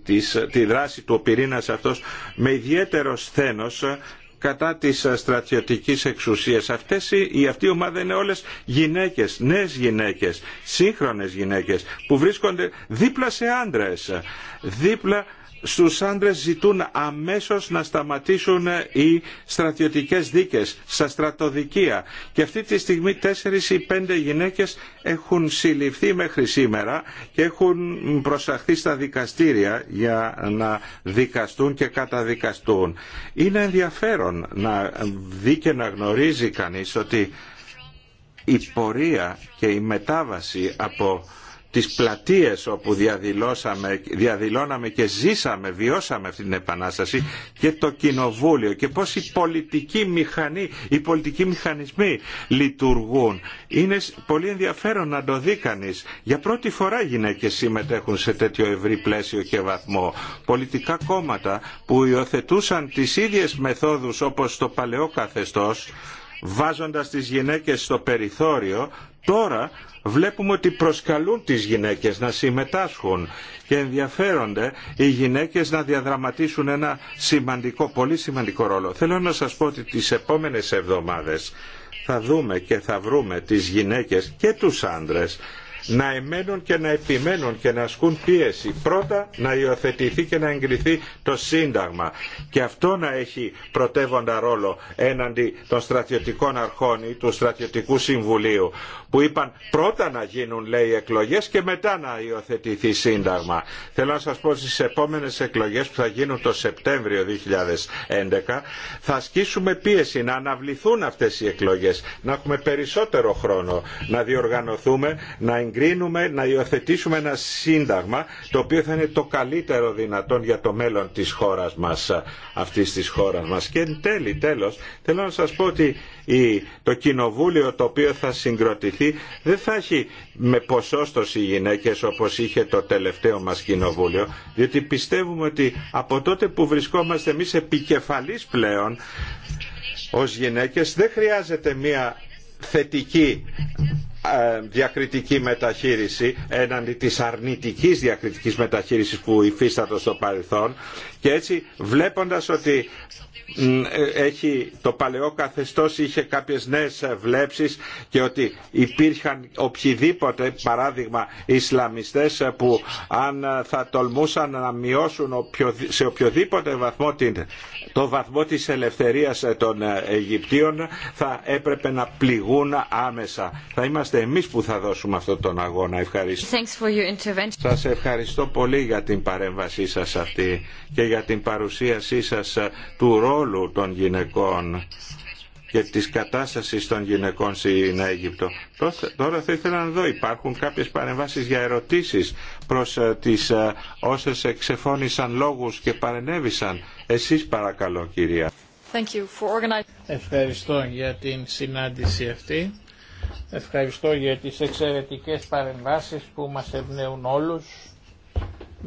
του ο πυρήνας αυτός με ιδιαίτερο σθένος ε, κατά της ε, στρατιωτικής εξουσίας. Αυτές, η, αυτή η ομάδα είναι όλες γυναίκες, νέες γυναίκες, σύγχρονες γυναίκες που βρίσκονται δίπλα σε άντρες, δίπλα στους άντρες ζητούν αμέσως να σταματήσουν οι στρατιωτικές δίκες στα στρατοδικεία και αυτή τη στιγμή τέσσερις ή πέντε γυναίκες έχουν συλληφθεί μέχρι σήμερα και έχουν προσαχθεί στα δικαστήρια για να δικαστούν και καταδικαστούν. Είναι ενδιαφέρον να δει και να γνωρίζει κανείς ότι η πορεία και η μετάβαση από τις πλατείες όπου διαδηλώσαμε, διαδηλώναμε και ζήσαμε, βιώσαμε αυτή την επανάσταση και το κοινοβούλιο και πώς μηχανή, οι πολιτικοί μηχανισμοί λειτουργούν. Είναι πολύ ενδιαφέρον να το δει κανείς. Για πρώτη φορά οι γυναίκες συμμετέχουν σε τέτοιο ευρύ πλαίσιο και βαθμό. Πολιτικά κόμματα που υιοθετούσαν τις ίδιες μεθόδους όπως το παλαιό καθεστώς βάζοντας τις γυναίκες στο περιθώριο, τώρα βλέπουμε ότι προσκαλούν τις γυναίκες να συμμετάσχουν και ενδιαφέρονται οι γυναίκες να διαδραματίσουν ένα σημαντικό, πολύ σημαντικό ρόλο. Θέλω να σας πω ότι τις επόμενες εβδομάδες θα δούμε και θα βρούμε τις γυναίκες και τους άντρες να εμένουν και να επιμένουν και να ασκούν πίεση. Πρώτα να υιοθετηθεί και να εγκριθεί το Σύνταγμα και αυτό να έχει πρωτεύοντα ρόλο έναντι των στρατιωτικών αρχών ή του στρατιωτικού συμβουλίου που είπαν πρώτα να γίνουν λέει εκλογές και μετά να υιοθετηθεί Σύνταγμα. Θέλω να σας πω στις επόμενες εκλογές που θα γίνουν το Σεπτέμβριο 2011 θα ασκήσουμε πίεση να αναβληθούν αυτές οι εκλογές, να έχουμε περισσότερο χρόνο να διοργανωθούμε, να να υιοθετήσουμε ένα σύνταγμα το οποίο θα είναι το καλύτερο δυνατόν για το μέλλον της χώρας μας, αυτής της χώρας μας. Και εν τέλει, τέλος, θέλω να σας πω ότι το κοινοβούλιο το οποίο θα συγκροτηθεί δεν θα έχει με ποσόστοση γυναίκες όπως είχε το τελευταίο μας κοινοβούλιο, διότι πιστεύουμε ότι από τότε που βρισκόμαστε εμείς επικεφαλής πλέον ως γυναίκες δεν χρειάζεται μία θετική ε, διακριτική μεταχείριση έναντι της αρνητικής διακριτικής μεταχείρισης που υφίστατο στο παρελθόν και έτσι βλέποντας ότι ε, έχει, το παλαιό καθεστώς είχε κάποιες νέες ε, βλέψεις και ότι υπήρχαν οποιοδήποτε παράδειγμα Ισλαμιστές ε, που αν θα τολμούσαν να μειώσουν σε οποιοδήποτε βαθμό την, το βαθμό της ελευθερίας των Αιγυπτίων θα έπρεπε να πληγούν άμεσα. Θα είμαστε εμείς που θα δώσουμε αυτόν τον αγώνα. Ευχαριστώ. σας ευχαριστώ πολύ για την παρέμβασή σας αυτή και για την παρουσίασή σας του ρόλου ρόλου των γυναικών και της κατάστασης των γυναικών στην Αίγυπτο. Τώρα θα ήθελα να δω, υπάρχουν κάποιες παρεμβάσεις για ερωτήσεις προς ε, τις ε, όσες εξεφώνησαν λόγους και παρενέβησαν. Εσείς παρακαλώ κυρία. Ευχαριστώ για την συνάντηση αυτή. Ευχαριστώ για τις εξαιρετικές παρεμβάσεις που μας ευνοούν όλους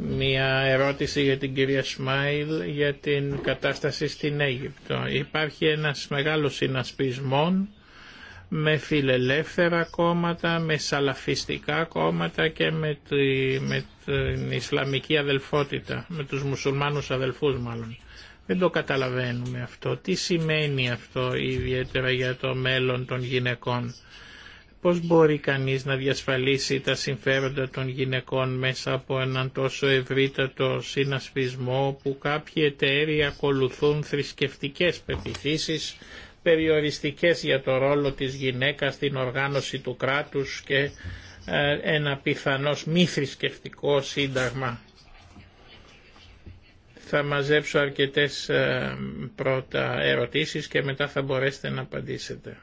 Μία ερώτηση για την κυρία Σμάιλ για την κατάσταση στην Αίγυπτο. Υπάρχει ένας μεγάλος συνασπισμός με φιλελεύθερα κόμματα, με σαλαφιστικά κόμματα και με, με την Ισλαμική αδελφότητα, με τους μουσουλμάνους αδελφούς μάλλον. Δεν το καταλαβαίνουμε αυτό. Τι σημαίνει αυτό ιδιαίτερα για το μέλλον των γυναικών. Πώς μπορεί κανείς να διασφαλίσει τα συμφέροντα των γυναικών μέσα από έναν τόσο ευρύτατο συνασπισμό που κάποιοι εταίροι ακολουθούν θρησκευτικές πεπιθήσεις περιοριστικές για το ρόλο της γυναίκας στην οργάνωση του κράτους και ε, ένα πιθανώς μη θρησκευτικό σύνταγμα. Θα μαζέψω αρκετές ε, πρώτα ερωτήσεις και μετά θα μπορέσετε να απαντήσετε.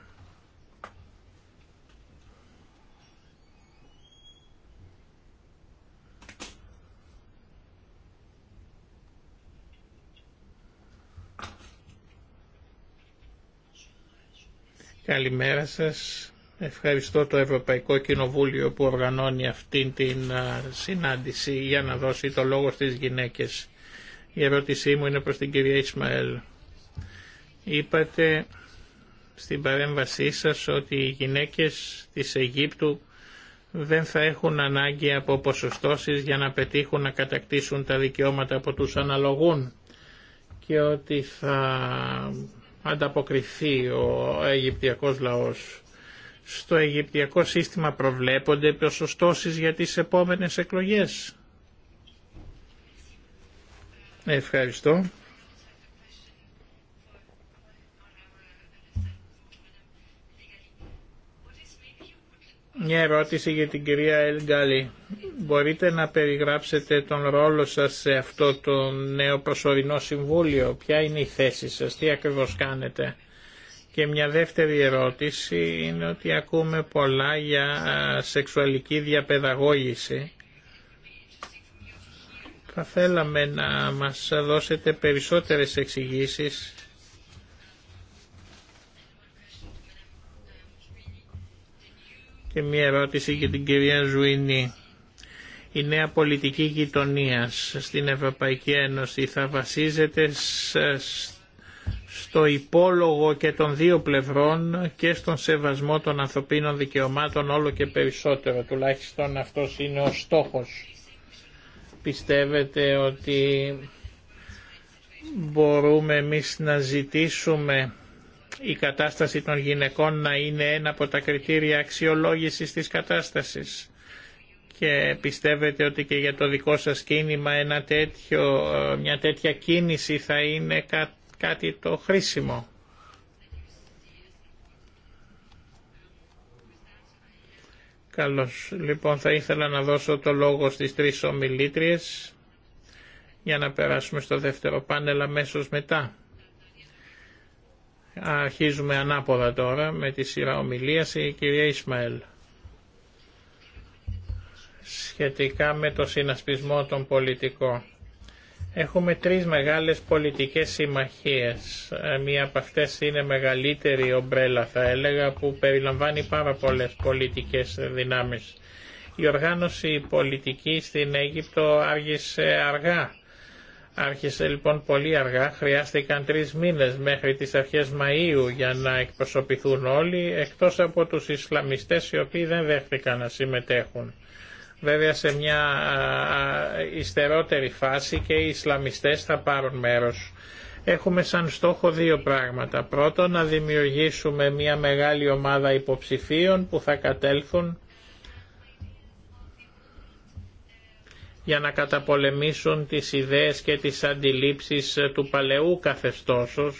Καλημέρα σας. Ευχαριστώ το Ευρωπαϊκό Κοινοβούλιο που οργανώνει αυτήν την συνάντηση για να δώσει το λόγο στις γυναίκες. Η ερώτησή μου είναι προς την κυρία Ισμαέλ. Είπατε στην παρέμβασή σας ότι οι γυναίκες της Αιγύπτου δεν θα έχουν ανάγκη από ποσοστώσεις για να πετύχουν να κατακτήσουν τα δικαιώματα που τους αναλογούν και ότι θα ανταποκριθεί ο Αιγυπτιακός λαός. Στο Αιγυπτιακό σύστημα προβλέπονται ποσοστώσεις για τις επόμενες εκλογές. Ευχαριστώ. Μια ερώτηση για την κυρία Ελγκάλη. Μπορείτε να περιγράψετε τον ρόλο σας σε αυτό το νέο προσωρινό συμβούλιο. Ποια είναι η θέση σας, τι ακριβώς κάνετε. Και μια δεύτερη ερώτηση είναι ότι ακούμε πολλά για σεξουαλική διαπαιδαγώγηση. Θα θέλαμε να μας δώσετε περισσότερες εξηγήσεις Και μία ερώτηση για την κυρία Ζουίνη. Η νέα πολιτική γειτονία στην Ευρωπαϊκή Ένωση θα βασίζεται στο υπόλογο και των δύο πλευρών και στον σεβασμό των ανθρωπίνων δικαιωμάτων όλο και περισσότερο. Τουλάχιστον αυτός είναι ο στόχος. Πιστεύετε ότι μπορούμε εμείς να ζητήσουμε η κατάσταση των γυναικών να είναι ένα από τα κριτήρια αξιολόγησης της κατάστασης και πιστεύετε ότι και για το δικό σας κίνημα ένα μια τέτοια κίνηση θα είναι κάτι το χρήσιμο. Καλώς. Λοιπόν, θα ήθελα να δώσω το λόγο στις τρεις ομιλήτριες για να περάσουμε στο δεύτερο πάνελ αμέσως μετά. Αρχίζουμε ανάποδα τώρα με τη σειρά ομιλίας η κυρία Ισμαήλ Σχετικά με το συνασπισμό των πολιτικών. Έχουμε τρεις μεγάλες πολιτικές συμμαχίες. Ε, μία από αυτές είναι μεγαλύτερη ομπρέλα θα έλεγα που περιλαμβάνει πάρα πολλές πολιτικές δυνάμεις. Η οργάνωση πολιτική στην Αίγυπτο άργησε αργά Άρχισε λοιπόν πολύ αργά, χρειάστηκαν τρεις μήνες μέχρι τις αρχές Μαΐου για να εκπροσωπηθούν όλοι, εκτός από τους Ισλαμιστές οι οποίοι δεν δέχτηκαν να συμμετέχουν. Βέβαια σε μια ιστερότερη φάση και οι Ισλαμιστές θα πάρουν μέρος. Έχουμε σαν στόχο δύο πράγματα. Πρώτον, να δημιουργήσουμε μια μεγάλη ομάδα υποψηφίων που θα κατέλθουν για να καταπολεμήσουν τις ιδέες και τις αντιλήψεις του παλαιού καθεστώσος,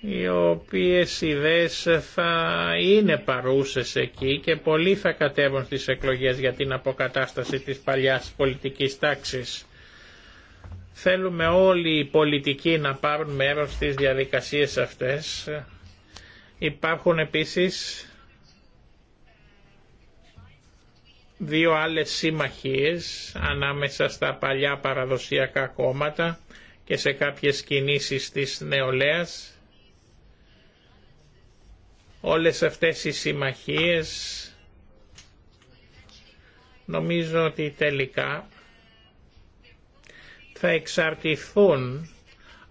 οι οποίες ιδέες θα είναι παρούσες εκεί και πολλοί θα κατέβουν στις εκλογές για την αποκατάσταση της παλιάς πολιτικής τάξης. Θέλουμε όλοι οι πολιτικοί να πάρουν μέρος στις διαδικασίες αυτές. Υπάρχουν επίσης δύο άλλες συμμαχίες ανάμεσα στα παλιά παραδοσιακά κόμματα και σε κάποιες κινήσεις της νεολαίας. Όλες αυτές οι συμμαχίες νομίζω ότι τελικά θα εξαρτηθούν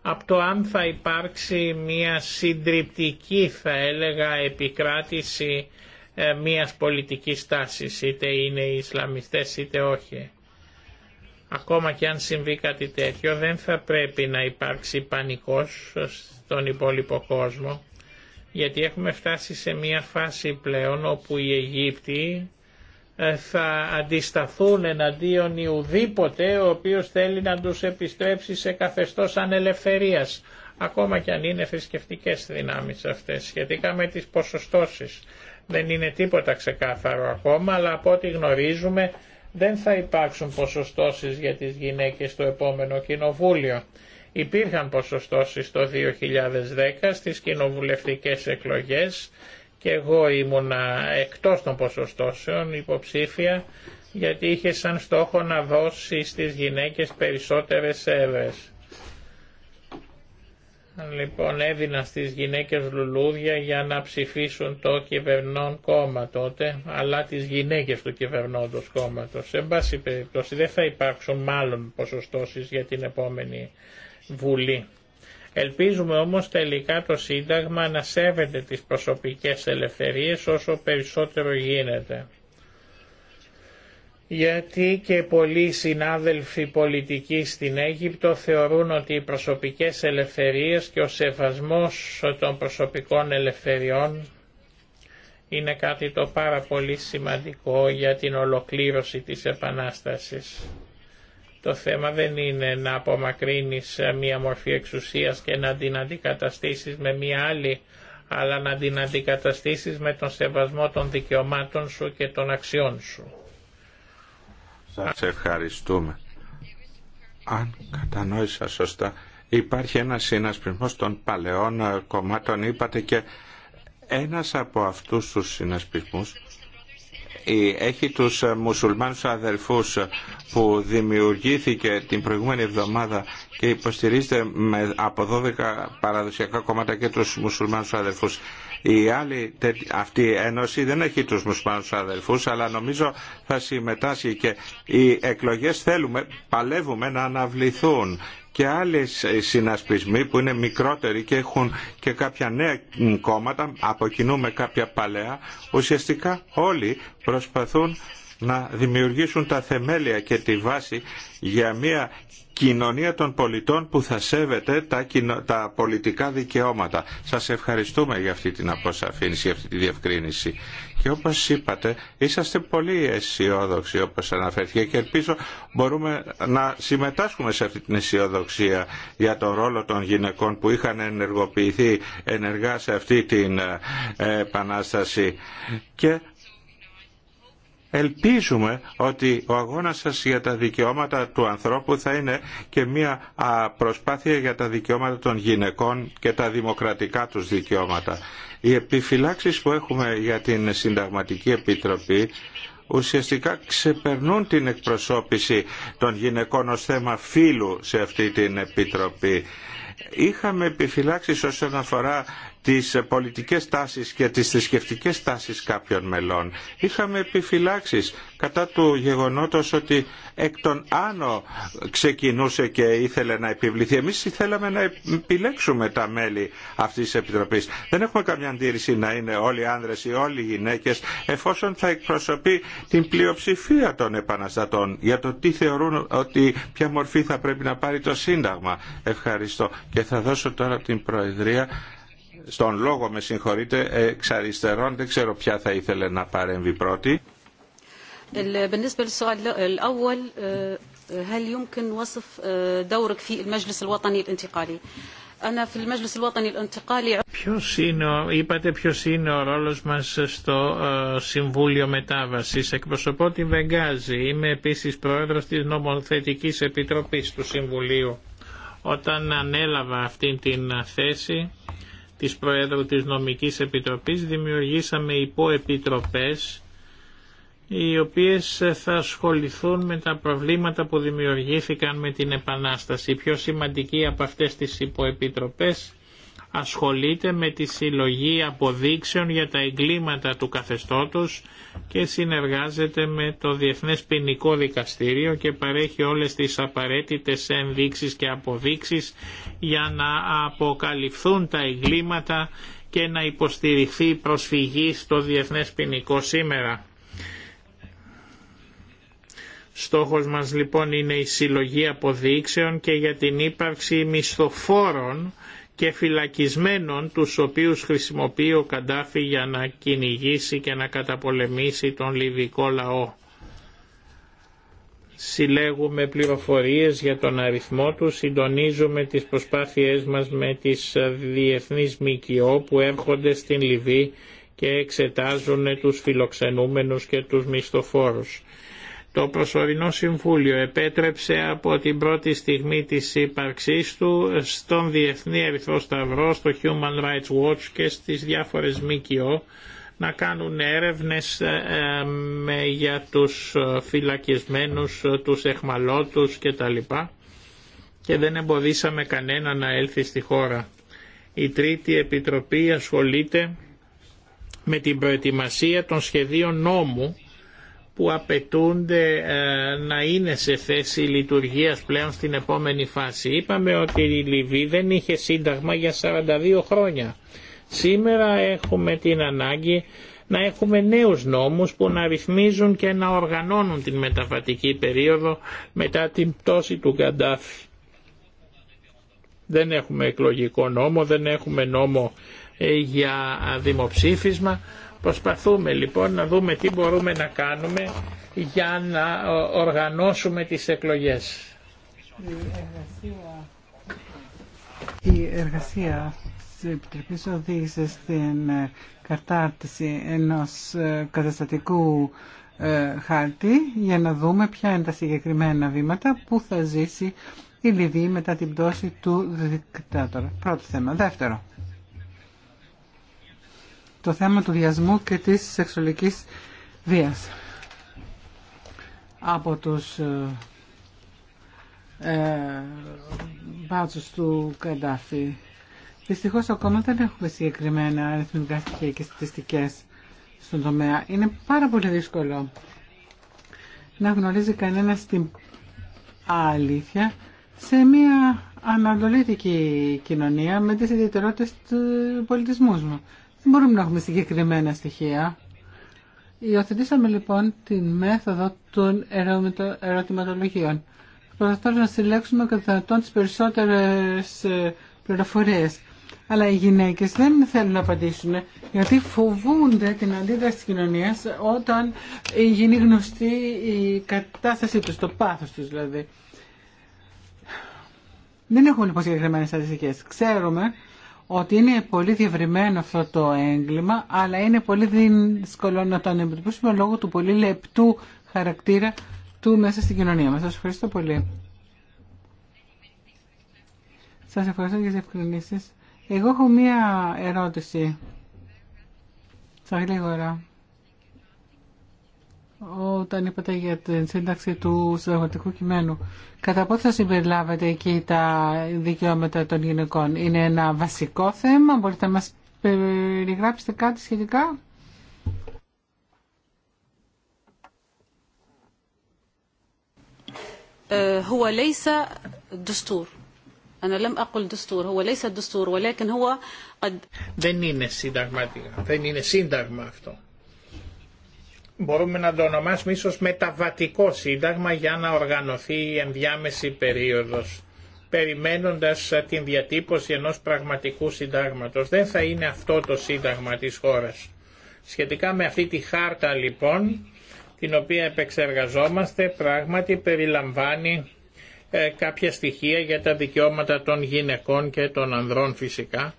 από το αν θα υπάρξει μια συντριπτική θα έλεγα επικράτηση ε, μιας πολιτικής τάσης, είτε είναι οι Ισλαμιστές είτε όχι. Ακόμα και αν συμβεί κάτι τέτοιο δεν θα πρέπει να υπάρξει πανικός στον υπόλοιπο κόσμο, γιατί έχουμε φτάσει σε μια φάση πλέον όπου οι Αιγύπτιοι ε, θα αντισταθούν εναντίον Ιουδήποτε ο οποίος θέλει να τους επιστρέψει σε καθεστώς ανελευθερίας ακόμα και αν είναι θρησκευτικές δυνάμεις αυτές σχετικά με τις ποσοστώσεις. Δεν είναι τίποτα ξεκάθαρο ακόμα, αλλά από ό,τι γνωρίζουμε δεν θα υπάρξουν ποσοστώσεις για τις γυναίκες στο επόμενο κοινοβούλιο. Υπήρχαν ποσοστώσεις το 2010 στις κοινοβουλευτικές εκλογές και εγώ ήμουνα εκτός των ποσοστώσεων υποψήφια γιατί είχε σαν στόχο να δώσει στις γυναίκες περισσότερες έδρες. Λοιπόν, έδινα στις γυναίκες λουλούδια για να ψηφίσουν το κυβερνόν κόμμα τότε, αλλά τις γυναίκες του κυβερνόντος κόμματος. Σε βάση περιπτώσει δεν θα υπάρξουν μάλλον ποσοστώσεις για την επόμενη Βουλή. Ελπίζουμε όμως τελικά το Σύνταγμα να σέβεται τις προσωπικές ελευθερίες όσο περισσότερο γίνεται γιατί και πολλοί συνάδελφοι πολιτικοί στην Αίγυπτο θεωρούν ότι οι προσωπικές ελευθερίες και ο σεβασμός των προσωπικών ελευθεριών είναι κάτι το πάρα πολύ σημαντικό για την ολοκλήρωση της Επανάστασης. Το θέμα δεν είναι να απομακρύνεις μία μορφή εξουσίας και να την αντικαταστήσεις με μία άλλη, αλλά να την αντικαταστήσεις με τον σεβασμό των δικαιωμάτων σου και των αξιών σου. Σας ευχαριστούμε. Αν κατανόησα σωστά, υπάρχει ένα συνασπισμός των παλαιών ε, κομμάτων, είπατε και ένας από αυτούς τους συνασπισμούς ε, έχει τους ε, μουσουλμάνους αδερφούς που δημιουργήθηκε την προηγούμενη εβδομάδα και υποστηρίζεται από 12 παραδοσιακά κόμματα και τους μουσουλμάνους αδερφούς. Η άλλη αυτή η ένωση δεν έχει τους μουσουλμάνους αδελφούς αλλά νομίζω θα συμμετάσχει και οι εκλογές θέλουμε, παλεύουμε να αναβληθούν και άλλες συνασπισμοί που είναι μικρότεροι και έχουν και κάποια νέα κόμματα, αποκοινούμε κάποια παλαιά, ουσιαστικά όλοι προσπαθούν να δημιουργήσουν τα θεμέλια και τη βάση για μια κοινωνία των πολιτών που θα σέβεται τα, τα πολιτικά δικαιώματα. Σας ευχαριστούμε για αυτή την αποσαφήνιση, για αυτή τη διευκρίνηση. Και όπως είπατε, είσαστε πολύ αισιόδοξοι όπως αναφέρθηκε και ελπίζω μπορούμε να συμμετάσχουμε σε αυτή την αισιοδοξία για τον ρόλο των γυναικών που είχαν ενεργοποιηθεί ενεργά σε αυτή την ε, επανάσταση. Και Ελπίζουμε ότι ο αγώνας σας για τα δικαιώματα του ανθρώπου θα είναι και μια προσπάθεια για τα δικαιώματα των γυναικών και τα δημοκρατικά τους δικαιώματα. Οι επιφυλάξεις που έχουμε για την Συνταγματική Επιτροπή ουσιαστικά ξεπερνούν την εκπροσώπηση των γυναικών ως θέμα φίλου σε αυτή την Επιτροπή. Είχαμε επιφυλάξεις όσον αφορά τις πολιτικές τάσεις και τις θρησκευτικέ τάσεις κάποιων μελών. Είχαμε επιφυλάξεις κατά του γεγονότος ότι εκ των άνω ξεκινούσε και ήθελε να επιβληθεί. Εμείς θέλαμε να επιλέξουμε τα μέλη αυτής της Επιτροπής. Δεν έχουμε καμιά αντίρρηση να είναι όλοι άνδρες ή όλοι γυναίκες εφόσον θα εκπροσωπεί την πλειοψηφία των επαναστατών για το τι θεωρούν ότι ποια μορφή θα πρέπει να πάρει το Σύνταγμα. Ευχαριστώ. Και θα δώσω τώρα την Προεδρία στον λόγο με συγχωρείτε, εξ αριστερών δεν ξέρω ποια θα ήθελε να παρέμβει πρώτη. είναι, είπατε ποιος είναι ο ρόλος μας στο ε, Συμβούλιο Μετάβασης. Εκπροσωπώ τη Βεγγάζη. Είμαι επίσης πρόεδρος της Νομοθετικής Επιτροπής του Συμβουλίου. Όταν ανέλαβα αυτή την θέση της Προέδρου της Νομικής Επιτροπής δημιουργήσαμε υποεπιτροπές οι οποίες θα ασχοληθούν με τα προβλήματα που δημιουργήθηκαν με την Επανάσταση. πιο σημαντική από αυτές τις υποεπιτροπές ασχολείται με τη συλλογή αποδείξεων για τα εγκλήματα του καθεστώτος και συνεργάζεται με το Διεθνές Ποινικό Δικαστήριο και παρέχει όλες τις απαραίτητες ενδείξεις και αποδείξεις για να αποκαλυφθούν τα εγκλήματα και να υποστηριχθεί προσφυγή στο Διεθνές Ποινικό σήμερα. Στόχος μας λοιπόν είναι η συλλογή αποδείξεων και για την ύπαρξη μισθοφόρων και φυλακισμένων τους οποίους χρησιμοποιεί ο Καντάφη για να κυνηγήσει και να καταπολεμήσει τον Λιβικό λαό. Συλλέγουμε πληροφορίες για τον αριθμό του, συντονίζουμε τις προσπάθειές μας με τις διεθνείς ΜΚΟ που έρχονται στην Λιβύη και εξετάζουν τους φιλοξενούμενους και τους μισθοφόρους. Το προσωρινό συμβούλιο επέτρεψε από την πρώτη στιγμή της ύπαρξής του στον Διεθνή Ερυθρό Σταυρό, στο Human Rights Watch και στις διάφορες ΜΚΟ να κάνουν έρευνες ε, με, για τους ε, φυλακισμένους, ε, τους εχμαλώτους κτλ. Και δεν εμποδίσαμε κανένα να έλθει στη χώρα. Η Τρίτη Επιτροπή ασχολείται με την προετοιμασία των σχεδίων νόμου που απαιτούνται ε, να είναι σε θέση λειτουργίας πλέον στην επόμενη φάση. Είπαμε ότι η Λιβύη δεν είχε σύνταγμα για 42 χρόνια. Σήμερα έχουμε την ανάγκη να έχουμε νέους νόμους που να ρυθμίζουν και να οργανώνουν την μεταβατική περίοδο μετά την πτώση του Γκαντάφη. Δεν έχουμε εκλογικό νόμο, δεν έχουμε νόμο ε, για δημοψήφισμα Προσπαθούμε λοιπόν να δούμε τι μπορούμε να κάνουμε για να οργανώσουμε τις εκλογές. Η εργασία, Η εργασία της Επιτροπής οδήγησε στην ε, κατάρτιση ενός ε, καταστατικού ε, χάρτη για να δούμε ποια είναι τα συγκεκριμένα βήματα που θα ζήσει η Λιβύη μετά την πτώση του δικτάτορα. Πρώτο θέμα. Δεύτερο το θέμα του βιασμού και της σεξουαλικής βίας. Από τους ε, μπάτσους ε, του Καντάφη. Δυστυχώς ακόμα δεν έχουμε συγκεκριμένα αριθμητικά στοιχεία και στατιστικές στον τομέα. Είναι πάρα πολύ δύσκολο να γνωρίζει κανένα την αλήθεια σε μια ανατολίτικη κοινωνία με τις ιδιαιτερότητες του πολιτισμού μου. Δεν μπορούμε να έχουμε συγκεκριμένα στοιχεία. Υιοθετήσαμε λοιπόν τη μέθοδο των ερωτηματολογίων. Προσπαθούμε να συλλέξουμε κατά τι περισσότερες ε, πληροφορίες. Αλλά οι γυναίκες δεν θέλουν να απαντήσουν γιατί φοβούνται την αντίδραση τη κοινωνίας όταν γίνει γνωστή η κατάστασή του το πάθος του δηλαδή. Δεν έχουμε λοιπόν συγκεκριμένε στατιστικέ. Ξέρουμε ότι είναι πολύ διευρυμένο αυτό το έγκλημα, αλλά είναι πολύ δύσκολο να το αντιμετωπίσουμε λόγω του πολύ λεπτού χαρακτήρα του μέσα στην κοινωνία μας. Σας ευχαριστώ πολύ. Σας ευχαριστώ για τις ευκρινήσεις. Εγώ έχω μία ερώτηση. Σας γρήγορα όταν είπατε για την σύνταξη του συνταγματικού κειμένου. Κατά πόσο θα συμπεριλάβετε εκεί τα δικαιώματα των γυναικών. Είναι ένα βασικό θέμα. Μπορείτε να μας περιγράψετε κάτι σχετικά. Ε, δεν είναι σύνταγμα δεν είναι σύνταγμα αυτό μπορούμε να το ονομάσουμε ίσως μεταβατικό σύνταγμα για να οργανωθεί η ενδιάμεση περίοδος περιμένοντας ε, την διατύπωση ενός πραγματικού συντάγματος. Δεν θα είναι αυτό το σύνταγμα της χώρας. Σχετικά με αυτή τη χάρτα λοιπόν, την οποία επεξεργαζόμαστε, πράγματι περιλαμβάνει ε, κάποια στοιχεία για τα δικαιώματα των γυναικών και των ανδρών φυσικά,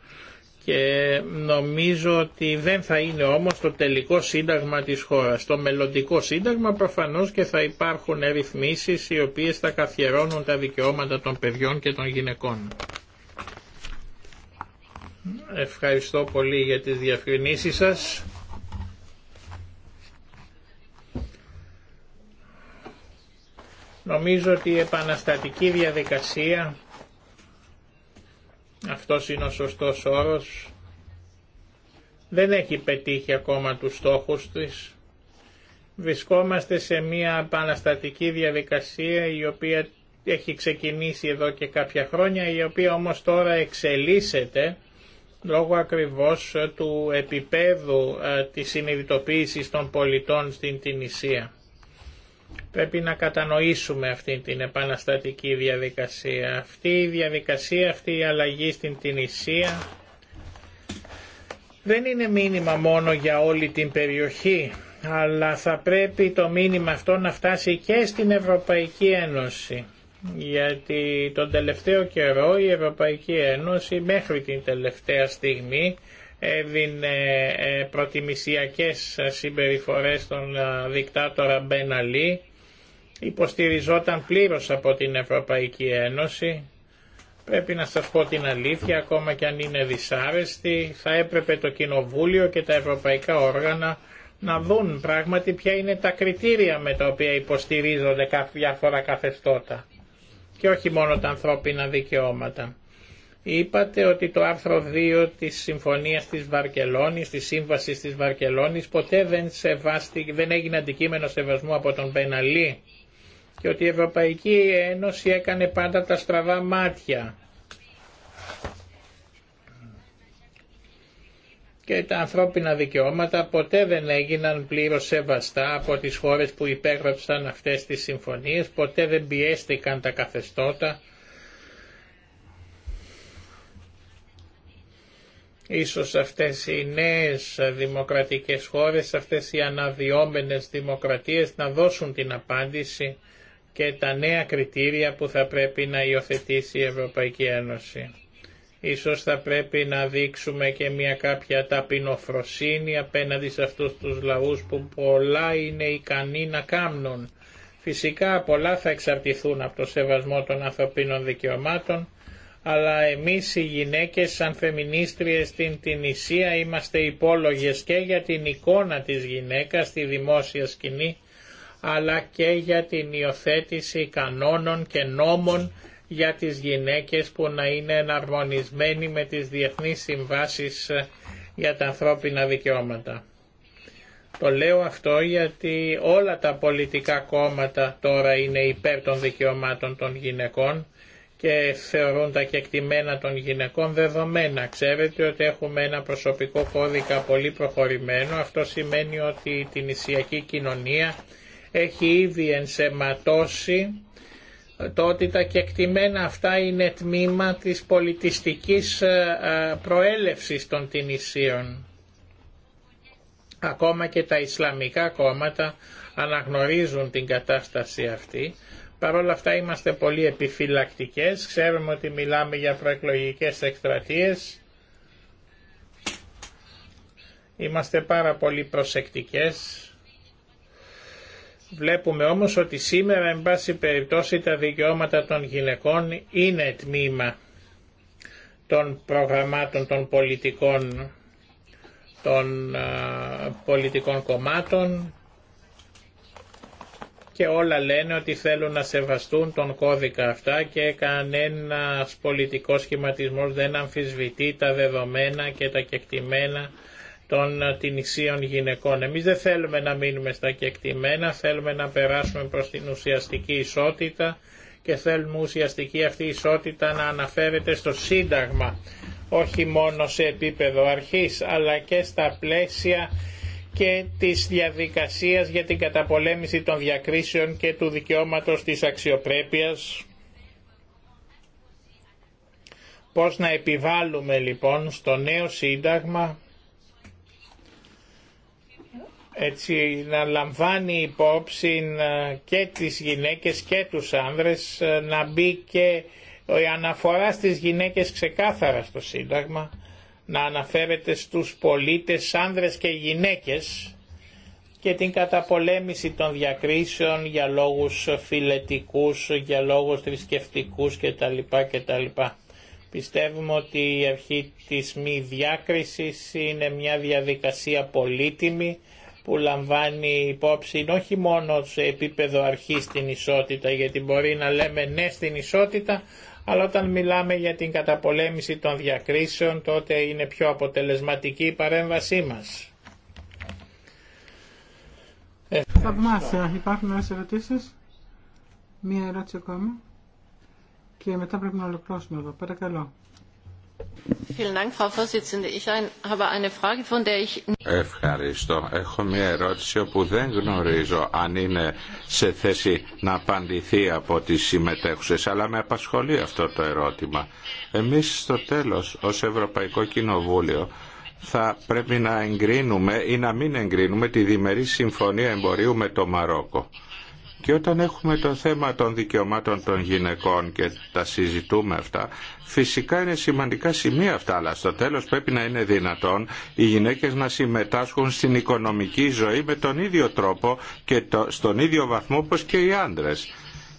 και νομίζω ότι δεν θα είναι όμως το τελικό σύνταγμα της χώρας. Το μελλοντικό σύνταγμα προφανώς και θα υπάρχουν ρυθμίσεις οι οποίες θα καθιερώνουν τα δικαιώματα των παιδιών και των γυναικών. Ευχαριστώ πολύ για τις διαφημίσεις σας. Νομίζω ότι η επαναστατική διαδικασία αυτός είναι ο σωστός όρος. Δεν έχει πετύχει ακόμα τους στόχους της. Βρισκόμαστε σε μια επαναστατική διαδικασία η οποία έχει ξεκινήσει εδώ και κάποια χρόνια, η οποία όμως τώρα εξελίσσεται λόγω ακριβώς ε, του επίπεδου ε, της συνειδητοποίησης των πολιτών στην Τινησία. Πρέπει να κατανοήσουμε αυτή την επαναστατική διαδικασία. Αυτή η διαδικασία, αυτή η αλλαγή στην Τινησία δεν είναι μήνυμα μόνο για όλη την περιοχή, αλλά θα πρέπει το μήνυμα αυτό να φτάσει και στην Ευρωπαϊκή Ένωση. Γιατί τον τελευταίο καιρό η Ευρωπαϊκή Ένωση μέχρι την τελευταία στιγμή έδινε ε, προτιμησιακές συμπεριφορές στον ε, δικτάτορα Μπεν Αλή, υποστηριζόταν πλήρως από την Ευρωπαϊκή Ένωση. Πρέπει να σας πω την αλήθεια, ακόμα και αν είναι δυσάρεστη, θα έπρεπε το Κοινοβούλιο και τα ευρωπαϊκά όργανα να δουν πράγματι ποια είναι τα κριτήρια με τα οποία υποστηρίζονται διάφορα καθεστώτα και όχι μόνο τα ανθρώπινα δικαιώματα. Είπατε ότι το άρθρο 2 της Συμφωνίας της Βαρκελόνης, της Σύμβασης της Βαρκελόνης, ποτέ δεν, δεν έγινε αντικείμενο σεβασμού από τον Πεναλή και ότι η Ευρωπαϊκή Ένωση έκανε πάντα τα στραβά μάτια και τα ανθρώπινα δικαιώματα ποτέ δεν έγιναν πλήρως σεβαστά από τις χώρες που υπέγραψαν αυτές τις συμφωνίες, ποτέ δεν πιέστηκαν τα καθεστώτα Ίσως αυτές οι νέες δημοκρατικές χώρες, αυτές οι αναδυόμενες δημοκρατίες να δώσουν την απάντηση και τα νέα κριτήρια που θα πρέπει να υιοθετήσει η Ευρωπαϊκή Ένωση. Ίσως θα πρέπει να δείξουμε και μια κάποια ταπεινοφροσύνη απέναντι σε αυτούς τους λαούς που πολλά είναι ικανοί να κάμνουν. Φυσικά πολλά θα εξαρτηθούν από το σεβασμό των ανθρωπίνων δικαιωμάτων, αλλά εμείς οι γυναίκες σαν φεμινίστριες στην Ισία είμαστε υπόλογες και για την εικόνα της γυναίκας στη δημόσια σκηνή, αλλά και για την υιοθέτηση κανόνων και νόμων για τις γυναίκες που να είναι εναρμονισμένοι με τις διεθνείς συμβάσεις ε, για τα ανθρώπινα δικαιώματα. Το λέω αυτό γιατί όλα τα πολιτικά κόμματα τώρα είναι υπέρ των δικαιωμάτων των γυναικών και θεωρούν τα κεκτημένα των γυναικών δεδομένα. Ξέρετε ότι έχουμε ένα προσωπικό κώδικα πολύ προχωρημένο. Αυτό σημαίνει ότι η ισιακή κοινωνία έχει ήδη ενσεματώσει το ότι τα κεκτημένα αυτά είναι τμήμα της πολιτιστικής ε, προέλευσης των Τινησίων. Ακόμα και τα Ισλαμικά κόμματα αναγνωρίζουν την κατάσταση αυτή Παρ' όλα αυτά είμαστε πολύ επιφυλακτικές. Ξέρουμε ότι μιλάμε για προεκλογικές εκστρατείες. Είμαστε πάρα πολύ προσεκτικές. Βλέπουμε όμως ότι σήμερα, εν πάση περιπτώσει, τα δικαιώματα των γυναικών είναι τμήμα των προγραμμάτων των πολιτικών των πολιτικών κομμάτων και όλα λένε ότι θέλουν να σεβαστούν τον κώδικα αυτά και κανένας πολιτικό σχηματισμός δεν αμφισβητεί τα δεδομένα και τα κεκτημένα των ε, ισίων γυναικών. Εμείς δεν θέλουμε να μείνουμε στα κεκτημένα, θέλουμε να περάσουμε προς την ουσιαστική ισότητα και θέλουμε ουσιαστική αυτή η ισότητα να αναφέρεται στο Σύνταγμα, όχι μόνο σε επίπεδο αρχής, αλλά και στα πλαίσια και της διαδικασίας για την καταπολέμηση των διακρίσεων και του δικαιώματος της αξιοπρέπειας. Πώς να επιβάλλουμε λοιπόν στο νέο σύνταγμα έτσι να λαμβάνει υπόψη ε, και τις γυναίκες και τους άνδρες ε, να μπει και η αναφορά στις γυναίκες ξεκάθαρα στο Σύνταγμα να αναφέρεται στους πολίτες άνδρες και γυναίκες και την καταπολέμηση των διακρίσεων για λόγους φιλετικούς, για λόγους θρησκευτικού κτλ. κτλ. Πιστεύουμε ότι η αρχή της μη διάκρισης είναι μια διαδικασία πολύτιμη που λαμβάνει υπόψη όχι μόνο σε επίπεδο αρχής την ισότητα γιατί μπορεί να λέμε ναι στην ισότητα αλλά όταν μιλάμε για την καταπολέμηση των διακρίσεων τότε είναι πιο αποτελεσματική η παρέμβασή μας. Ε, Θαυμάσια. Υπάρχουν άλλες ερωτήσεις. Μία ερώτηση ακόμα. Και μετά πρέπει να ολοκληρώσουμε εδώ. Παρακαλώ. Ευχαριστώ. Έχω μια ερώτηση όπου δεν γνωρίζω αν είναι σε θέση να απαντηθεί από τις συμμετέχουσες, αλλά με απασχολεί αυτό το ερώτημα. Εμείς στο τέλος ως Ευρωπαϊκό Κοινοβούλιο θα πρέπει να εγκρίνουμε ή να μην εγκρίνουμε τη διμερή συμφωνία εμπορίου με το Μαρόκο. Και όταν έχουμε το θέμα των δικαιωμάτων των γυναικών και τα συζητούμε αυτά, φυσικά είναι σημαντικά σημεία αυτά, αλλά στο τέλος πρέπει να είναι δυνατόν οι γυναίκες να συμμετάσχουν στην οικονομική ζωή με τον ίδιο τρόπο και στον ίδιο βαθμό όπως και οι άντρες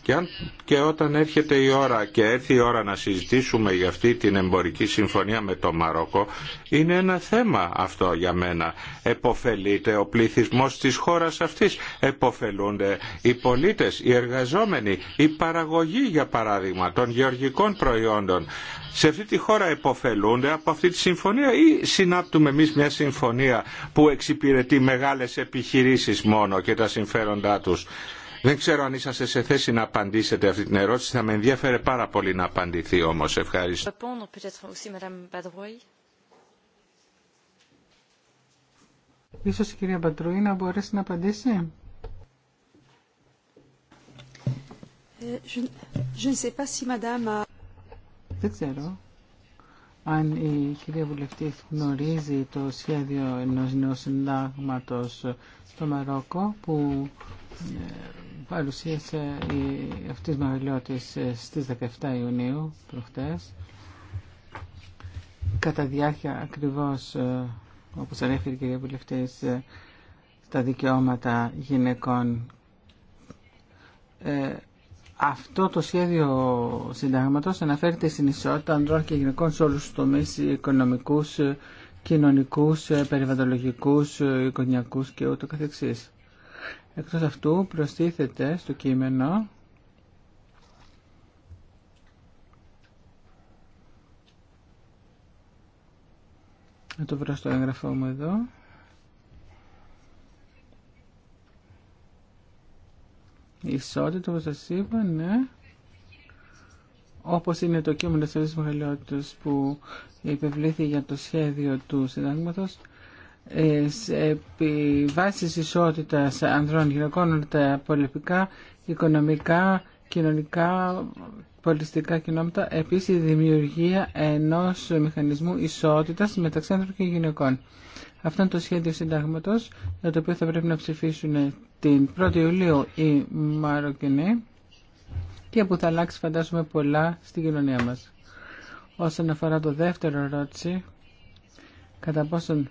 και, αν, και όταν έρχεται η ώρα και έρθει η ώρα να συζητήσουμε για αυτή την εμπορική συμφωνία με το Μαρόκο, είναι ένα θέμα αυτό για μένα. Εποφελείται ο πληθυσμός της χώρας αυτής. Εποφελούνται οι πολίτες, οι εργαζόμενοι, η παραγωγή για παράδειγμα των γεωργικών προϊόντων. Σε αυτή τη χώρα εποφελούνται από αυτή τη συμφωνία ή συνάπτουμε εμείς μια συμφωνία που εξυπηρετεί μεγάλες επιχειρήσεις μόνο και τα συμφέροντά τους. Δεν ξέρω αν είσαστε σε θέση να απαντήσετε αυτή την ερώτηση. Θα με ενδιαφέρε πάρα πολύ να απαντηθεί όμως. Ευχαριστώ. Ίσως η κυρία Μπατρούι να μπορέσει να απαντήσει. Ε, Δεν ξέρω αν η κυρία Βουλευτή γνωρίζει το σχέδιο ενός νέου συντάγματος στο Μαρόκο που ε, παρουσίασε η, αυτή τη ε, στις 17 Ιουνίου προχτές κατά διάρκεια ακριβώς ε, όπως ανέφερε η κυρία Βουλευτής ε, τα δικαιώματα γυναικών ε, αυτό το σχέδιο συντάγματος αναφέρεται στην ισότητα ανδρών και γυναικών σε όλους τους τομείς οικονομικούς, κοινωνικούς, περιβαλλοντολογικούς, οικονομικούς και ούτω καθεξής. Εκτός αυτού προστίθεται στο κείμενο Να το βρω στο έγγραφό μου εδώ. Η ισότητα, όπως σας είπα, ναι. Όπως είναι το κείμενο της Ευρωπαϊκής που υπευλήθη για το σχέδιο του συντάγματος, επί βάσης ισότητας ανδρών γυναικών τα πολιτικά, οικονομικά, κοινωνικά, πολιτιστικά κοινότητα, επίσης η δημιουργία ενός μηχανισμού ισότητας μεταξύ ανδρών και γυναικών. Αυτό είναι το σχέδιο συντάγματος, για το οποίο θα πρέπει να ψηφίσουν την 1η Ιουλίου οι Μαροκινοί και που θα αλλάξει φαντάζομαι πολλά στην κοινωνία μας. Όσον αφορά το δεύτερο ερώτηση, κατά πόσον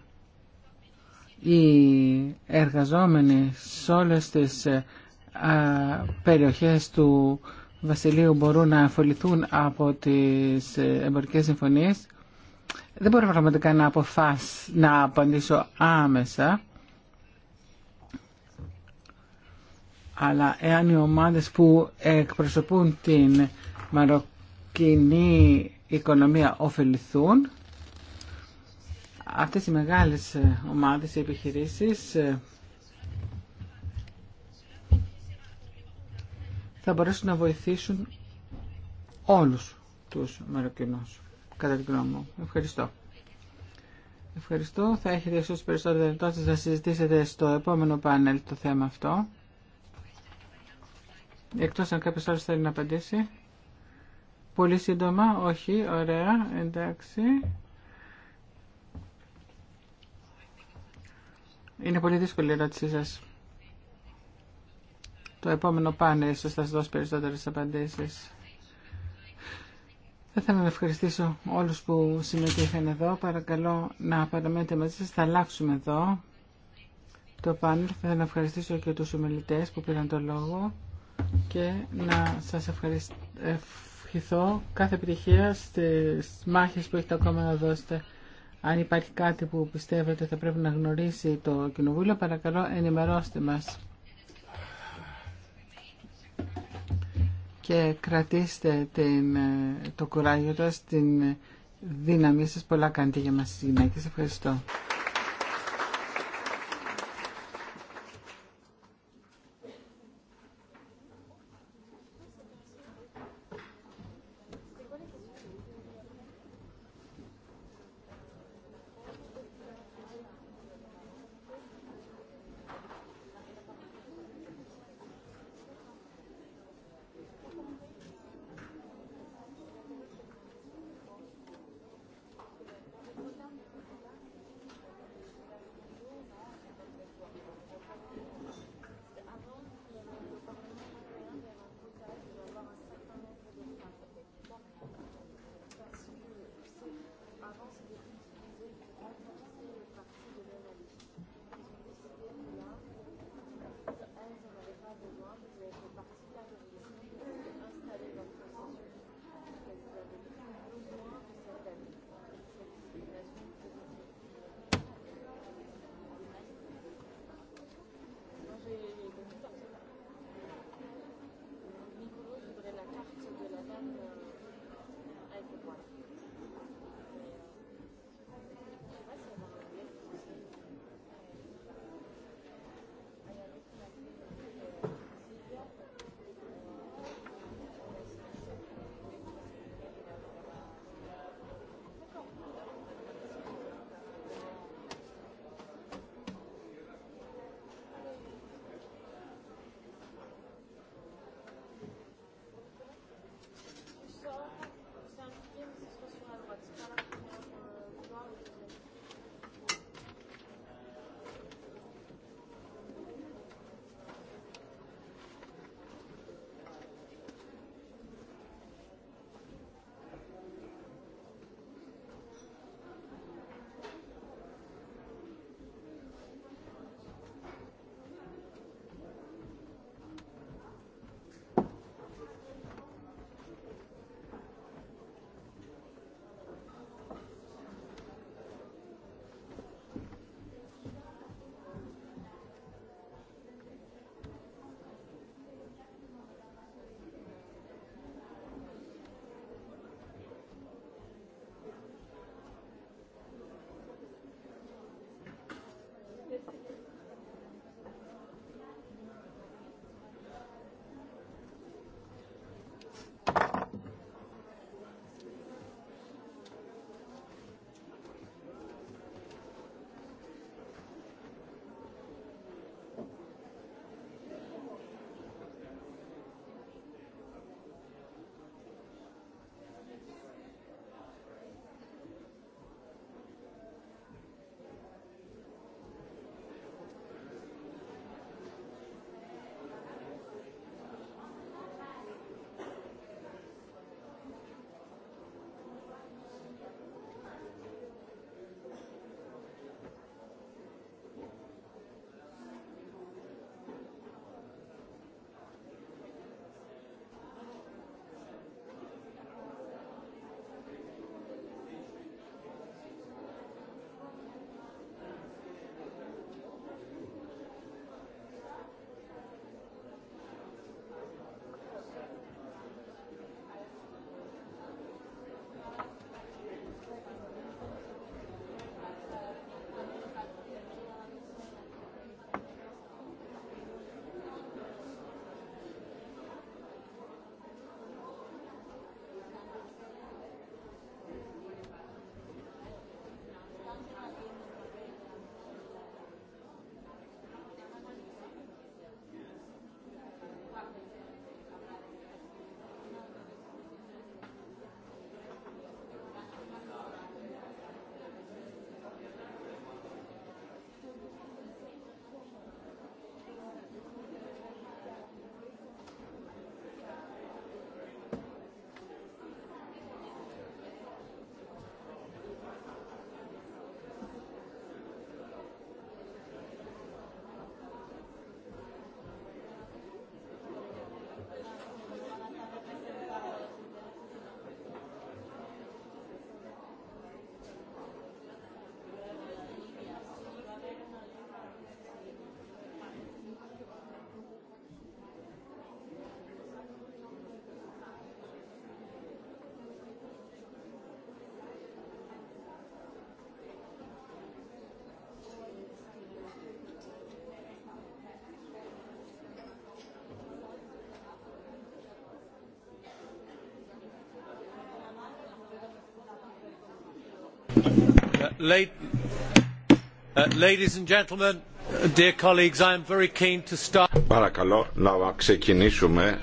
οι εργαζόμενοι σε όλες τις ε, περιοχές του Βασιλείου μπορούν να αφοληθούν από τις ε, εμπορικές συμφωνίες. Δεν μπορώ πραγματικά να, αποφάσω, να απαντήσω άμεσα. Αλλά εάν οι ομάδες που εκπροσωπούν την μαροκινή οικονομία ωφεληθούν, αυτές οι μεγάλες ε, ομάδες, οι επιχειρήσεις ε, θα μπορέσουν να βοηθήσουν όλους τους Μαροκινούς, κατά την γνώμη μου. Ευχαριστώ. Ευχαριστώ. Θα έχετε ίσως περισσότερες να συζητήσετε στο επόμενο πάνελ το θέμα αυτό. Εκτός αν κάποιος άλλος θέλει να απαντήσει. Πολύ σύντομα, όχι, ωραία, εντάξει. Είναι πολύ δύσκολη η ερώτησή σα Το επόμενο πάνε, ίσω θα σα δώσω περισσότερε απαντήσει. Θα ήθελα να ευχαριστήσω όλους που συμμετείχαν εδώ. Παρακαλώ να παραμένετε μαζί σας. Θα αλλάξουμε εδώ το πάνελ. Θα ήθελα να ευχαριστήσω και τους ομιλητές που πήραν το λόγο και να σας ευχαριστήσω κάθε επιτυχία στις μάχες που έχετε ακόμα να δώσετε. Αν υπάρχει κάτι που πιστεύετε θα πρέπει να γνωρίσει το Κοινοβούλιο, παρακαλώ ενημερώστε μας. Και κρατήστε την, το κουράγιο σας, την δύναμή σας. Πολλά κάνετε για μας γυναίκες. Ευχαριστώ. Παρακαλώ να ξεκινήσουμε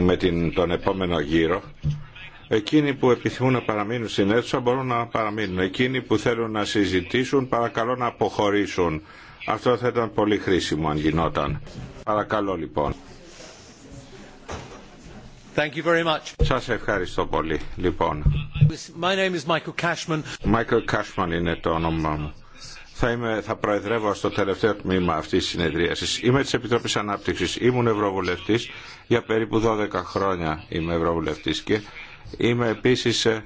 με τον επόμενο γύρο. Εκείνοι που επιθυμούν να παραμείνουν στην αίθουσα μπορούν να παραμείνουν. Εκείνοι που θέλουν να συζητήσουν παρακαλώ να αποχωρήσουν. Αυτό θα ήταν πολύ χρήσιμο αν γινόταν. Παρακαλώ λοιπόν. Thank you very much. Σας ευχαριστώ πολύ. Λοιπόν, My name is Michael είναι το όνομά Θα, προεδρεύω στο τελευταίο τμήμα αυτή τη συνεδρίαση. Είμαι της Επιτροπής Ανάπτυξης, Ήμουν Ευρωβουλευτής για περίπου 12 χρόνια. Είμαι Ευρωβουλευτή και είμαι επίση ε,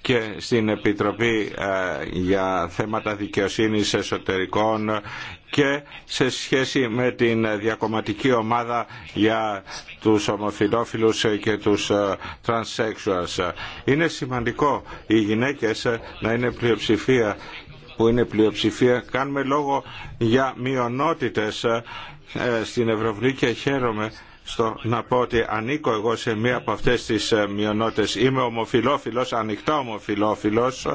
και στην Επιτροπή ε, για θέματα δικαιοσύνης εσωτερικών και σε σχέση με την διακομματική ομάδα για τους ομοφιλόφιλους και τους ε, transsexuals. Είναι σημαντικό οι γυναίκες ε, να είναι πλειοψηφία που είναι πλειοψηφία. Κάνουμε λόγο για μειονότητες ε, στην Ευρωβουλή και χαίρομαι στο να πω ότι ανήκω εγώ σε μία από αυτές τις μειονότητες. Είμαι ομοφιλόφιλος, ανοιχτά ομοφιλόφιλος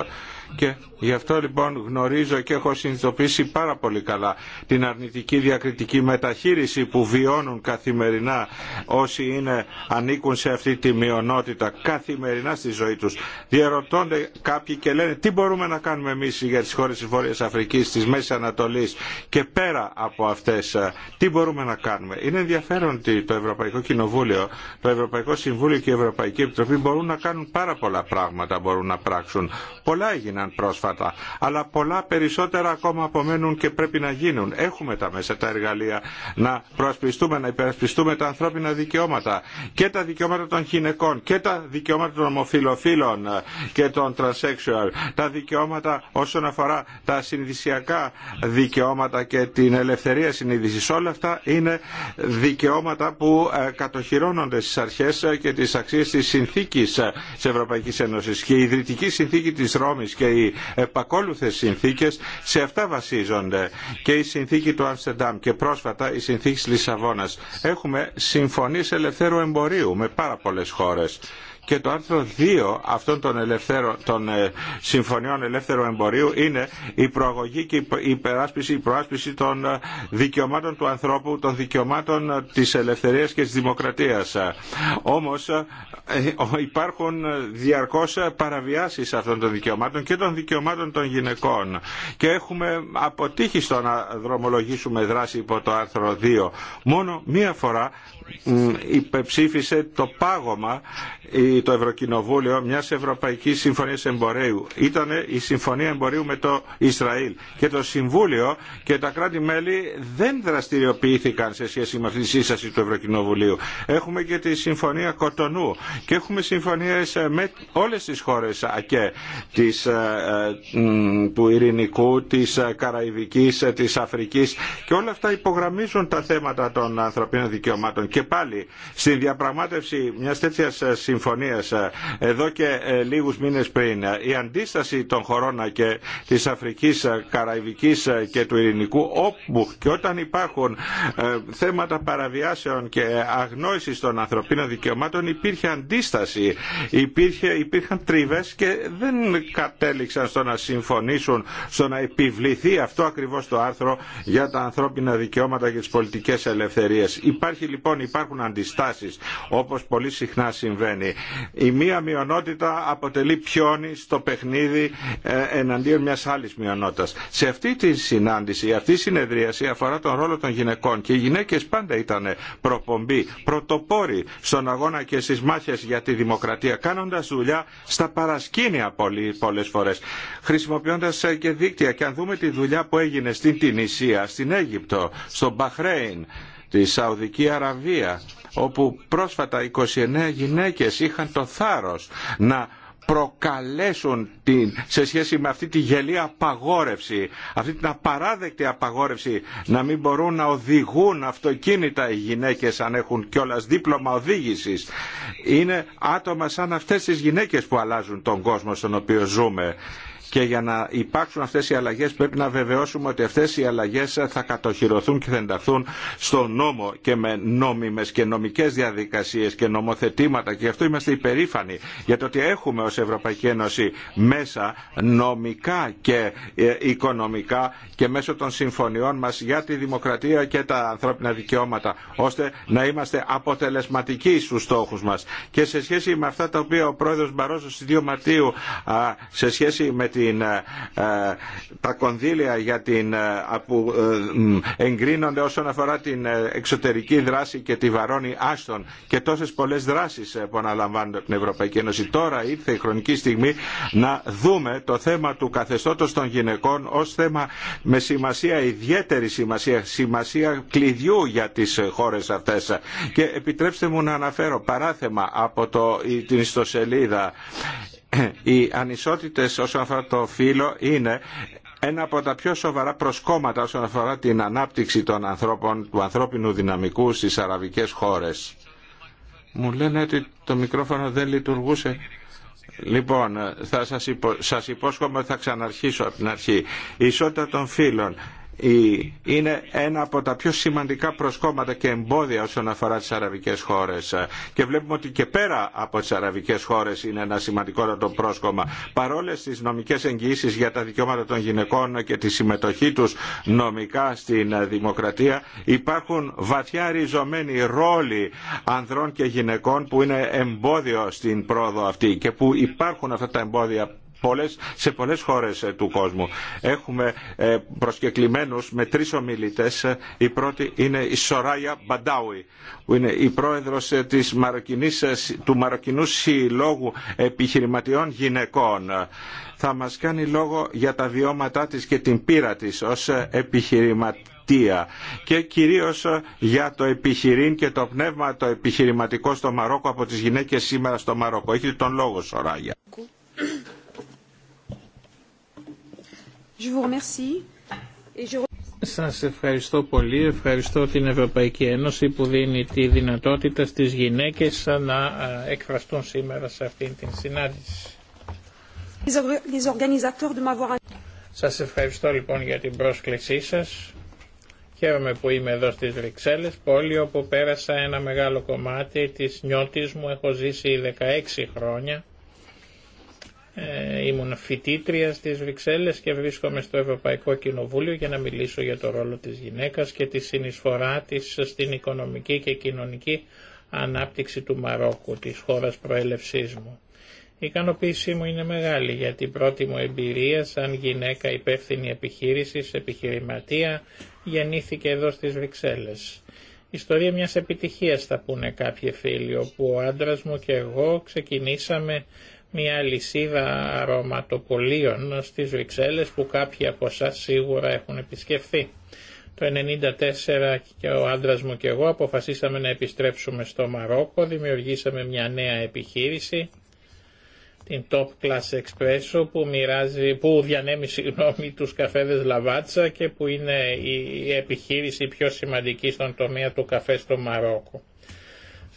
και γι' αυτό λοιπόν γνωρίζω και έχω συνειδητοποιήσει πάρα πολύ καλά την αρνητική διακριτική μεταχείριση που βιώνουν καθημερινά όσοι είναι, ανήκουν σε αυτή τη μειονότητα καθημερινά στη ζωή τους. Διερωτώνται κάποιοι και λένε τι μπορούμε να κάνουμε εμείς για τις χώρες της Βόρειας Αφρικής, της Μέσης Ανατολής και πέρα από αυτές. Ε, τι μπορούμε να κάνουμε. Είναι ενδιαφέρον ότι το Ευρωπαϊκό Κοινοβούλιο, το Ευρωπαϊκό Συμβούλιο και η Ευρωπαϊκή Επιτροπή μπορούν να κάνουν πάρα πολλά πράγματα, μπορούν να πράξουν. Πολλά έγινε έγιναν πρόσφατα. Αλλά πολλά περισσότερα ακόμα απομένουν και πρέπει να γίνουν. Έχουμε τα μέσα, τα εργαλεία να προασπιστούμε, να υπερασπιστούμε τα ανθρώπινα δικαιώματα και τα δικαιώματα των γυναικών και τα δικαιώματα των ομοφιλοφίλων και των transsexual, τα δικαιώματα όσον αφορά τα συνειδησιακά δικαιώματα και την ελευθερία συνείδησης. Όλα αυτά είναι δικαιώματα που ε, κατοχυρώνονται στις αρχές και τις αξίες της συνθήκης της Ευρωπαϊκής Ένωσης και η ιδρυτική συνθήκη της Ρώμης και και οι επακόλουθες συνθήκες σε αυτά βασίζονται και η συνθήκη του Αμστερντάμ και πρόσφατα η συνθήκη της Λισαβόνας. Έχουμε συμφωνίες ελευθέρου εμπορίου με πάρα πολλές χώρες και το άρθρο 2 αυτών των, ελευθέρων, των ε, συμφωνιών ελεύθερου εμπορίου είναι η προαγωγή και η υπεράσπιση, η προάσπιση των ε, δικαιωμάτων του ανθρώπου, των δικαιωμάτων ε, της ελευθερίας και της δημοκρατίας. Όμως υπάρχουν διαρκώς παραβιάσεις αυτών των δικαιωμάτων και των δικαιωμάτων των γυναικών και έχουμε αποτύχει στο να δρομολογήσουμε δράση υπό το άρθρο 2. Μόνο μία φορά υπεψήφισε το πάγωμα το Ευρωκοινοβούλιο μιας Ευρωπαϊκής Συμφωνίας Εμπορίου. Ήταν η Συμφωνία Εμπορίου με το Ισραήλ και το Συμβούλιο και τα κράτη-μέλη δεν δραστηριοποιήθηκαν σε σχέση με αυτή τη σύσταση του Ευρωκοινοβουλίου. Έχουμε και τη Συμφωνία Κοτονού και έχουμε συμφωνίες ε, με όλες τις χώρες ΑΚΕ της, ε, ε, του Ειρηνικού, της Καραϊβικής, της Αφρικής και όλα αυτά υπογραμμίζουν τα θέματα των ανθρωπίνων δικαιωμάτων και πάλι στην διαπραγμάτευση μια τέτοια ε, συμφωνία ε, εδώ και ε, λίγου μήνε πριν η αντίσταση των χωρών και της Αφρική Καραϊβική και του Ειρηνικού όπου και όταν υπάρχουν θέματα παραβιάσεων και αγνόησης των ανθρωπίνων δικαιωμάτων υπήρχε αντίσταση, υπήρχε, υπήρχαν τριβέ και δεν κατέληξαν στο να συμφωνήσουν, στο να επιβληθεί αυτό ακριβώ το άρθρο για τα ανθρώπινα δικαιώματα και τι πολιτικέ ελευθερίε. Υπάρχει λοιπόν υπάρχουν αντιστάσεις όπως πολύ συχνά συμβαίνει. Η μία μειονότητα αποτελεί πιόνι στο παιχνίδι ε, εναντίον μιας άλλης μειονότητας. Σε αυτή τη συνάντηση, αυτή η συνεδρίαση αφορά τον ρόλο των γυναικών και οι γυναίκες πάντα ήταν προπομπή, πρωτοπόροι στον αγώνα και στις μάχες για τη δημοκρατία, κάνοντας δουλειά στα παρασκήνια πολλές φορές, χρησιμοποιώντας ε, και δίκτυα. Και αν δούμε τη δουλειά που έγινε στην Τινησία, στην Αίγυπτο, στο Μπαχρέιν, τη Σαουδική Αραβία όπου πρόσφατα 29 γυναίκες είχαν το θάρρος να προκαλέσουν την, σε σχέση με αυτή τη γελία απαγόρευση, αυτή την απαράδεκτη απαγόρευση να μην μπορούν να οδηγούν αυτοκίνητα οι γυναίκες αν έχουν κιόλας δίπλωμα οδήγησης. Είναι άτομα σαν αυτές τις γυναίκες που αλλάζουν τον κόσμο στον οποίο ζούμε και για να υπάρξουν αυτέ οι αλλαγέ πρέπει να βεβαιώσουμε ότι αυτέ οι αλλαγέ θα κατοχυρωθούν και θα ενταχθούν στο νόμο και με νόμιμε και νομικέ διαδικασίε και νομοθετήματα και γι' αυτό είμαστε υπερήφανοι για το ότι έχουμε ω Ευρωπαϊκή Ένωση μέσα νομικά και ε, οικονομικά και μέσω των συμφωνιών μα για τη δημοκρατία και τα ανθρώπινα δικαιώματα ώστε να είμαστε αποτελεσματικοί στου στόχου μα. και σε σχέση με αυτά τα οποία ο πρόεδρος Μπαρόζος στις 2 Μαρτίου σε σχέση με την, ε, ε, τα κονδύλια για την, ε, που εγκρίνονται όσον αφορά την εξωτερική δράση και τη βαρώνει άστον και τόσες πολλές δράσεις που αναλαμβάνουν την Ευρωπαϊκή Ένωση. Τώρα ήρθε η χρονική στιγμή να δούμε το θέμα του καθεστώτος των γυναικών ως θέμα με σημασία, ιδιαίτερη σημασία, σημασία κλειδιού για τις χώρες αυτές. Και επιτρέψτε μου να αναφέρω παράθεμα από την ιστοσελίδα οι ανισότητες όσον αφορά το φύλλο είναι ένα από τα πιο σοβαρά προσκόμματα όσον αφορά την ανάπτυξη των ανθρώπων, του ανθρώπινου δυναμικού στις αραβικές χώρες. Μου λένε ότι το μικρόφωνο δεν λειτουργούσε. Λοιπόν, θα σας, υπο... σας υπόσχομαι ότι θα ξαναρχίσω από την αρχή. Η ισότητα των φύλων είναι ένα από τα πιο σημαντικά προσκόμματα και εμπόδια όσον αφορά τις αραβικές χώρες και βλέπουμε ότι και πέρα από τις αραβικές χώρες είναι ένα σημαντικότατο πρόσκομα παρόλες τις νομικές εγγυήσεις για τα δικαιώματα των γυναικών και τη συμμετοχή τους νομικά στην δημοκρατία υπάρχουν βαθιά ριζωμένοι ρόλοι ανδρών και γυναικών που είναι εμπόδιο στην πρόοδο αυτή και που υπάρχουν αυτά τα εμπόδια σε πολλές χώρες ε, του κόσμου. Έχουμε ε, προσκεκλημένους με τρεις ομιλητές. Η πρώτη είναι η Σοράια Μπαντάουι, που είναι η πρόεδρος ε, της Μαροκινής, του Μαροκινού Συλλόγου Επιχειρηματιών Γυναικών. Θα μας κάνει λόγο για τα βιώματά της και την πείρα της ως επιχειρηματία και κυρίως για το επιχειρήν και το πνεύμα το επιχειρηματικό στο Μαρόκο από τις γυναίκες σήμερα στο Μαρόκο. Έχει τον λόγο Σοράγια. Je Σας ευχαριστώ πολύ. Ευχαριστώ την Ευρωπαϊκή Ένωση που δίνει τη δυνατότητα στις γυναίκες να ε, εκφραστούν σήμερα σε αυτήν την συνάντηση. Σας ευχαριστώ λοιπόν για την πρόσκλησή σας. Χαίρομαι που είμαι εδώ στις Βρυξέλλες, πόλη όπου πέρασα ένα μεγάλο κομμάτι της νιώτης μου. Έχω ζήσει 16 χρόνια ε, ήμουν φοιτήτρια στις Βρυξέλλες και βρίσκομαι στο Ευρωπαϊκό Κοινοβούλιο για να μιλήσω για το ρόλο της γυναίκας και τη συνεισφορά της στην οικονομική και κοινωνική ανάπτυξη του Μαρόκου, της χώρας προέλευσής μου. Η ικανοποίησή μου είναι μεγάλη γιατί την πρώτη μου εμπειρία σαν γυναίκα υπεύθυνη επιχείρησης, επιχειρηματία, γεννήθηκε εδώ στις Βρυξέλλες. Ιστορία μιας επιτυχίας θα πούνε κάποιοι φίλοι, όπου ο άντρας μου και εγώ ξεκινήσαμε μια λυσίδα αρωματοπολίων στις Βρυξέλλες που κάποιοι από εσά σίγουρα έχουν επισκεφθεί. Το 1994 και ο άντρα μου και εγώ αποφασίσαμε να επιστρέψουμε στο Μαρόκο, δημιουργήσαμε μια νέα επιχείρηση, την Top Class Expresso που, μοιράζει, που διανέμει συγγνώμη, τους καφέδες Λαβάτσα και που είναι η επιχείρηση πιο σημαντική στον τομέα του καφέ στο Μαρόκο.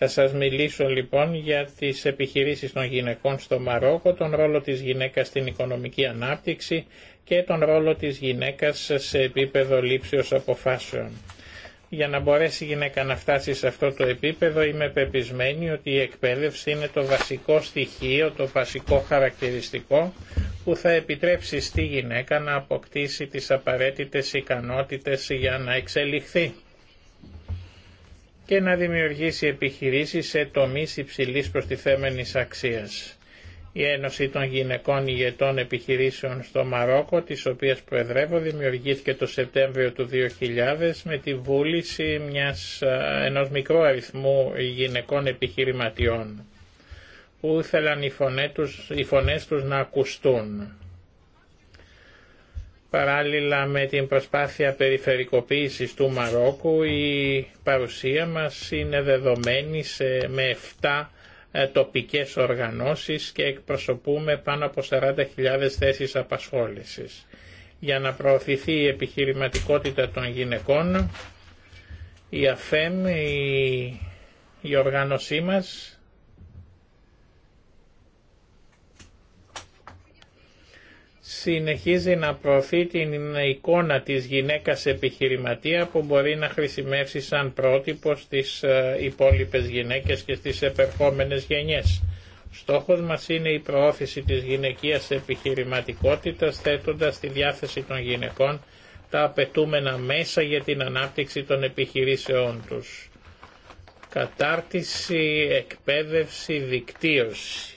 Θα σας μιλήσω λοιπόν για τις επιχειρήσεις των γυναικών στο Μαρόκο, τον ρόλο της γυναίκας στην οικονομική ανάπτυξη και τον ρόλο της γυναίκας σε επίπεδο λήψεως αποφάσεων. Για να μπορέσει η γυναίκα να φτάσει σε αυτό το επίπεδο είμαι πεπισμένη ότι η εκπαίδευση είναι το βασικό στοιχείο, το βασικό χαρακτηριστικό που θα επιτρέψει στη γυναίκα να αποκτήσει τις απαραίτητες ικανότητες για να εξελιχθεί και να δημιουργήσει επιχειρήσεις σε τομείς υψηλής προστιθέμενης αξίας. Η Ένωση των Γυναικών Ηγετών Επιχειρήσεων στο Μαρόκο, της οποίας προεδρεύω, δημιουργήθηκε το Σεπτέμβριο του 2000 με τη βούληση μιας, ενός μικρού αριθμού γυναικών επιχειρηματιών που ήθελαν οι, φωνές τους, οι φωνές τους να ακουστούν. Παράλληλα με την προσπάθεια περιφερικοποίησης του Μαρόκου η παρουσία μας είναι δεδομένη σε, με 7 ε, τοπικές οργανώσεις και εκπροσωπούμε πάνω από 40.000 θέσεις απασχόλησης. Για να προωθηθεί η επιχειρηματικότητα των γυναικών, η ΑΦΕΜ, η, η οργάνωσή μας, συνεχίζει να προωθεί την εικόνα της γυναίκας επιχειρηματία που μπορεί να χρησιμεύσει σαν πρότυπο στις ε, υπόλοιπες γυναίκες και στις επερχόμενες γενιές. Στόχος μας είναι η προώθηση της γυναικείας επιχειρηματικότητας θέτοντας στη διάθεση των γυναικών τα απαιτούμενα μέσα για την ανάπτυξη των επιχειρήσεών τους. Κατάρτιση, εκπαίδευση, δικτύωση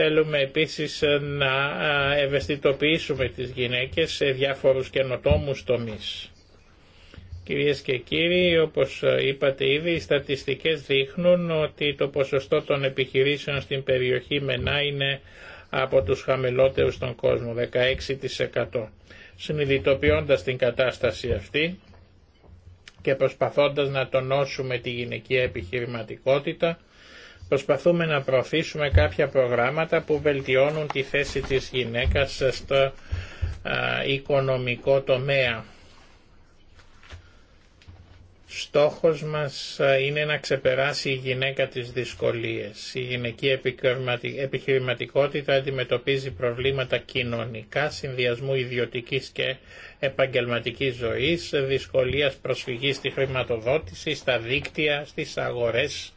Θέλουμε επίσης να ευαισθητοποιήσουμε τις γυναίκες σε διάφορους καινοτόμους τομείς. Κυρίες και κύριοι, όπως είπατε ήδη, οι στατιστικές δείχνουν ότι το ποσοστό των επιχειρήσεων στην περιοχή ΜΕΝΑ είναι από τους χαμηλότερους στον κόσμο, 16%. Συνειδητοποιώντας την κατάσταση αυτή και προσπαθώντας να τονώσουμε τη γυναικεία επιχειρηματικότητα, Προσπαθούμε να προωθήσουμε κάποια προγράμματα που βελτιώνουν τη θέση της γυναίκας στο οικονομικό τομέα. Στόχος μας είναι να ξεπεράσει η γυναίκα τις δυσκολίες. Η γυναική επιχειρηματικότητα αντιμετωπίζει προβλήματα κοινωνικά, συνδυασμού ιδιωτικής και επαγγελματικής ζωής, δυσκολίας προσφυγής στη χρηματοδότηση, στα δίκτυα, στις αγορές,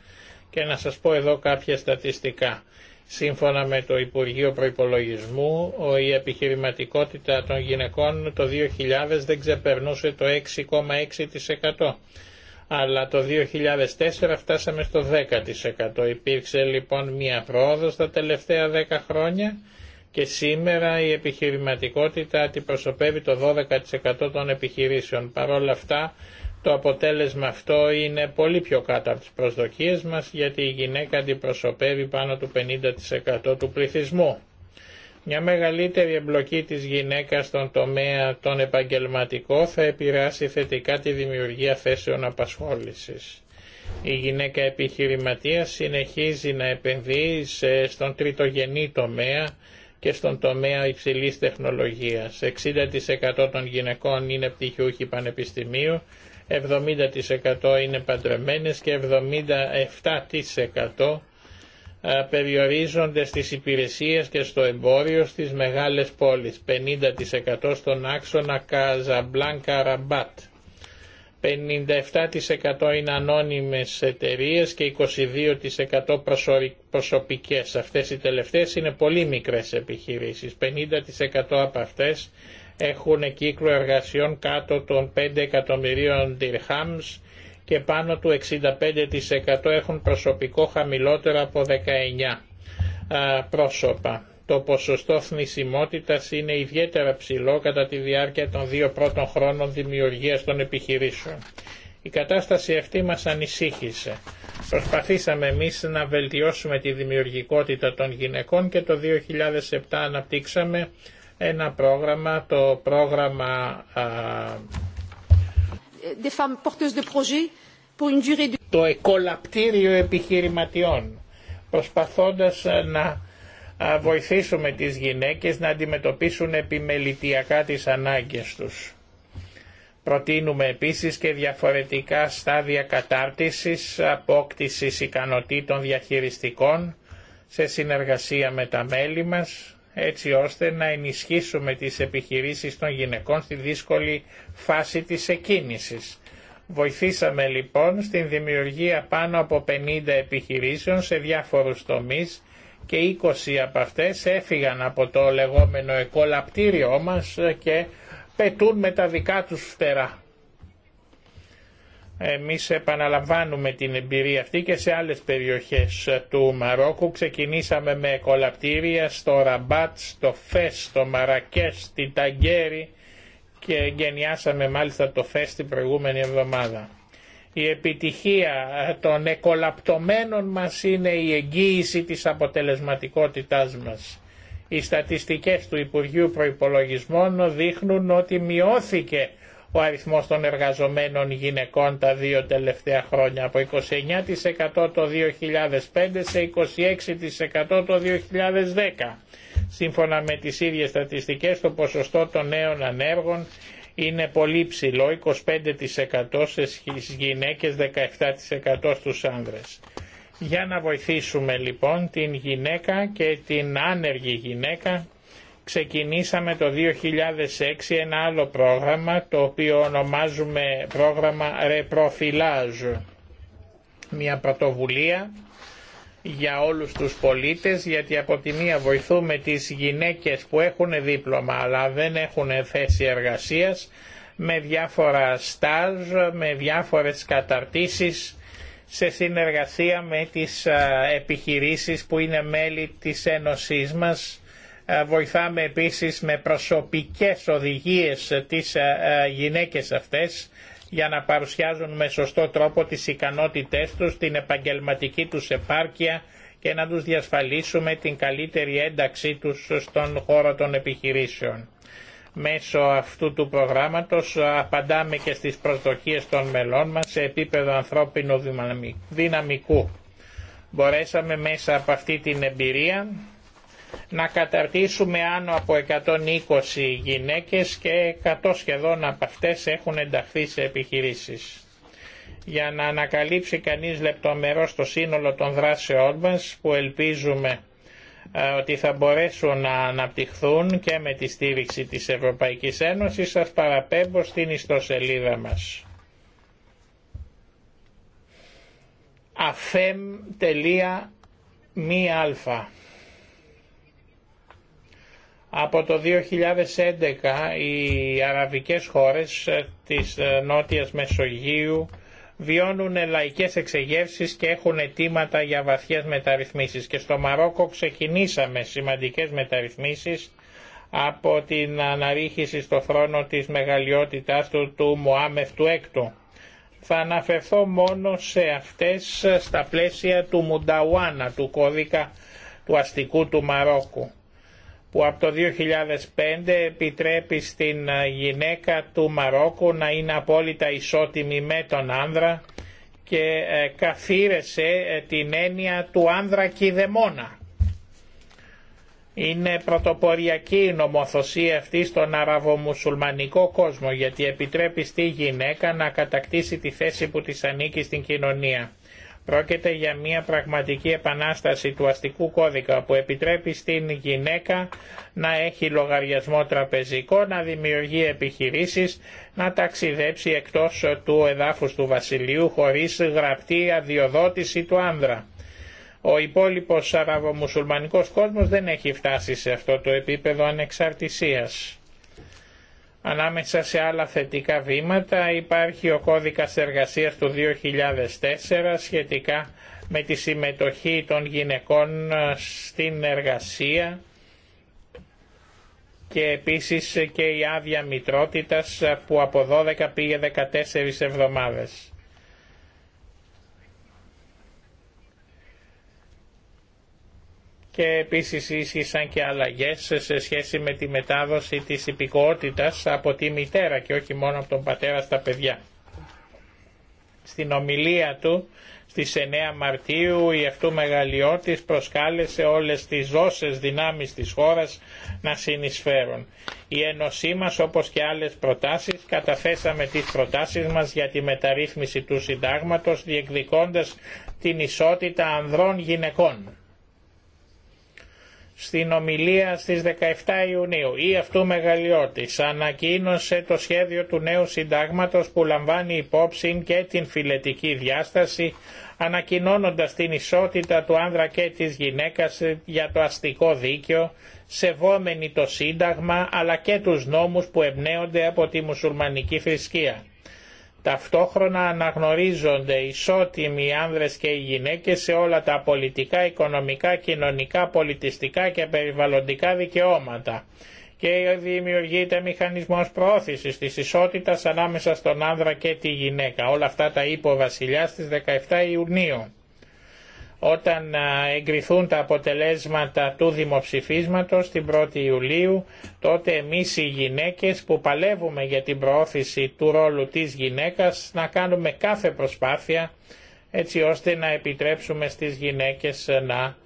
και να σας πω εδώ κάποια στατιστικά. Σύμφωνα με το Υπουργείο Προϋπολογισμού, η επιχειρηματικότητα των γυναικών το 2000 δεν ξεπερνούσε το 6,6% αλλά το 2004 φτάσαμε στο 10%. Υπήρξε λοιπόν μία πρόοδος τα τελευταία 10 χρόνια και σήμερα η επιχειρηματικότητα αντιπροσωπεύει το 12% των επιχειρήσεων. Παρ' όλα αυτά το αποτέλεσμα αυτό είναι πολύ πιο κάτω από τις προσδοκίες μας γιατί η γυναίκα αντιπροσωπεύει πάνω του 50% του πληθυσμού. Μια μεγαλύτερη εμπλοκή της γυναίκας στον τομέα τον επαγγελματικό θα επηρεάσει θετικά τη δημιουργία θέσεων απασχόλησης. Η γυναίκα επιχειρηματία συνεχίζει να επενδύει στον τριτογενή τομέα και στον τομέα υψηλής τεχνολογίας. 60% των γυναικών είναι πτυχιούχοι πανεπιστημίου 70% είναι παντρεμένες και 77% περιορίζονται στις υπηρεσίες και στο εμπόριο στις μεγάλες πόλεις, 50% στον άξονα Καζαμπλάνκα Ραμπάτ. 57% είναι ανώνυμες εταιρείε και 22% προσωπικές. Αυτές οι τελευταίες είναι πολύ μικρές επιχειρήσεις. 50% από αυτές έχουν κύκλο εργασιών κάτω των 5 εκατομμυρίων dirhams και πάνω του 65% έχουν προσωπικό χαμηλότερο από 19 πρόσωπα. Το ποσοστό θνησιμότητας είναι ιδιαίτερα ψηλό κατά τη διάρκεια των δύο πρώτων χρόνων δημιουργίας των επιχειρήσεων. Η κατάσταση αυτή μας ανησύχησε. Προσπαθήσαμε εμείς να βελτιώσουμε τη δημιουργικότητα των γυναικών και το 2007 αναπτύξαμε ένα πρόγραμμα, το πρόγραμμα το εκολαπτήριο επιχειρηματιών, προσπαθώντας ε, να βοηθήσουμε τις γυναίκες να αντιμετωπίσουν επιμελητιακά τις ανάγκες τους. Προτείνουμε επίσης και διαφορετικά στάδια κατάρτισης, απόκτησης ικανοτήτων διαχειριστικών, σε συνεργασία με τα μέλη μας, έτσι ώστε να ενισχύσουμε τις επιχειρήσεις των γυναικών στη δύσκολη φάση της εκκίνησης. Βοηθήσαμε λοιπόν στην δημιουργία πάνω από 50 επιχειρήσεων σε διάφορους τομείς και 20 από αυτές έφυγαν από το λεγόμενο εκολαπτήριό μας και πετούν με τα δικά τους φτερά. Εμείς επαναλαμβάνουμε την εμπειρία αυτή και σε άλλες περιοχές του Μαρόκου. Ξεκινήσαμε με κολαπτήρια στο Ραμπάτ, στο Φες, στο Μαρακές, στην Ταγκέρι και γενιάσαμε μάλιστα το Φες την προηγούμενη εβδομάδα. Η επιτυχία των εκολαπτωμένων μας είναι η εγγύηση της αποτελεσματικότητάς μας. Οι στατιστικές του Υπουργείου Προϋπολογισμών δείχνουν ότι μειώθηκε ο αριθμός των εργαζομένων γυναικών τα δύο τελευταία χρόνια από 29% το 2005 σε 26% το 2010. Σύμφωνα με τις ίδιες στατιστικές το ποσοστό των νέων ανέργων είναι πολύ ψηλό, 25% στις γυναίκες, 17% στους άνδρες. Για να βοηθήσουμε λοιπόν την γυναίκα και την άνεργη γυναίκα ξεκινήσαμε το 2006 ένα άλλο πρόγραμμα το οποίο ονομάζουμε πρόγραμμα Reprofilage. Μια πρωτοβουλία για όλους τους πολίτες γιατί από τη μία βοηθούμε τις γυναίκες που έχουν δίπλωμα αλλά δεν έχουν θέση εργασίας με διάφορα στάζ, με διάφορες καταρτήσεις σε συνεργασία με τις ε, επιχειρήσεις που είναι μέλη της Ένωσής μας ε, βοηθάμε επίσης με προσωπικές οδηγίες τις ε, ε, γυναίκες αυτές για να παρουσιάζουν με σωστό τρόπο τις ικανότητές τους, την επαγγελματική τους επάρκεια και να τους διασφαλίσουμε την καλύτερη ένταξή τους στον χώρο των επιχειρήσεων. Μέσω αυτού του προγράμματος απαντάμε και στις προσδοκίες των μελών μας σε επίπεδο ανθρώπινου δυναμικού. Μπορέσαμε μέσα από αυτή την εμπειρία να καταρτήσουμε άνω από 120 γυναίκες και 100 σχεδόν από αυτές έχουν ενταχθεί σε επιχειρήσεις. Για να ανακαλύψει κανείς λεπτομερώς το σύνολο των δράσεών μας που ελπίζουμε ε, ότι θα μπορέσουν να αναπτυχθούν και με τη στήριξη της Ευρωπαϊκής Ένωσης σας παραπέμπω στην ιστοσελίδα μας. αλφα. Από το 2011 οι αραβικές χώρες ε, της ε, Νότιας Μεσογείου βιώνουν λαϊκές εξεγεύσεις και έχουν αιτήματα για βαθιές μεταρρυθμίσεις. Και στο Μαρόκο ξεκινήσαμε σημαντικές μεταρρυθμίσεις από την αναρρίχηση στο θρόνο της μεγαλειότητάς του του Μωάμεφ του Έκτου. Θα αναφερθώ μόνο σε αυτές ε, στα πλαίσια του Μουνταουάνα, του κώδικα του αστικού του Μαρόκου που από το 2005 επιτρέπει στην ε, γυναίκα του Μαρόκου να είναι απόλυτα ισότιμη με τον άνδρα και ε, καθήρεσε ε, την έννοια του άνδρα κηδεμόνα. Είναι πρωτοποριακή η νομοθεσία αυτή στον αραβομουσουλμανικό κόσμο γιατί επιτρέπει στη γυναίκα να κατακτήσει τη θέση που της ανήκει στην κοινωνία. Πρόκειται για μια πραγματική επανάσταση του αστικού κώδικα που επιτρέπει στην γυναίκα να έχει λογαριασμό τραπεζικό, να δημιουργεί επιχειρήσεις, να ταξιδέψει εκτός του εδάφους του βασιλείου χωρίς γραπτή αδειοδότηση του άνδρα. Ο υπόλοιπος αραβομουσουλμανικός κόσμος δεν έχει φτάσει σε αυτό το επίπεδο ανεξαρτησίας. Ανάμεσα σε άλλα θετικά βήματα υπάρχει ο κώδικας εργασίας του 2004 σχετικά με τη συμμετοχή των γυναικών ε, στην εργασία και επίσης και η άδεια μητρότητας ε, που από 12 πήγε 14 εβδομάδες. και επίσης ίσχυσαν και αλλαγές σε σχέση με τη μετάδοση της υπηκότητας από τη μητέρα και όχι μόνο από τον πατέρα στα παιδιά. Στην ομιλία του στις 9 Μαρτίου η αυτού μεγαλειώτης προσκάλεσε όλες τις δόσες δυνάμεις της χώρας να συνεισφέρουν. Η Ένωσή μας όπως και άλλες προτάσεις καταθέσαμε τις προτάσεις μας για τη μεταρρύθμιση του συντάγματος διεκδικώντας την ισότητα ανδρών γυναικών στην ομιλία στις 17 Ιουνίου ή αυτού Μεγαλειώτης ανακοίνωσε το σχέδιο του νέου συντάγματος που λαμβάνει υπόψη και την φιλετική διάσταση ανακοινώνοντας την ισότητα του άνδρα και της γυναίκας για το αστικό δίκαιο σεβόμενη το σύνταγμα αλλά και τους νόμους που εμπνέονται από τη μουσουλμανική θρησκεία. Ταυτόχρονα αναγνωρίζονται ισότιμοι άνδρες και οι γυναίκες σε όλα τα πολιτικά, οικονομικά, κοινωνικά, πολιτιστικά και περιβαλλοντικά δικαιώματα και δημιουργείται μηχανισμός προώθησης της ισότητας ανάμεσα στον άνδρα και τη γυναίκα. Όλα αυτά τα είπε ο Βασιλιάς στις 17 Ιουνίου όταν εγκριθούν τα αποτελέσματα του δημοψηφίσματος την 1η Ιουλίου, τότε εμείς οι γυναίκες που παλεύουμε για την προώθηση του ρόλου της γυναίκας να κάνουμε κάθε προσπάθεια έτσι ώστε να επιτρέψουμε στις γυναίκες να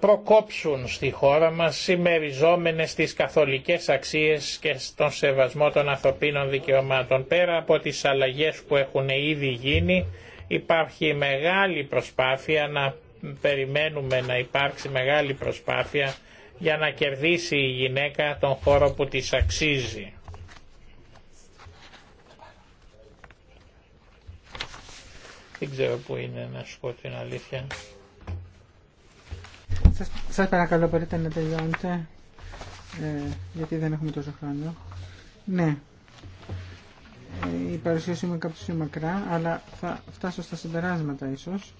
προκόψουν στη χώρα μας συμμεριζόμενες στις καθολικές αξίες και στον σεβασμό των ανθρωπίνων δικαιωμάτων. Πέρα από τις αλλαγές που έχουν ήδη γίνει, Υπάρχει μεγάλη προσπάθεια να περιμένουμε να υπάρξει μεγάλη προσπάθεια για να κερδίσει η γυναίκα τον χώρο που της αξίζει. Δεν ξέρω που είναι να σου πω την αλήθεια. Σας, παρακαλώ μπορείτε να τελειώνετε ε, γιατί δεν έχουμε τόσο χρόνο. Ναι η παρουσίαση μου είναι είναι μακρά, αλλά θα φτάσω στα συμπεράσματα ίσως.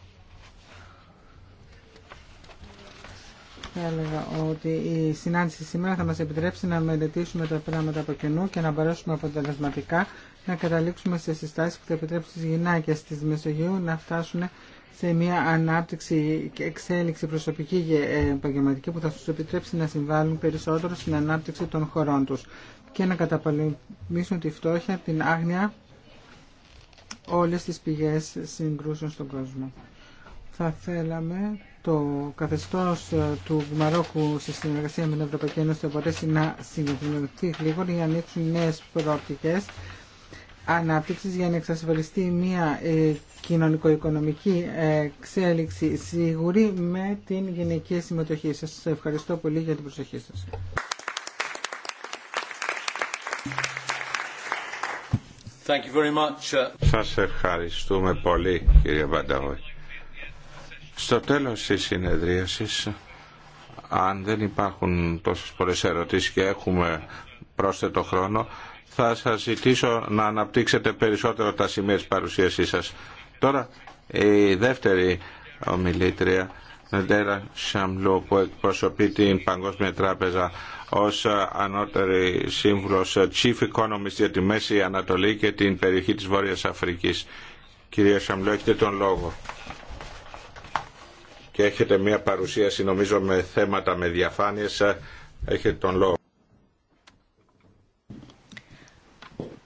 Θα έλεγα ότι η συνάντηση σήμερα θα μας επιτρέψει να μελετήσουμε τα πράγματα από κοινού και να μπορέσουμε αποτελεσματικά να καταλήξουμε σε συστάσεις που θα επιτρέψουν στις γυναίκες της Μεσογείου να φτάσουν σε μια ανάπτυξη και εξέλιξη προσωπική και επαγγελματική που θα τους επιτρέψει να συμβάλλουν περισσότερο στην ανάπτυξη των χωρών τους και να καταπολεμήσουν τη φτώχεια, την άγνοια, όλες τις πηγές συγκρούσεων στον κόσμο. Θα θέλαμε το καθεστώς ε, του Μαρόκου σε συνεργασία με την Ευρωπαϊκή Ένωση να μπορέσει να συγκεκριμένει λίγο για να ανοίξουν νέες προοπτικές ανάπτυξης για να εξασφαλιστεί μια ε, κοινωνικο-οικονομική ε, εξέλιξη σίγουρη με την γυναική συμμετοχή. Σας ευχαριστώ πολύ για την προσοχή σας. Thank uh, Σας ευχαριστούμε πολύ κύριε Βανταρού. Στο τέλος της συνεδρίασης, αν δεν υπάρχουν τόσες πολλές ερωτήσεις και έχουμε πρόσθετο χρόνο, θα σας ζητήσω να αναπτύξετε περισσότερο τα σημεία της παρουσίασής σας. Τώρα η δεύτερη ομιλήτρια, Νεντέρα Σαμλού, που εκπροσωπεί την Παγκόσμια Τράπεζα ως ανώτερη σύμβουλος ε, Chief Economist για τη Μέση Ανατολή και την περιοχή της Βόρειας Αφρικής. Κυρία Σαμλό, έχετε τον λόγο. Και έχετε μια παρουσίαση νομίζω με θέματα, με διαφάνειες. Ε, έχετε τον λόγο.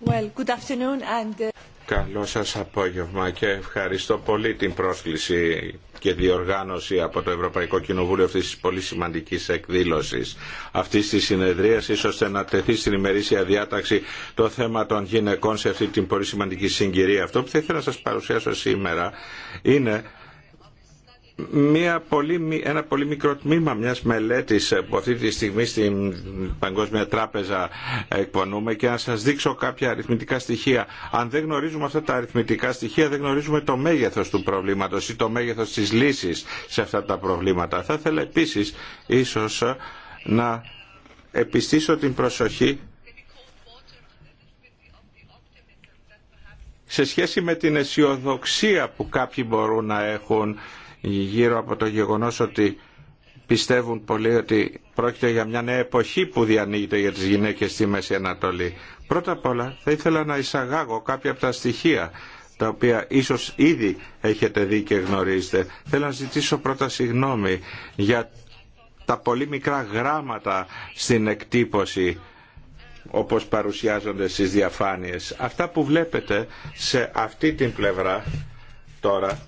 Well, good afternoon and... Ε, Καλό σας απόγευμα και ευχαριστώ πολύ την πρόσκληση και διοργάνωση από το Ευρωπαϊκό Κοινοβούλιο αυτής της πολύ σημαντικής εκδήλωσης αυτής της συνεδρίας... ώστε να τεθεί στην ημερήσια διάταξη το θέμα των γυναικών σε αυτή την πολύ σημαντική συγκυρία. Αυτό που θα ήθελα να σας παρουσιάσω σήμερα είναι μια πολύ, ένα πολύ μικρό τμήμα μιας μελέτης ε, που αυτή τη στιγμή στην Παγκόσμια Τράπεζα ε, εκπονούμε και να σας δείξω κάποια αριθμητικά στοιχεία. Αν δεν γνωρίζουμε αυτά τα αριθμητικά στοιχεία δεν γνωρίζουμε το μέγεθος του προβλήματος ή το μέγεθος της λύσης σε αυτά τα προβλήματα. Θα ήθελα επίσης ίσως ε, να επιστήσω την προσοχή σε σχέση με την αισιοδοξία που κάποιοι μπορούν να έχουν γύρω από το γεγονός ότι πιστεύουν πολλοί ότι πρόκειται για μια νέα εποχή που διανοίγεται για τις γυναίκες στη Μέση Ανατολή. Πρώτα απ' όλα θα ήθελα να εισαγάγω κάποια από τα στοιχεία τα οποία ίσως ήδη έχετε δει και γνωρίζετε. Θέλω να ζητήσω πρώτα συγγνώμη για τα πολύ μικρά γράμματα στην εκτύπωση όπως παρουσιάζονται στις διαφάνειες. Αυτά που βλέπετε σε αυτή την πλευρά τώρα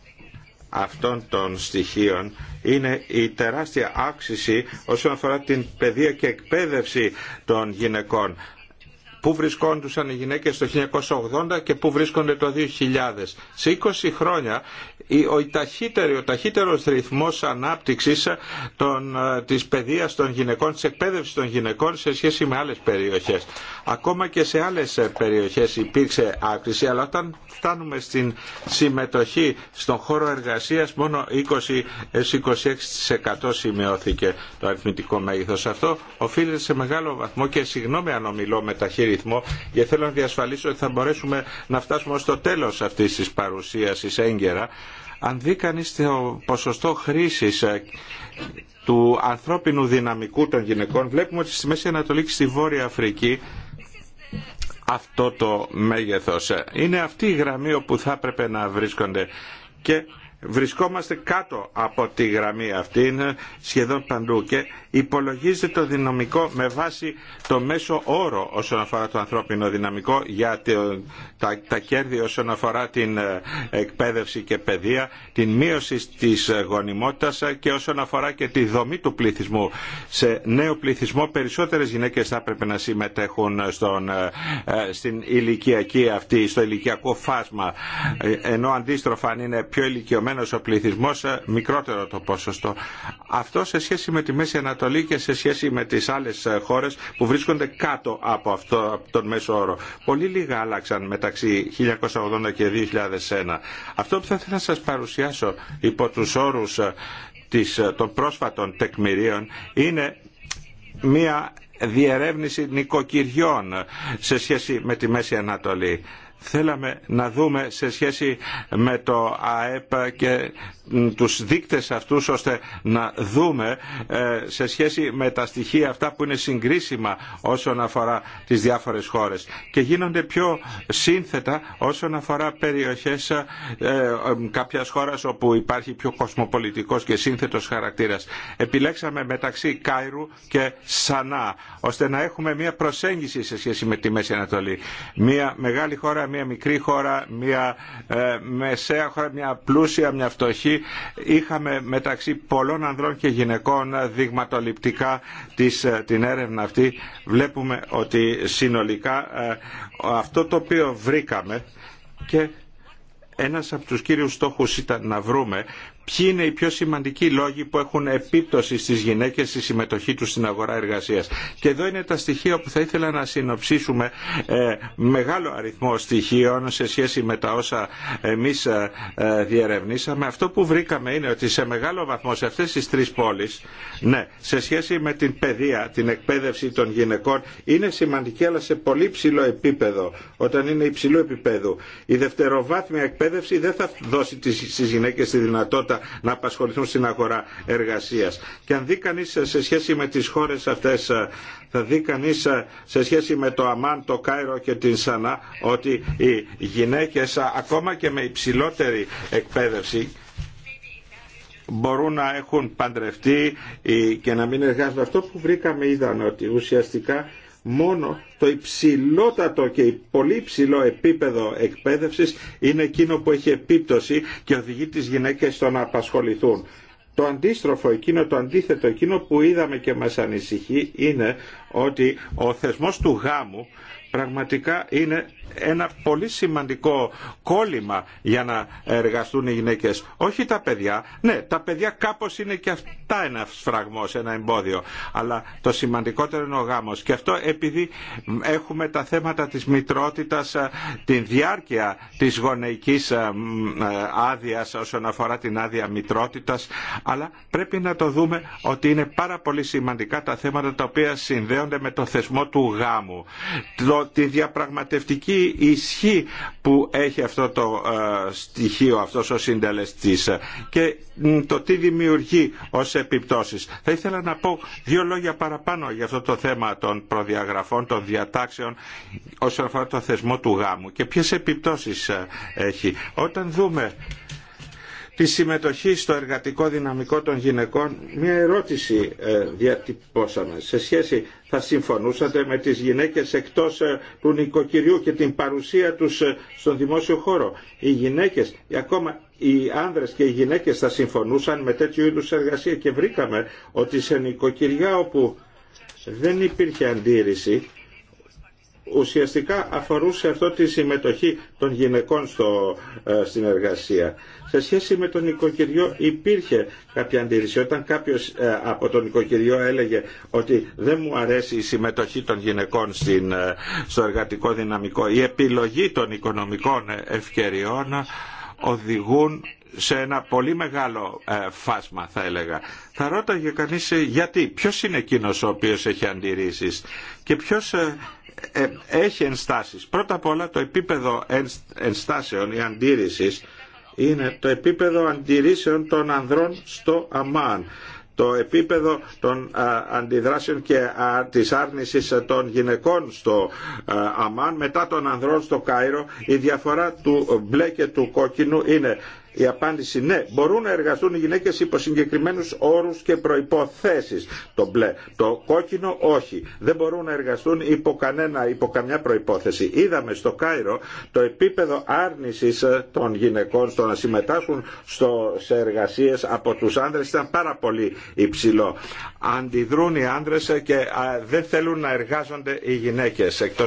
αυτών των στοιχείων είναι η τεράστια αύξηση όσον αφορά την παιδεία και εκπαίδευση των γυναικών πού βρισκόντουσαν οι γυναίκες το 1980 και πού βρίσκονται το 2000. Σε 20 χρόνια ο ταχύτερος, ο ταχύτερος ρυθμός ανάπτυξης ε, των, ε, της παιδείας των γυναικών, της εκπαίδευση των γυναικών σε σχέση με άλλες περιοχές. Ακόμα και σε άλλες ε, περιοχές υπήρξε άκρηση, αλλά όταν φτάνουμε στην συμμετοχή στον χώρο εργασίας μόνο 20-26% σημειώθηκε το αριθμητικό μέγεθος. Αυτό οφείλεται σε μεγάλο βαθμό και συγγνώμη αν ομιλώ με μεταχείριση ρυθμό και θέλω να διασφαλίσω ότι θα μπορέσουμε να φτάσουμε ως το τέλος αυτής της παρουσίασης έγκαιρα. Αν δει κανείς το ποσοστό χρήσης ε, του ανθρώπινου δυναμικού των γυναικών βλέπουμε ότι στη Μέση Ανατολή και στη Βόρεια Αφρική αυτό το μέγεθος ε, είναι αυτή η γραμμή όπου θα έπρεπε να βρίσκονται και Βρισκόμαστε κάτω από τη γραμμή αυτή σχεδόν παντού και υπολογίζεται το δυναμικό με βάση το μέσο όρο όσον αφορά το ανθρώπινο δυναμικό για τα, τα κέρδη όσον αφορά την ε, εκπαίδευση και παιδεία, την μείωση της ε, γονιμότητας ε, και όσον αφορά και τη δομή του πληθυσμού. Σε νέο πληθυσμό περισσότερες γυναίκες θα έπρεπε να συμμετέχουν στον, στην ηλικιακή αυτή, στο ηλικιακό φάσμα, ενώ αντίστροφα αν είναι πιο ο πληθυσμός, ε, μικρότερο το ποσοστό. Αυτό σε σχέση με τη Μέση Ανατολή και σε σχέση με τις άλλες ε, χώρες που βρίσκονται κάτω από, αυτό, από τον μέσο όρο. Πολύ λίγα άλλαξαν μεταξύ 1980 και 2001. Αυτό που θα ήθελα να σας παρουσιάσω υπό τους όρους ε, της, των πρόσφατων τεκμηρίων είναι μια διερεύνηση νοικοκυριών σε σχέση με τη Μέση Ανατολή θέλαμε να δούμε σε σχέση με το ΑΕΠ και τους δείκτες αυτούς ώστε να δούμε ε, σε σχέση με τα στοιχεία αυτά που είναι συγκρίσιμα όσον αφορά τις διάφορες χώρες και γίνονται πιο σύνθετα όσον αφορά περιοχές ε, ε, κάποιας χώρας όπου υπάρχει πιο κοσμοπολιτικός και σύνθετος χαρακτήρας. Επιλέξαμε μεταξύ Κάιρου και Σανά ώστε να έχουμε μια προσέγγιση σε σχέση με τη Μέση Ανατολή. Μια μεγάλη χώρα, μια μικρή χώρα, μια μεσαία χώρα, μια πλούσια, μια φτωχή είχαμε μεταξύ πολλών ανδρών και γυναικών δειγματοληπτικά της, ε, την έρευνα αυτή. Βλέπουμε ότι συνολικά ε, αυτό το οποίο βρήκαμε και ένας από τους κύριους στόχους ήταν να βρούμε ποιοι είναι οι πιο σημαντικοί λόγοι που έχουν επίπτωση στις γυναίκες στη συμμετοχή τους στην αγορά εργασίας. Και εδώ είναι τα στοιχεία που θα ήθελα να συνοψίσουμε ε, μεγάλο αριθμό στοιχείων σε σχέση με τα όσα εμείς ε, ε, διερευνήσαμε. Αυτό που βρήκαμε είναι ότι σε μεγάλο βαθμό σε αυτές τις τρεις πόλεις, ναι, σε σχέση με την παιδεία, την εκπαίδευση των γυναικών, είναι σημαντική αλλά σε πολύ ψηλό επίπεδο, όταν είναι υψηλού επίπεδου. Η δευτεροβάθμια εκπαίδευση δεν θα δώσει στις γυναίκες τη δυνατότητα να απασχοληθούν στην αγορά εργασίας. Και αν δει κανεί σε σχέση με τις χώρες αυτές, θα δει κανεί σε σχέση με το Αμάν, το Κάιρο και την Σανά ότι οι γυναίκες ακόμα και με υψηλότερη εκπαίδευση μπορούν να έχουν παντρευτεί και να μην εργάζονται. Αυτό που βρήκαμε είδαν ότι ουσιαστικά μόνο το υψηλότατο και πολύ υψηλό επίπεδο εκπαίδευσης είναι εκείνο που έχει επίπτωση και οδηγεί τις γυναίκες στο να απασχοληθούν. Το αντίστροφο εκείνο, το αντίθετο εκείνο που είδαμε και μας ανησυχεί είναι ότι ο θεσμός του γάμου πραγματικά είναι ένα πολύ σημαντικό κόλλημα για να εργαστούν οι γυναίκες. Όχι τα παιδιά. Ναι, τα παιδιά κάπως είναι και αυτά ένα σφραγμός, ένα εμπόδιο. Αλλά το σημαντικότερο είναι ο γάμος. Και αυτό επειδή έχουμε τα θέματα της μητρότητας, την διάρκεια της γονεϊκής άδεια όσον αφορά την άδεια μητρότητας. Αλλά πρέπει να το δούμε ότι είναι πάρα πολύ σημαντικά τα θέματα τα οποία συνδέονται με το θεσμό του γάμου τη διαπραγματευτική ισχύ που έχει αυτό το ε, στοιχείο, αυτός ο συντελεστής και το τι δημιουργεί ως επιπτώσεις. Θα ήθελα να πω δύο λόγια παραπάνω για αυτό το θέμα των προδιαγραφών, των διατάξεων όσον αφορά το θεσμό του γάμου και ποιες επιπτώσεις ε, έχει. Όταν δούμε τη συμμετοχή στο εργατικό δυναμικό των γυναικών, μια ερώτηση ε, διατυπώσαμε σε σχέση θα συμφωνούσατε με τις γυναίκες εκτός ε, του νοικοκυριού και την παρουσία τους ε, στον δημόσιο χώρο. Οι γυναίκες, ακόμα οι άνδρες και οι γυναίκες θα συμφωνούσαν με τέτοιου είδους εργασία και βρήκαμε ότι σε νοικοκυριά όπου δεν υπήρχε αντίρρηση ουσιαστικά αφορούσε αυτό τη συμμετοχή των γυναικών στο, ε, στην εργασία. Σε σχέση με τον οικοκυριό υπήρχε κάποια αντίρρηση. Όταν κάποιος ε, από τον οικοκυριό έλεγε ότι δεν μου αρέσει η συμμετοχή των γυναικών στην, ε, στο εργατικό δυναμικό, η επιλογή των οικονομικών ευκαιριών οδηγούν σε ένα πολύ μεγάλο φάσμα θα έλεγα. Θα ρώταγε κανείς γιατί, ποιος είναι εκείνος ο οποίος έχει αντιρρήσεις και ποιος ε, έχει ενστάσεις. Πρώτα απ' όλα το επίπεδο ενστάσεων ή αντίρρησης είναι το επίπεδο αντιρρήσεων των ανδρών στο αμάν το επίπεδο των αντιδράσεων και της άρνησης των γυναικών στο αμάν μετά των ανδρών στο Κάιρο η διαφορά του μπλε και του κόκκινου είναι η απάντηση ναι, μπορούν να εργαστούν οι γυναίκε υπό συγκεκριμένου όρου και προποθέσει Το μπλε. Το κόκκινο όχι. Δεν μπορούν να εργαστούν υπό, κανένα, υπό καμιά προπόθεση. Είδαμε στο Κάιρο το επίπεδο άρνηση ε, των γυναικών στο να συμμετάσχουν στο, σε εργασίε από του άνδρες ήταν πάρα πολύ υψηλό. Αντιδρούν οι άνδρες ε, και δεν θέλουν να εργάζονται οι γυναίκες εκτό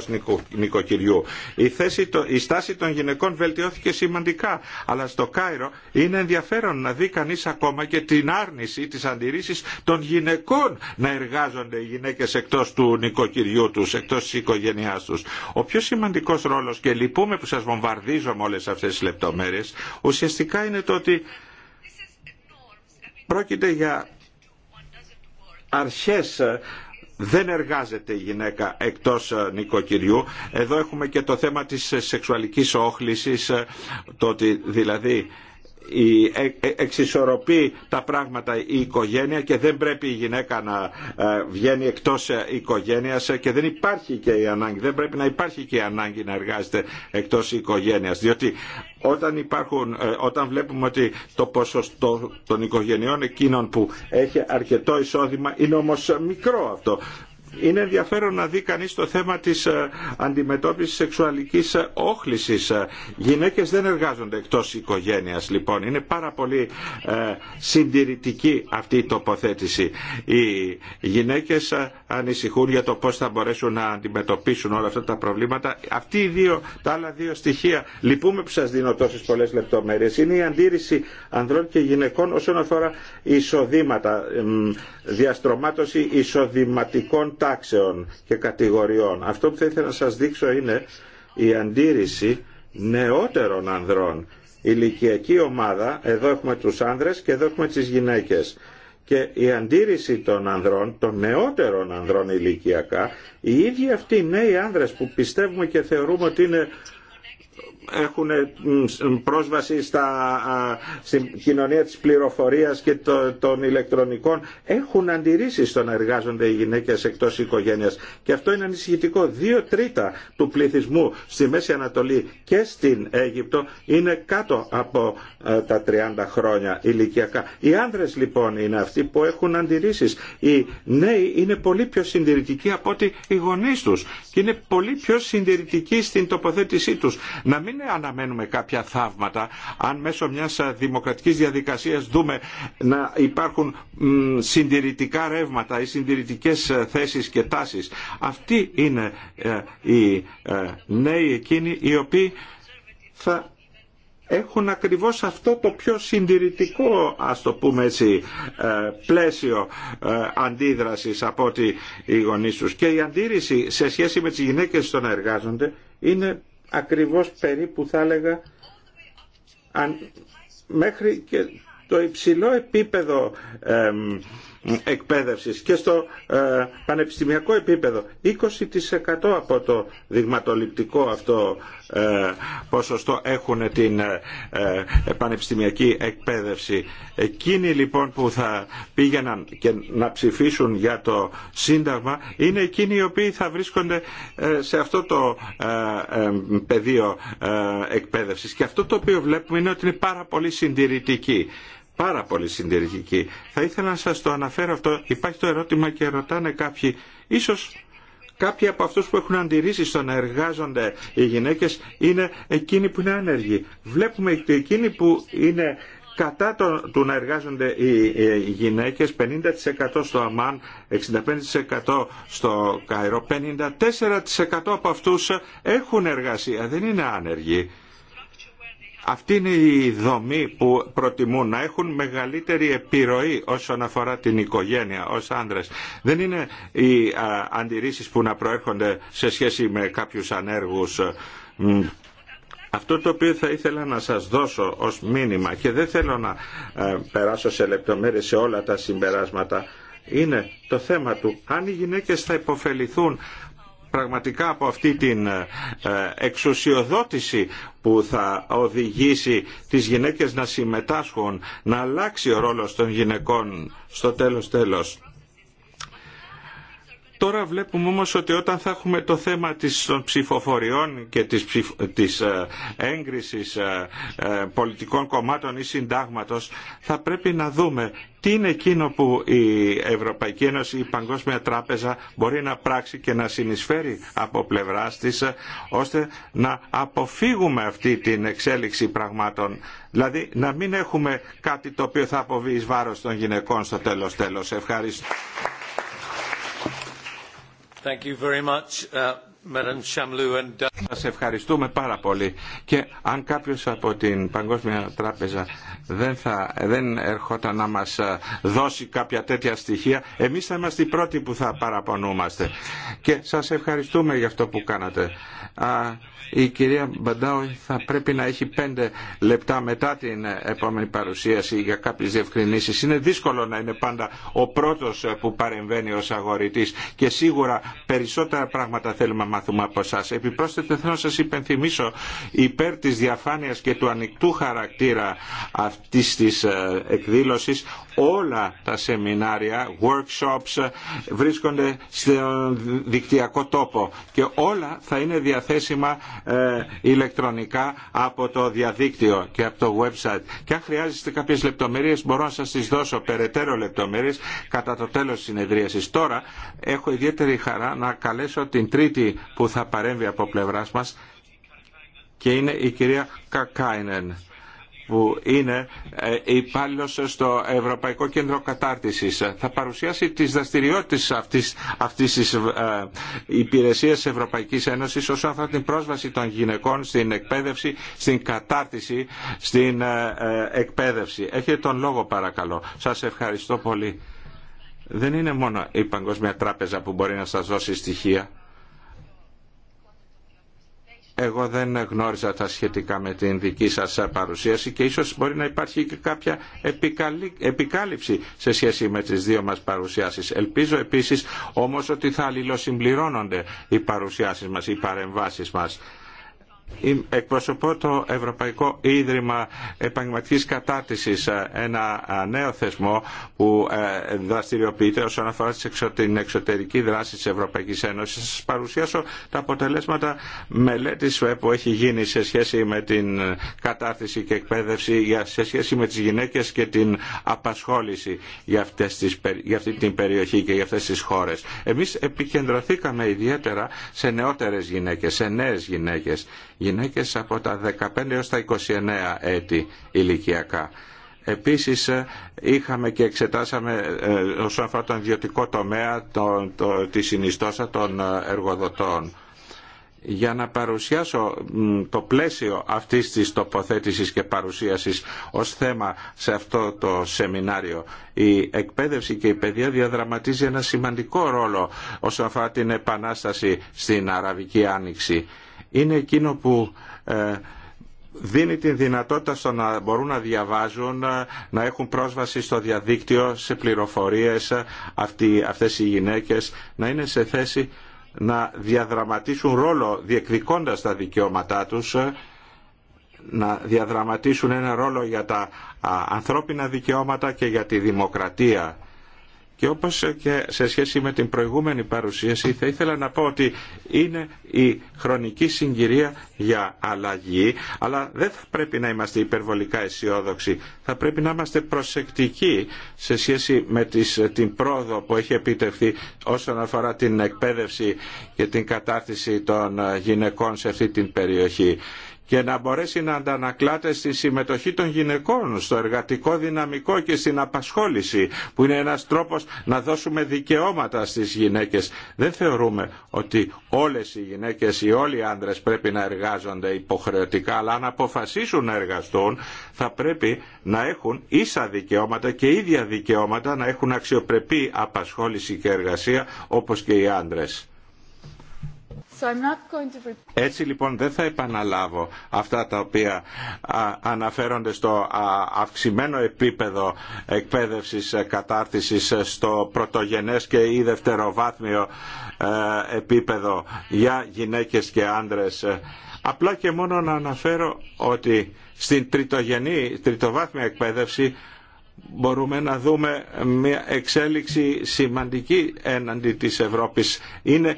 νοικοκυριού. Η, θέση, η στάση των γυναικών βελτιώθηκε σημαντικά, αλλά στο Κάιρο είναι ενδιαφέρον να δει κανεί ακόμα και την άρνηση τη αντιρρήση των γυναικών να εργάζονται οι γυναίκες εκτός του νοικοκυριού τους, εκτός τη οικογένειάς τους. Ο πιο σημαντικός ρόλος και λυπούμε που σας βομβαρδίζω με όλες αυτές τις λεπτομέρειες ουσιαστικά είναι το ότι πρόκειται για αρχές ε, δεν εργάζεται η γυναίκα εκτός ε, νοικοκυριού. Εδώ έχουμε και το θέμα της ε, σεξουαλικής όχλησης, το ότι δηλαδή η, ε, ε, εξισορροπεί τα πράγματα η οικογένεια και δεν πρέπει η γυναίκα να ε, βγαίνει εκτός οικογένειας και δεν υπάρχει και η ανάγκη, δεν πρέπει να υπάρχει και η ανάγκη να εργάζεται εκτός οικογένειας διότι όταν, υπάρχουν, όταν βλέπουμε ότι το ποσοστό των οικογενειών εκείνων που έχει αρκετό εισόδημα είναι όμως μικρό αυτό είναι ενδιαφέρον να δει κανείς το θέμα της ε, αντιμετώπισης σεξουαλικής ε, όχλησης. Ε, γυναίκες δεν εργάζονται εκτός οικογένειας λοιπόν. Είναι πάρα πολύ συντηρητική αυτή η τοποθέτηση. Οι γυναίκες ανησυχούν για το πώς θα μπορέσουν να αντιμετωπίσουν όλα αυτά τα προβλήματα. Αυτή οι δύο, τα άλλα δύο στοιχεία, λυπούμε που σας δίνω τόσες πολλές λεπτομέρειες, είναι η αντίρρηση ανδρών και γυναικών όσον αφορά εισοδήματα, διαστρωμάτωση εισοδηματικών τάξεων και κατηγοριών. Αυτό που θα ήθελα να σας δείξω είναι η αντίρρηση νεότερων ανδρών. Ηλικιακή ομάδα, εδώ έχουμε τους άνδρες και εδώ έχουμε τις γυναίκες. Και η αντίρρηση των ανδρών, των νεότερων ανδρών ηλικιακά, οι ίδιοι αυτοί οι νέοι άνδρες που πιστεύουμε και θεωρούμε ότι είναι έχουν πρόσβαση στα, στην κοινωνία της πληροφορίας και των ηλεκτρονικών έχουν αντιρρήσει στο να εργάζονται οι γυναίκες εκτός οικογένειας. Και αυτό είναι ανησυχητικό. Δύο τρίτα του πληθυσμού στη Μέση Ανατολή και στην Αίγυπτο είναι κάτω από ε, τα 30 χρόνια ηλικιακά. Οι άνδρες λοιπόν είναι αυτοί που έχουν αντιρρήσεις. Οι νέοι είναι πολύ πιο συντηρητικοί από ότι οι γονείς τους και είναι πολύ πιο συντηρητικοί στην τοποθέτησή τους. Να μην είναι αναμένουμε κάποια θαύματα αν μέσω μιας δημοκρατικής διαδικασίας δούμε να υπάρχουν συντηρητικά ρεύματα ή συντηρητικές ε, θέσεις και τάσεις. Αυτοί είναι ε, οι ε, νέοι εκείνοι οι οποίοι θα έχουν ακριβώς αυτό το πιο συντηρητικό ας το πούμε έτσι πλαίσιο αντίδρασης από ότι οι γονείς τους και η αντίρρηση σε σχέση με τις γυναίκες στο να εργάζονται είναι ακριβώς περίπου θα έλεγα αν, μέχρι και το υψηλό επίπεδο εκπαίδευσης και στο ε, πανεπιστημιακό επίπεδο. 20% από το δειγματοληπτικό αυτό ε, ποσοστό έχουν την ε, πανεπιστημιακή εκπαίδευση. Εκείνοι λοιπόν που θα πήγαιναν και να ψηφίσουν για το Σύνταγμα είναι εκείνοι οι οποίοι θα βρίσκονται σε αυτό το πεδίο εκπαίδευσης. Και αυτό το οποίο βλέπουμε είναι ότι είναι πάρα πολύ συντηρητική πάρα πολύ συντηρητική. Θα ήθελα να σας το αναφέρω αυτό. Υπάρχει το ερώτημα και ρωτάνε κάποιοι, ίσως κάποιοι από αυτούς που έχουν αντιρρήσει στο να εργάζονται οι γυναίκες είναι εκείνοι που είναι άνεργοι. Βλέπουμε ότι εκείνοι που είναι κατά το, του να εργάζονται οι, οι γυναίκες 50% στο ΑΜΑΝ, 65% στο Καϊρό, 54% από αυτούς έχουν εργασία, ε, δεν είναι άνεργοι. Αυτή είναι η δομή που προτιμούν να έχουν μεγαλύτερη επιρροή όσον αφορά την οικογένεια ως άντρες. Δεν είναι οι αντιρρήσεις που να προέρχονται σε σχέση με κάποιους ανέργους αυτό το οποίο θα ήθελα να σας δώσω ως μήνυμα και δεν θέλω να περάσω σε λεπτομέρειες σε όλα τα συμπεράσματα είναι το θέμα του αν οι γυναίκες θα υποφεληθούν πραγματικά από αυτή την ε, ε, εξουσιοδότηση που θα οδηγήσει τις γυναίκες να συμμετάσχουν, να αλλάξει ο ρόλος των γυναικών στο τέλος τέλος. Τώρα βλέπουμε όμως ότι όταν θα έχουμε το θέμα των ψηφοφοριών και της ε, έγκρισης ε, ε, πολιτικών κομμάτων ή συντάγματος θα πρέπει να δούμε τι είναι εκείνο που η Ευρωπαϊκή Ένωση, η Παγκόσμια Τράπεζα μπορεί να πράξει και να συνεισφέρει από πλευράς της ώστε να αποφύγουμε αυτή την εξέλιξη πραγμάτων. Δηλαδή να μην έχουμε κάτι το οποίο θα αποβεί εις βάρος των γυναικών στο τέλος τέλος. Ευχαριστώ. Thank uh, uh, Σας ευχαριστούμε πάρα πολύ και αν κάποιος από την Παγκόσμια Τράπεζα δεν, θα, δεν ερχόταν να μας ε, δώσει κάποια τέτοια στοιχεία, εμείς θα είμαστε οι πρώτοι που θα παραπονούμαστε. Και σας ευχαριστούμε για αυτό που κάνατε. η κυρία Μπαντάου θα πρέπει να έχει πέντε λεπτά μετά την επόμενη παρουσίαση για κάποιες διευκρινήσεις. Είναι δύσκολο να είναι πάντα ο πρώτος που παρεμβαίνει ως αγορητής και σίγουρα περισσότερα πράγματα θέλουμε να μάθουμε από εσά. Επιπρόσθετα θέλω να σας υπενθυμίσω υπέρ της διαφάνειας και του ανοιχτού χαρακτήρα αυτού αυτής της ε, εκδήλωσης όλα τα σεμινάρια, workshops ε, βρίσκονται στο δικτυακό τόπο και όλα θα είναι διαθέσιμα ε, ηλεκτρονικά από το διαδίκτυο και από το website. Και αν χρειάζεστε κάποιες λεπτομέρειες μπορώ να σας τις δώσω περαιτέρω λεπτομέρειες κατά το τέλος της συνεδρίασης. Τώρα έχω ιδιαίτερη χαρά να καλέσω την τρίτη που θα παρέμβει από πλευράς μας και είναι η κυρία Κακάινεν που είναι ε, υπάλληλο στο Ευρωπαϊκό Κέντρο κατάρτιση. Θα παρουσιάσει τι δραστηριότητε αυτής, τη της ε, υπηρεσίας Ευρωπαϊκής Ένωσης όσον αφορά την πρόσβαση των γυναικών στην εκπαίδευση, στην κατάρτιση, στην ε, εκπαίδευση. Έχετε τον λόγο παρακαλώ. Σας ευχαριστώ πολύ. Δεν είναι μόνο η Παγκόσμια Τράπεζα που μπορεί να σας δώσει στοιχεία εγώ δεν γνώριζα τα σχετικά με την δική σας παρουσίαση και ίσως μπορεί να υπάρχει και κάποια επικάλυψη σε σχέση με τις δύο μας παρουσιάσεις. Ελπίζω επίσης όμως ότι θα αλληλοσυμπληρώνονται οι παρουσιάσεις μας, οι παρεμβάσεις μας εκπροσωπώ το Ευρωπαϊκό Ίδρυμα Επαγγελματικής Κατάρτισης, ε, ένα ε, νέο θεσμό που ε, δραστηριοποιείται όσον αφορά την εξωτερική δράση της Ευρωπαϊκής Ένωσης. Θα παρουσιάσω τα αποτελέσματα μελέτης που έχει γίνει σε σχέση με την κατάρτιση και εκπαίδευση, σε σχέση με τις γυναίκες και την απασχόληση για, αυτές για αυτή την περιοχή και για αυτές τις χώρες. Εμείς επικεντρωθήκαμε ιδιαίτερα σε νεότερες γυναίκες, σε νέες γυναίκες γυναίκες από τα 15 έως τα 29 έτη ηλικιακά. Επίσης ε, είχαμε και εξετάσαμε ε, όσον αφορά τον ιδιωτικό τομέα το, τη συνιστόσα των ε, εργοδοτών. Για να παρουσιάσω το πλαίσιο αυτής της τοποθέτησης και παρουσίασης ως θέμα σε αυτό το σεμινάριο, η εκπαίδευση και η παιδεία διαδραματίζει ένα σημαντικό ρόλο όσον αφορά την επανάσταση στην Αραβική Άνοιξη είναι εκείνο που ε, δίνει την δυνατότητα στο να μπορούν να διαβάζουν, ε, να έχουν πρόσβαση στο διαδίκτυο, σε πληροφορίες ε, αυτοί, αυτές οι γυναίκες, να είναι σε θέση να διαδραματίσουν ρόλο διεκδικώντας τα δικαιώματά τους, να διαδραματίσουν ένα ρόλο για τα ανθρώπινα δικαιώματα και για τη δημοκρατία και όπως και σε σχέση με την προηγούμενη παρουσίαση θα ήθελα να πω ότι είναι η χρονική συγκυρία για αλλαγή, αλλά δεν θα πρέπει να είμαστε υπερβολικά αισιόδοξοι. Θα πρέπει να είμαστε προσεκτικοί σε σχέση με τις, την πρόοδο που έχει επιτευχθεί όσον αφορά την εκπαίδευση και την κατάρτιση των γυναικών σε αυτή την περιοχή και να μπορέσει να αντανακλάται στη συμμετοχή των γυναικών, στο εργατικό δυναμικό και στην απασχόληση, που είναι ένας τρόπος να δώσουμε δικαιώματα στις γυναίκες. Δεν θεωρούμε ότι όλες οι γυναίκες ή όλοι οι άνδρες πρέπει να εργάζονται υποχρεωτικά, αλλά αν αποφασίσουν να εργαστούν θα πρέπει να έχουν ίσα δικαιώματα και ίδια δικαιώματα να έχουν αξιοπρεπή απασχόληση και εργασία όπως και οι άνδρες. Έτσι λοιπόν δεν θα επαναλάβω αυτά τα οποία αναφέρονται στο αυξημένο επίπεδο εκπαίδευσης ε, κατάρτισης ε, στο πρωτογενές και ή δευτεροβάθμιο ε, επίπεδο για γυναίκες και άντρες. Απλά και μόνο να αναφέρω ότι στην τριτογενή, τριτοβάθμια εκπαίδευση μπορούμε να δούμε μια εξέλιξη σημαντική έναντι της Ευρώπης. Είναι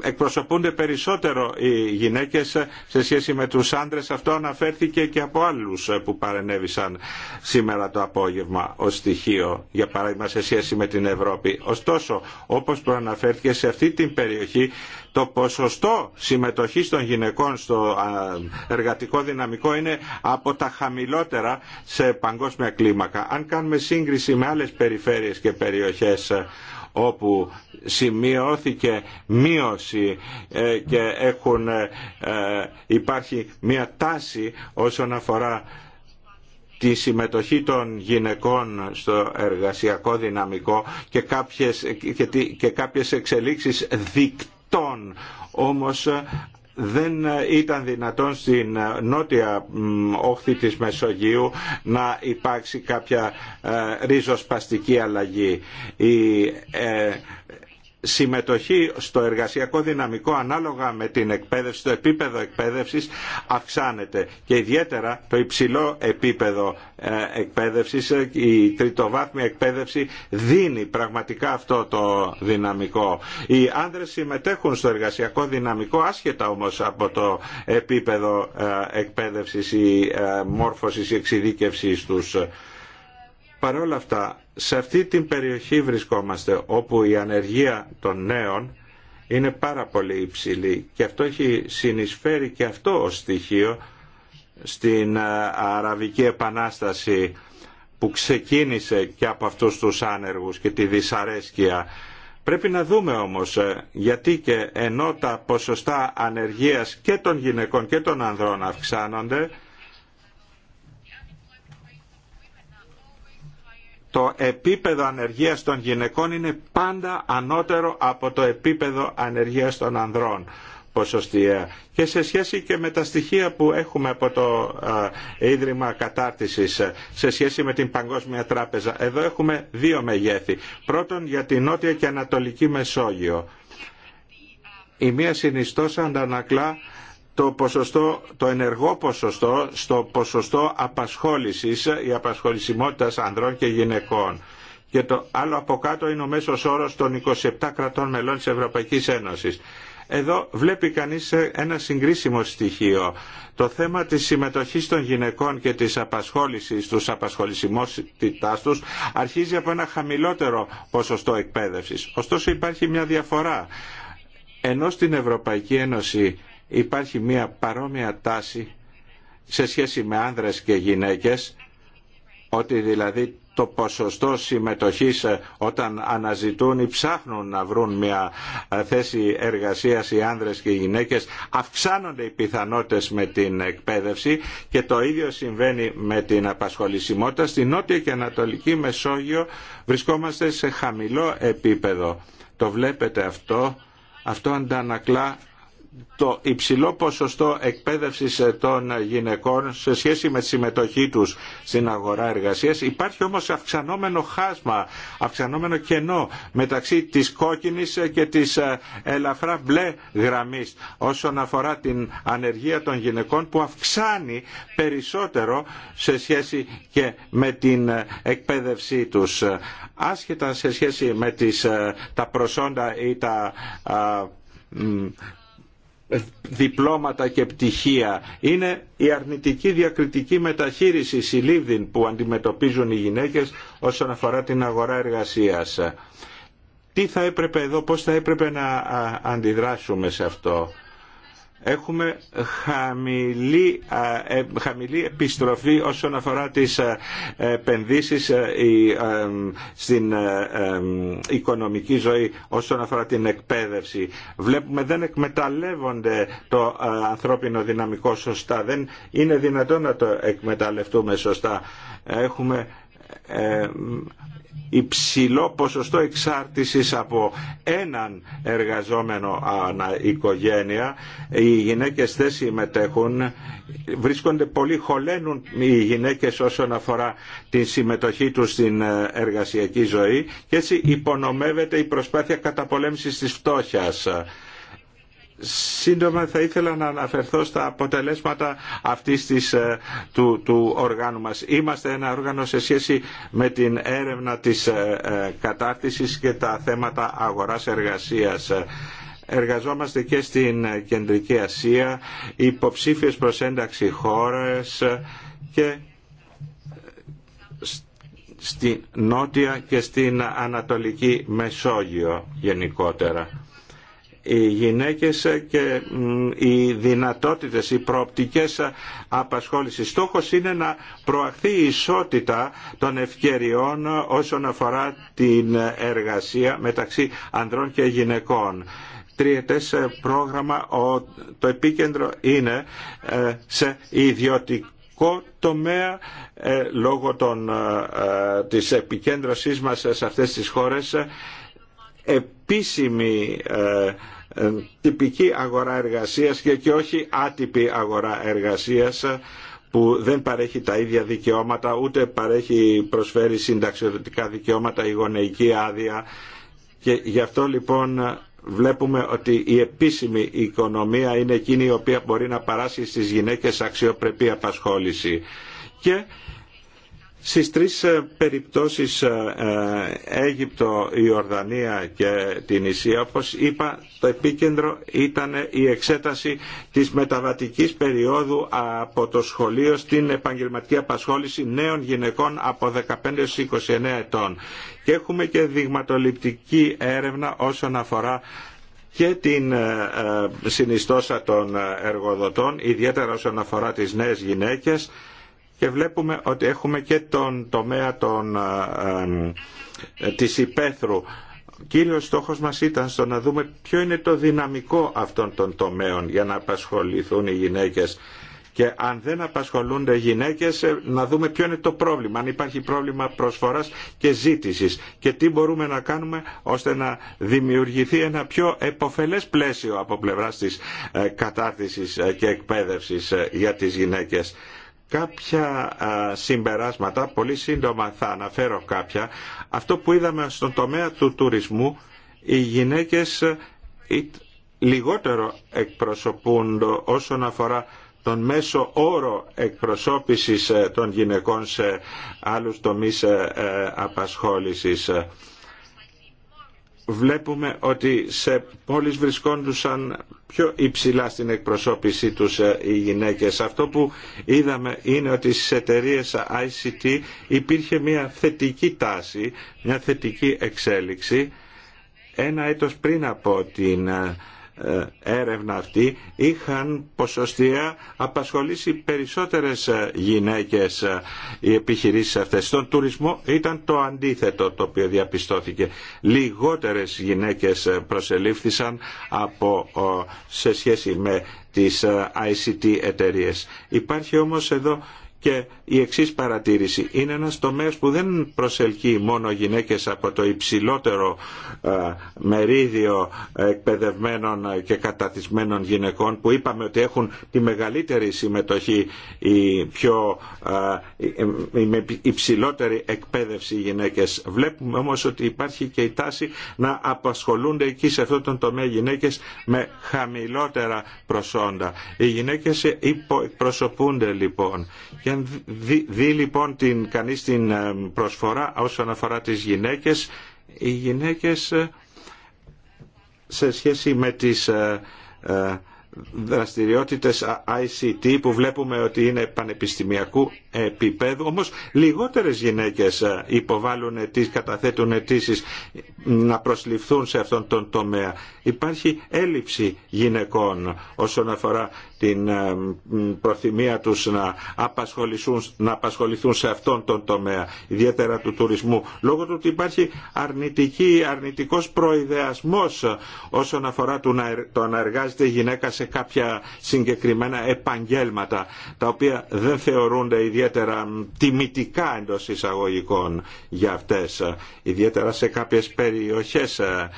εκπροσωπούνται περισσότερο οι γυναίκες σε σχέση με τους άντρες. Αυτό αναφέρθηκε και από άλλους που παρενέβησαν σήμερα το απόγευμα ως στοιχείο, για παράδειγμα σε σχέση με την Ευρώπη. Ωστόσο, όπως προαναφέρθηκε σε αυτή την περιοχή, το ποσοστό συμμετοχής των γυναικών στο εργατικό δυναμικό είναι από τα χαμηλότερα σε παγκόσμια κλίμακα. Αν κάνουμε σύγκριση με άλλες περιφέρειες και περιοχές όπου σημειώθηκε μείωση ε, και έχουν, ε, υπάρχει μια τάση όσον αφορά τη συμμετοχή των γυναικών στο εργασιακό δυναμικό και κάποιες, και, κάποιες εξελίξεις δικτών όμως ε, δεν ήταν δυνατόν στην νότια όχθη της Μεσογείου να υπάρξει κάποια ριζοσπαστική αλλαγή. Η συμμετοχή στο εργασιακό δυναμικό ανάλογα με την εκπαίδευση, το επίπεδο εκπαίδευσης αυξάνεται και ιδιαίτερα το υψηλό επίπεδο ε, εκπαίδευσης, ε, η τριτοβάθμια εκπαίδευση δίνει πραγματικά αυτό το δυναμικό. Οι άνδρες συμμετέχουν στο εργασιακό δυναμικό άσχετα όμως από το επίπεδο ε, εκπαίδευσης ή μόρφωσης ή εξειδίκευσης τους. Παρ' όλα αυτά σε αυτή την περιοχή βρισκόμαστε όπου η ανεργία των νέων είναι πάρα πολύ υψηλή και αυτό έχει συνεισφέρει και αυτό ως στοιχείο στην ε, Αραβική Επανάσταση που ξεκίνησε και από αυτούς τους άνεργους και τη δυσαρέσκεια. Πρέπει να δούμε όμως ε, γιατί και ενώ τα ποσοστά ανεργίας και των γυναικών και των ανδρών αυξάνονται το επίπεδο ανεργίας των γυναικών είναι πάντα ανώτερο από το επίπεδο ανεργίας των ανδρών ποσοστία. Και σε σχέση και με τα στοιχεία που έχουμε από το ε, Ίδρυμα Κατάρτισης ε, σε σχέση με την Παγκόσμια Τράπεζα, εδώ έχουμε δύο μεγέθη. Πρώτον για την Νότια και Ανατολική Μεσόγειο. Η μία συνιστώσα αντανακλά το, ποσοστό, το ενεργό ποσοστό στο ποσοστό απασχόλησης ή απασχολησιμότητας ανδρών και γυναικών. Και το άλλο από κάτω είναι ο μέσος όρος των 27 κρατών μελών της Ευρωπαϊκής Ένωσης. Εδώ βλέπει κανείς ένα συγκρίσιμο στοιχείο. Το θέμα της συμμετοχής των γυναικών και της απασχόλησης τους, απασχολησιμότητάς τους, αρχίζει από ένα χαμηλότερο ποσοστό εκπαίδευσης. Ωστόσο υπάρχει μια διαφορά. Ενώ στην Ευρωπαϊκή Ένωση υπάρχει μια παρόμοια τάση σε σχέση με άνδρες και γυναίκες ότι δηλαδή το ποσοστό συμμετοχής ε, όταν αναζητούν ή ψάχνουν να βρουν μια ε, θέση εργασίας οι άνδρες και οι γυναίκες αυξάνονται οι πιθανότητες με την εκπαίδευση και το ίδιο συμβαίνει με την απασχολησιμότητα. Στην Νότια και Ανατολική Μεσόγειο βρισκόμαστε σε χαμηλό επίπεδο. Το βλέπετε αυτό, αυτό αντανακλά το υψηλό ποσοστό εκπαίδευσης ε, των γυναικών σε σχέση με τη συμμετοχή τους στην αγορά εργασίας. Υπάρχει όμως αυξανόμενο χάσμα, αυξανόμενο κενό μεταξύ της κόκκινης ε, και της ε, ελαφρά μπλε γραμμής όσον αφορά την ανεργία των γυναικών που αυξάνει περισσότερο σε σχέση και με την εκπαίδευσή τους. Άσχετα σε σχέση με τις, τα προσόντα ή τα διπλώματα και πτυχία. Είναι η αρνητική διακριτική μεταχείριση συλλήβδιν που αντιμετωπίζουν οι γυναίκες όσον αφορά την αγορά εργασίας. Τι θα έπρεπε εδώ, πώς θα έπρεπε να αντιδράσουμε σε αυτό έχουμε χαμηλή, ε, χαμηλή επιστροφή όσον αφορά τις ε, επενδύσεις ε, στην οικονομική ζωή όσον αφορά την εκπαίδευση. Βλέπουμε δεν εκμεταλλεύονται το ανθρώπινο δυναμικό σωστά. Δεν είναι δυνατόν να το εκμεταλλευτούμε σωστά. Έχουμε υψηλό ποσοστό εξάρτησης από έναν εργαζόμενο οικογένεια. Οι γυναίκες δεν συμμετέχουν, βρίσκονται πολύ χωλένουν οι γυναίκες όσον αφορά την συμμετοχή τους στην ε, εργασιακή ζωή και έτσι υπονομεύεται η προσπάθεια καταπολέμησης της φτώχειας. Σύντομα θα ήθελα να αναφερθώ στα αποτελέσματα αυτής της, ε, του, του οργάνου μας. Είμαστε ένα όργανο σε σχέση με την έρευνα της ε, ε, κατάρτισης και τα θέματα αγοράς-εργασίας εργαζόμαστε και στην Κεντρική Ασία, υποψήφιες προς ένταξη χώρες και στη Νότια και στην Ανατολική Μεσόγειο γενικότερα οι γυναίκες και οι δυνατότητες, οι προοπτικές απασχόλησης. Στόχος είναι να προαχθεί η ισότητα των ευκαιριών όσον αφορά την εργασία μεταξύ ανδρών και γυναικών τριετές πρόγραμμα το επίκεντρο είναι ε, σε ιδιωτικό τομέα ε, λόγω των, ε, της επικέντρωσής μας σε αυτές τις χώρες επίσημη ε, τυπική αγορά εργασίας και όχι άτυπη αγορά εργασίας που δεν παρέχει τα ίδια δικαιώματα ούτε παρέχει προσφέρει συνταξιοδοτικά δικαιώματα ή γονεϊκή άδεια και γι' αυτό λοιπόν βλέπουμε ότι η επίσημη οικονομία είναι εκείνη η οποία μπορεί να παράσει στις γυναίκες αξιοπρεπή απασχόληση και στις τρεις ε, περιπτώσεις ε, ε, Αίγυπτο, Ιορδανία και την Ισία, όπως είπα, το επίκεντρο ήταν η εξέταση της μεταβατικής περίοδου από το σχολείο στην επαγγελματική απασχόληση νέων γυναικών από 15 29 ετών. Και έχουμε και δειγματοληπτική έρευνα όσον αφορά και την συνιστόσα των εργοδοτών, ιδιαίτερα όσον αφορά τις νέες γυναίκες και βλέπουμε ότι έχουμε και τον τομέα των, ε, της υπαίθρου. Κύριος στόχος μας ήταν στο να δούμε ποιο είναι το δυναμικό αυτών των τομέων για να απασχοληθούν οι γυναίκες και αν δεν απασχολούνται γυναίκες ε, να δούμε ποιο είναι το πρόβλημα, αν υπάρχει πρόβλημα προσφοράς και ζήτησης και τι μπορούμε να κάνουμε ώστε να δημιουργηθεί ένα πιο εποφελές πλαίσιο από πλευράς της ε, κατάρτισης και εκπαίδευσης για τις γυναίκες κάποια συμπεράσματα, πολύ σύντομα θα αναφέρω κάποια. Αυτό που είδαμε στον τομέα του τουρισμού, οι γυναίκες ε, λιγότερο εκπροσωπούν όσον αφορά τον μέσο όρο εκπροσώπησης ε, των γυναικών σε άλλους τομείς ε, απασχόλησης βλέπουμε ότι σε πόλεις βρισκόντουσαν πιο υψηλά στην εκπροσώπησή τους ε, οι γυναίκες. Αυτό που είδαμε είναι ότι στις εταιρείε ICT υπήρχε μια θετική τάση, μια θετική εξέλιξη ένα έτος πριν από την ε, ε, έρευνα αυτή είχαν ποσοστία απασχολήσει περισσότερες ε, γυναίκες ε, οι επιχειρήσεις αυτές. Στον τουρισμό ήταν το αντίθετο το οποίο διαπιστώθηκε. Λιγότερες γυναίκες προσελήφθησαν από, σε σχέση με τις ICT εταιρείες. Υπάρχει όμως εδώ και η εξή παρατήρηση. Είναι ένα τομέα που δεν προσελκύει μόνο γυναίκε από το υψηλότερο ε, μερίδιο εκπαιδευμένων και κατατισμένων γυναικών που είπαμε ότι έχουν τη μεγαλύτερη συμμετοχή, η, πιο, ε, η υψηλότερη εκπαίδευση γυναίκε. Βλέπουμε όμω ότι υπάρχει και η τάση να απασχολούνται εκεί σε αυτόν τον τομέα γυναίκε με χαμηλότερα προσόντα. Οι γυναίκε υποπροσωπούνται λοιπόν και αν δει, λοιπόν την, κανείς την ε, προσφορά όσον αφορά τις γυναίκες, οι γυναίκες ε, σε σχέση με τις ε, δραστηριότητες ICT που βλέπουμε ότι είναι πανεπιστημιακού επίπεδου. Όμως λιγότερες γυναίκες υποβάλλουν τις, καταθέτουν αιτήσει να προσληφθούν σε αυτόν τον τομέα. Υπάρχει έλλειψη γυναικών όσον αφορά την ε, προθυμία τους να απασχοληθούν, να σε αυτόν τον τομέα, ιδιαίτερα του τουρισμού, λόγω του ότι υπάρχει αρνητική, αρνητικός προειδεασμός όσον αφορά το να εργάζεται η γυναίκα σε κάποια συγκεκριμένα επαγγέλματα, τα οποία δεν θεωρούνται ιδιαίτερα τιμητικά εντός εισαγωγικών για αυτές, ιδιαίτερα σε κάποιες περιοχές ε,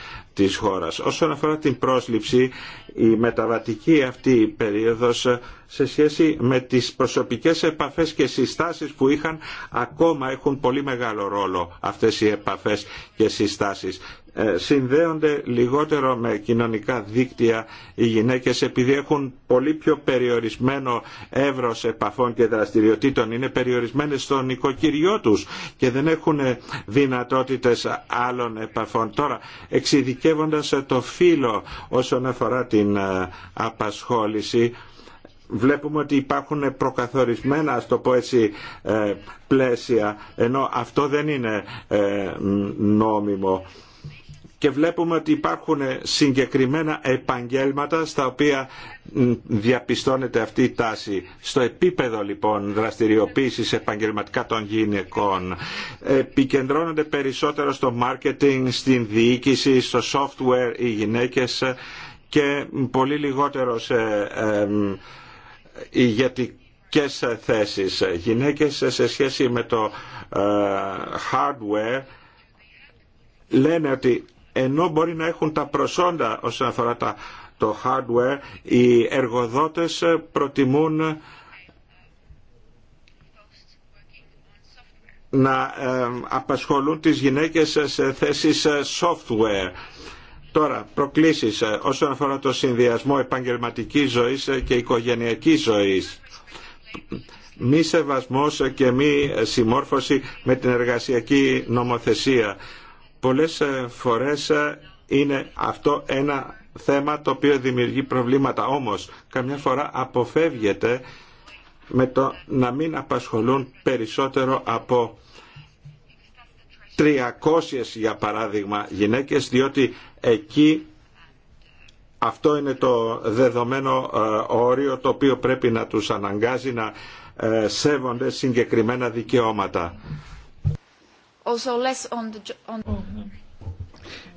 της χώρας. Όσον αφορά την πρόσληψη, η μεταβατική αυτή περίοδος σε σχέση με τις προσωπικές επαφές και συστάσεις που είχαν ακόμα έχουν πολύ μεγάλο ρόλο αυτές οι επαφές και συστάσεις. Ε, συνδέονται λιγότερο με κοινωνικά δίκτυα οι γυναίκες επειδή έχουν πολύ πιο περιορισμένο εύρος επαφών και δραστηριοτήτων είναι περιορισμένες στον νοικοκυριό τους και δεν έχουν δυνατότητες άλλων επαφών. Τώρα εξειδικεύοντας το φύλλο όσον αφορά την ε, απασχόληση βλέπουμε ότι υπάρχουν προκαθορισμένα ας το πω έτσι ε, πλαίσια ενώ αυτό δεν είναι νόμιμο και βλέπουμε ότι υπάρχουν συγκεκριμένα επαγγέλματα στα οποία διαπιστώνεται αυτή η τάση. Στο επίπεδο λοιπόν δραστηριοποίησης επαγγελματικά των γυναικών επικεντρώνονται περισσότερο στο marketing, στην διοίκηση, στο software οι γυναίκες και πολύ λιγότερο σε ε, ε, ηγετικές θέσεις. Γυναίκες σε σχέση με το ε, hardware λένε ότι ενώ μπορεί να έχουν τα προσόντα όσον αφορά τα, το hardware, οι εργοδότες προτιμούν να απασχολούν τις γυναίκες σε θέσεις ε, software. Τώρα, προκλήσεις ε, όσον αφορά το συνδυασμό επαγγελματικής ζωής ε, και οικογενειακής ζωής. Μη σεβασμός και μη συμμόρφωση με την εργασιακή νομοθεσία Πολλές ε, φορές ε, είναι αυτό ένα θέμα το οποίο δημιουργεί προβλήματα. Όμως, καμιά φορά αποφεύγεται με το να μην απασχολούν περισσότερο από 300 για παράδειγμα γυναίκες διότι εκεί αυτό είναι το δεδομένο ε, όριο το οποίο πρέπει να τους αναγκάζει να σέβονται συγκεκριμένα δικαιώματα.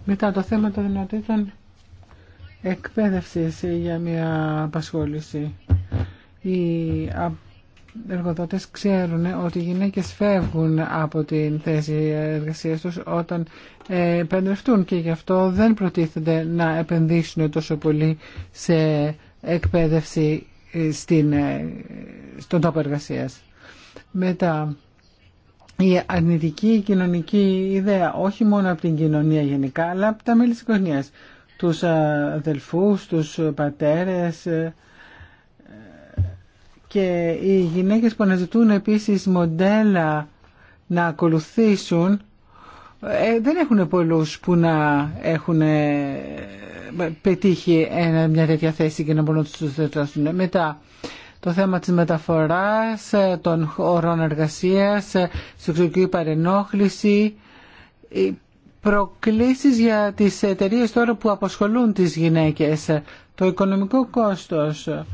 Μετά το θέμα των δυνατήτων εκπαίδευσης για μια απασχόληση. Οι εργοδότες ξέρουν ότι οι γυναίκες φεύγουν από την θέση εργασίας τους όταν ε, επενδευτούν και γι' αυτό δεν προτίθενται να επενδύσουν τόσο πολύ σε εκπαίδευση ε, στην, ε, στον τόπο εργασίας. Μετά, η αρνητική κοινωνική ιδέα, όχι μόνο από την κοινωνία γενικά, αλλά από τα μέλη της οικογένειας. Τους ε, αδελφούς, τους πατέρες ε, και οι γυναίκες που αναζητούν επίσης μοντέλα να ακολουθήσουν, ε, δεν έχουν πολλούς που να έχουν πετύχει μια τέτοια θέση και να μπορούν να τους δεσμεύσουν. Μετά, το θέμα της μεταφοράς, ε, των χωρών εργασίας, σεξουαλική ε, παρενόχληση, προκλήσεις για τις εταιρείε τώρα που αποσχολούν τις γυναίκες, το οικονομικό κόστος. Ε,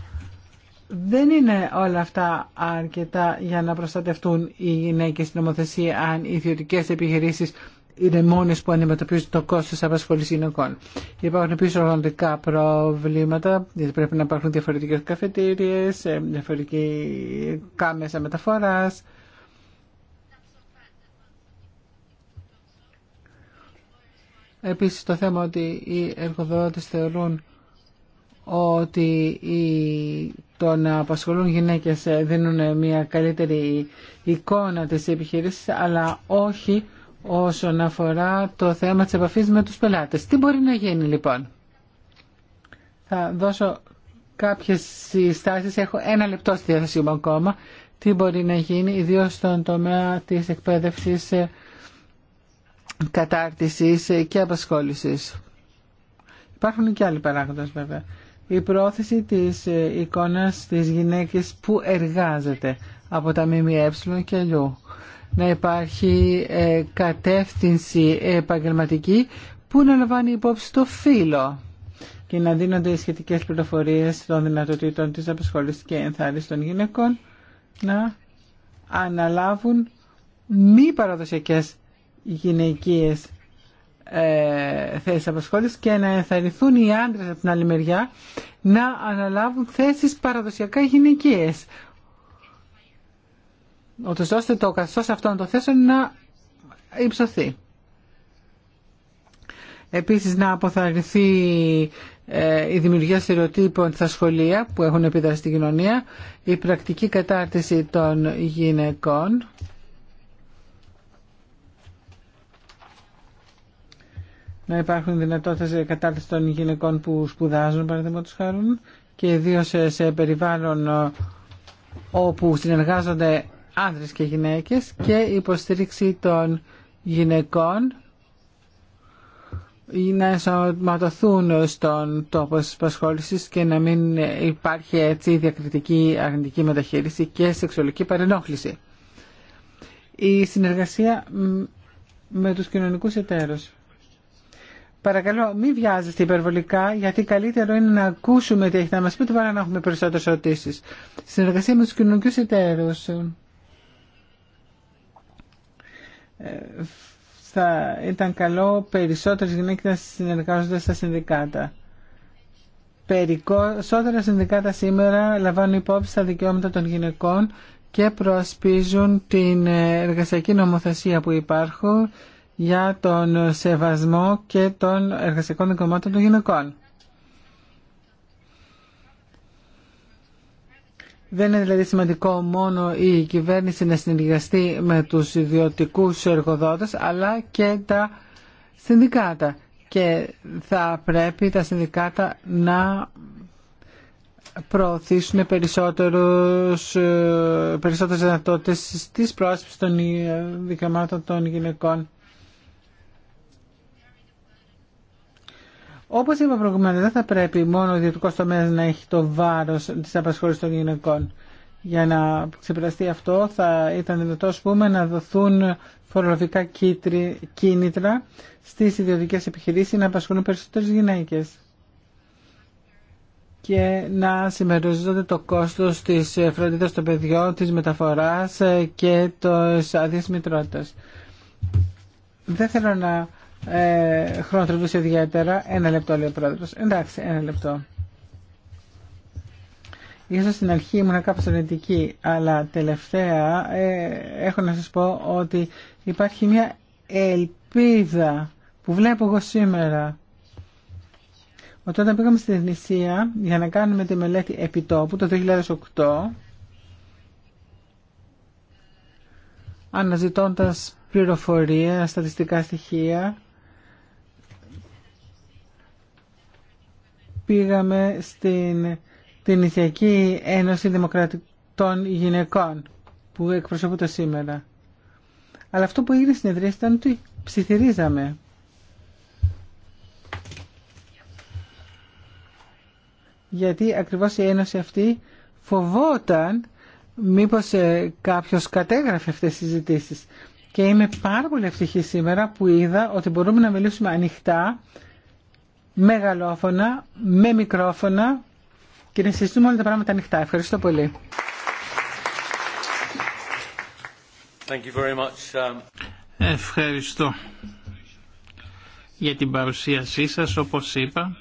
δεν είναι όλα αυτά αρκετά για να προστατευτούν οι γυναίκες στην νομοθεσία αν οι ιδιωτικέ επιχειρήσεις είναι μόνε που αντιμετωπίζουν το κόστος απασχολή γυναικών. Υπάρχουν επίσης οργανωτικά προβλήματα, γιατί πρέπει να υπάρχουν διαφορετικέ καφετήριε, διαφορετικά μέσα μεταφορά. Επίσης το θέμα ότι οι εργοδότες θεωρούν ότι το να απασχολούν γυναίκες ε, δίνουν μια καλύτερη εικόνα της επιχείρησης αλλά όχι όσον αφορά το θέμα της επαφής με τους πελάτες. Τι μπορεί να γίνει λοιπόν. Θα δώσω κάποιες συστάσεις, έχω ένα λεπτό στη διάθεσή μου ακόμα, τι μπορεί να γίνει, ιδίως στον τομέα της εκπαίδευσης, κατάρτισης και απασχόλησης. Υπάρχουν και άλλοι παράγοντες βέβαια. Η πρόθεση της εικόνας της γυναίκης που εργάζεται από τα ΜΜΕ και αλλιού να υπάρχει ε, κατεύθυνση επαγγελματική που να λαμβάνει υπόψη το φύλλο και να δίνονται οι σχετικές πληροφορίες των δυνατοτήτων της απασχόλησης και ενθάρρυνσης των γυναικών να αναλάβουν μη παραδοσιακές γυναικείες ε, θέσεις απασχόλησης και να ενθαρρυνθούν οι άντρες από την άλλη μεριά να αναλάβουν θέσεις παραδοσιακά γυναικείες ούτως ώστε το καθώς αυτών των θέσεων να υψωθεί. Επίσης να αποθαρρυνθεί ε, η δημιουργία στερεοτύπων στα σχολεία που έχουν επιδράσει στην κοινωνία, η πρακτική κατάρτιση των γυναικών, να υπάρχουν δυνατότητες κατάρτιση των γυναικών που σπουδάζουν, παραδείγματος χάρουν, και ιδίω σε περιβάλλον ε, όπου συνεργάζονται άνδρες και γυναίκες και η υποστήριξη των γυναικών να ενσωματωθούν στον τόπο της απασχόλησης και να μην υπάρχει έτσι διακριτική αρνητική μεταχείριση και σεξουαλική παρενόχληση. Η συνεργασία με τους κοινωνικούς εταίρους. Παρακαλώ, μην βιάζεστε υπερβολικά, γιατί καλύτερο είναι να ακούσουμε τι έχει να μας πείτε παρά να έχουμε περισσότερες ερωτήσει. Συνεργασία με τους κοινωνικούς εταίρους. Ε, θα ήταν καλό περισσότερες γυναίκες να συνεργάζονται στα συνδικάτα. Περισσότερα συνδικάτα σήμερα λαμβάνουν υπόψη τα δικαιώματα των γυναικών και προασπίζουν την εργασιακή νομοθεσία που υπάρχουν για τον σεβασμό και των εργασιακών δικαιωμάτων των γυναικών. Δεν είναι δηλαδή σημαντικό μόνο η κυβέρνηση να συνεργαστεί με τους ιδιωτικούς εργοδότες, αλλά και τα συνδικάτα. Και θα πρέπει τα συνδικάτα να προωθήσουν περισσότερους, περισσότερες δυνατότητες στις πρόσφυξης των δικαιωμάτων των γυναικών. Όπως είπα προηγουμένως, δεν θα πρέπει μόνο ο ιδιωτικός τομέας να έχει το βάρος της απασχόλησης των γυναικών. Για να ξεπεραστεί αυτό θα ήταν δυνατό πούμε, να δοθούν φορολογικά κίνητρα στις ιδιωτικές επιχειρήσεις να απασχολούν περισσότερες γυναίκες και να συμμερίζονται το κόστος της φροντίδας των παιδιών, της μεταφοράς και της άδειας Δεν θέλω να ε, χρονοτριβούσε ιδιαίτερα. Ένα λεπτό λέει ο πρόεδρος. Εντάξει, ένα λεπτό. Ίσως στην αρχή ήμουν κάπως αρνητική, αλλά τελευταία ε, έχω να σας πω ότι υπάρχει μια ελπίδα που βλέπω εγώ σήμερα. όταν πήγαμε στην Εθνισία για να κάνουμε τη μελέτη επιτόπου το 2008, αναζητώντας πληροφορία, στατιστικά στοιχεία, πήγαμε στην την Ένωση Δημοκρατικών Γυναικών που εκπροσωπούνται σήμερα. Αλλά αυτό που έγινε συνεδρία ήταν ότι ψιθυρίζαμε. Γιατί ακριβώς η Ένωση αυτή φοβόταν μήπως ε, κάποιος κατέγραφε αυτές τις συζητήσεις. Και είμαι πάρα πολύ ευτυχή σήμερα που είδα ότι μπορούμε να μιλήσουμε ανοιχτά μεγαλόφωνα, με μικρόφωνα και να συζητούμε όλα τα πράγματα ανοιχτά. Ευχαριστώ πολύ. Thank you very much. Um, Ευχαριστώ για την παρουσίασή σας, όπως είπα.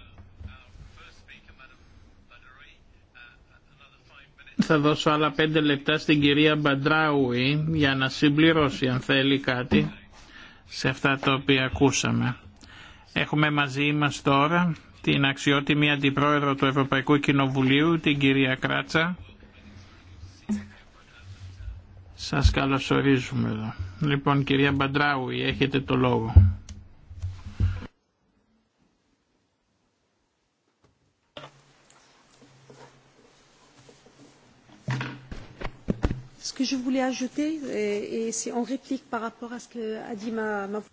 Θα δώσω άλλα πέντε λεπτά στην κυρία Μπαντράουι για να συμπληρώσει αν θέλει κάτι σε αυτά τα οποία ακούσαμε. Έχουμε μαζί μας τώρα την αξιότιμη Αντιπρόεδρο του Ευρωπαϊκού Κοινοβουλίου, την κυρία Κράτσα. Σας καλωσορίζουμε εδώ. Λοιπόν, κυρία Μπαντράουι, έχετε το λόγο.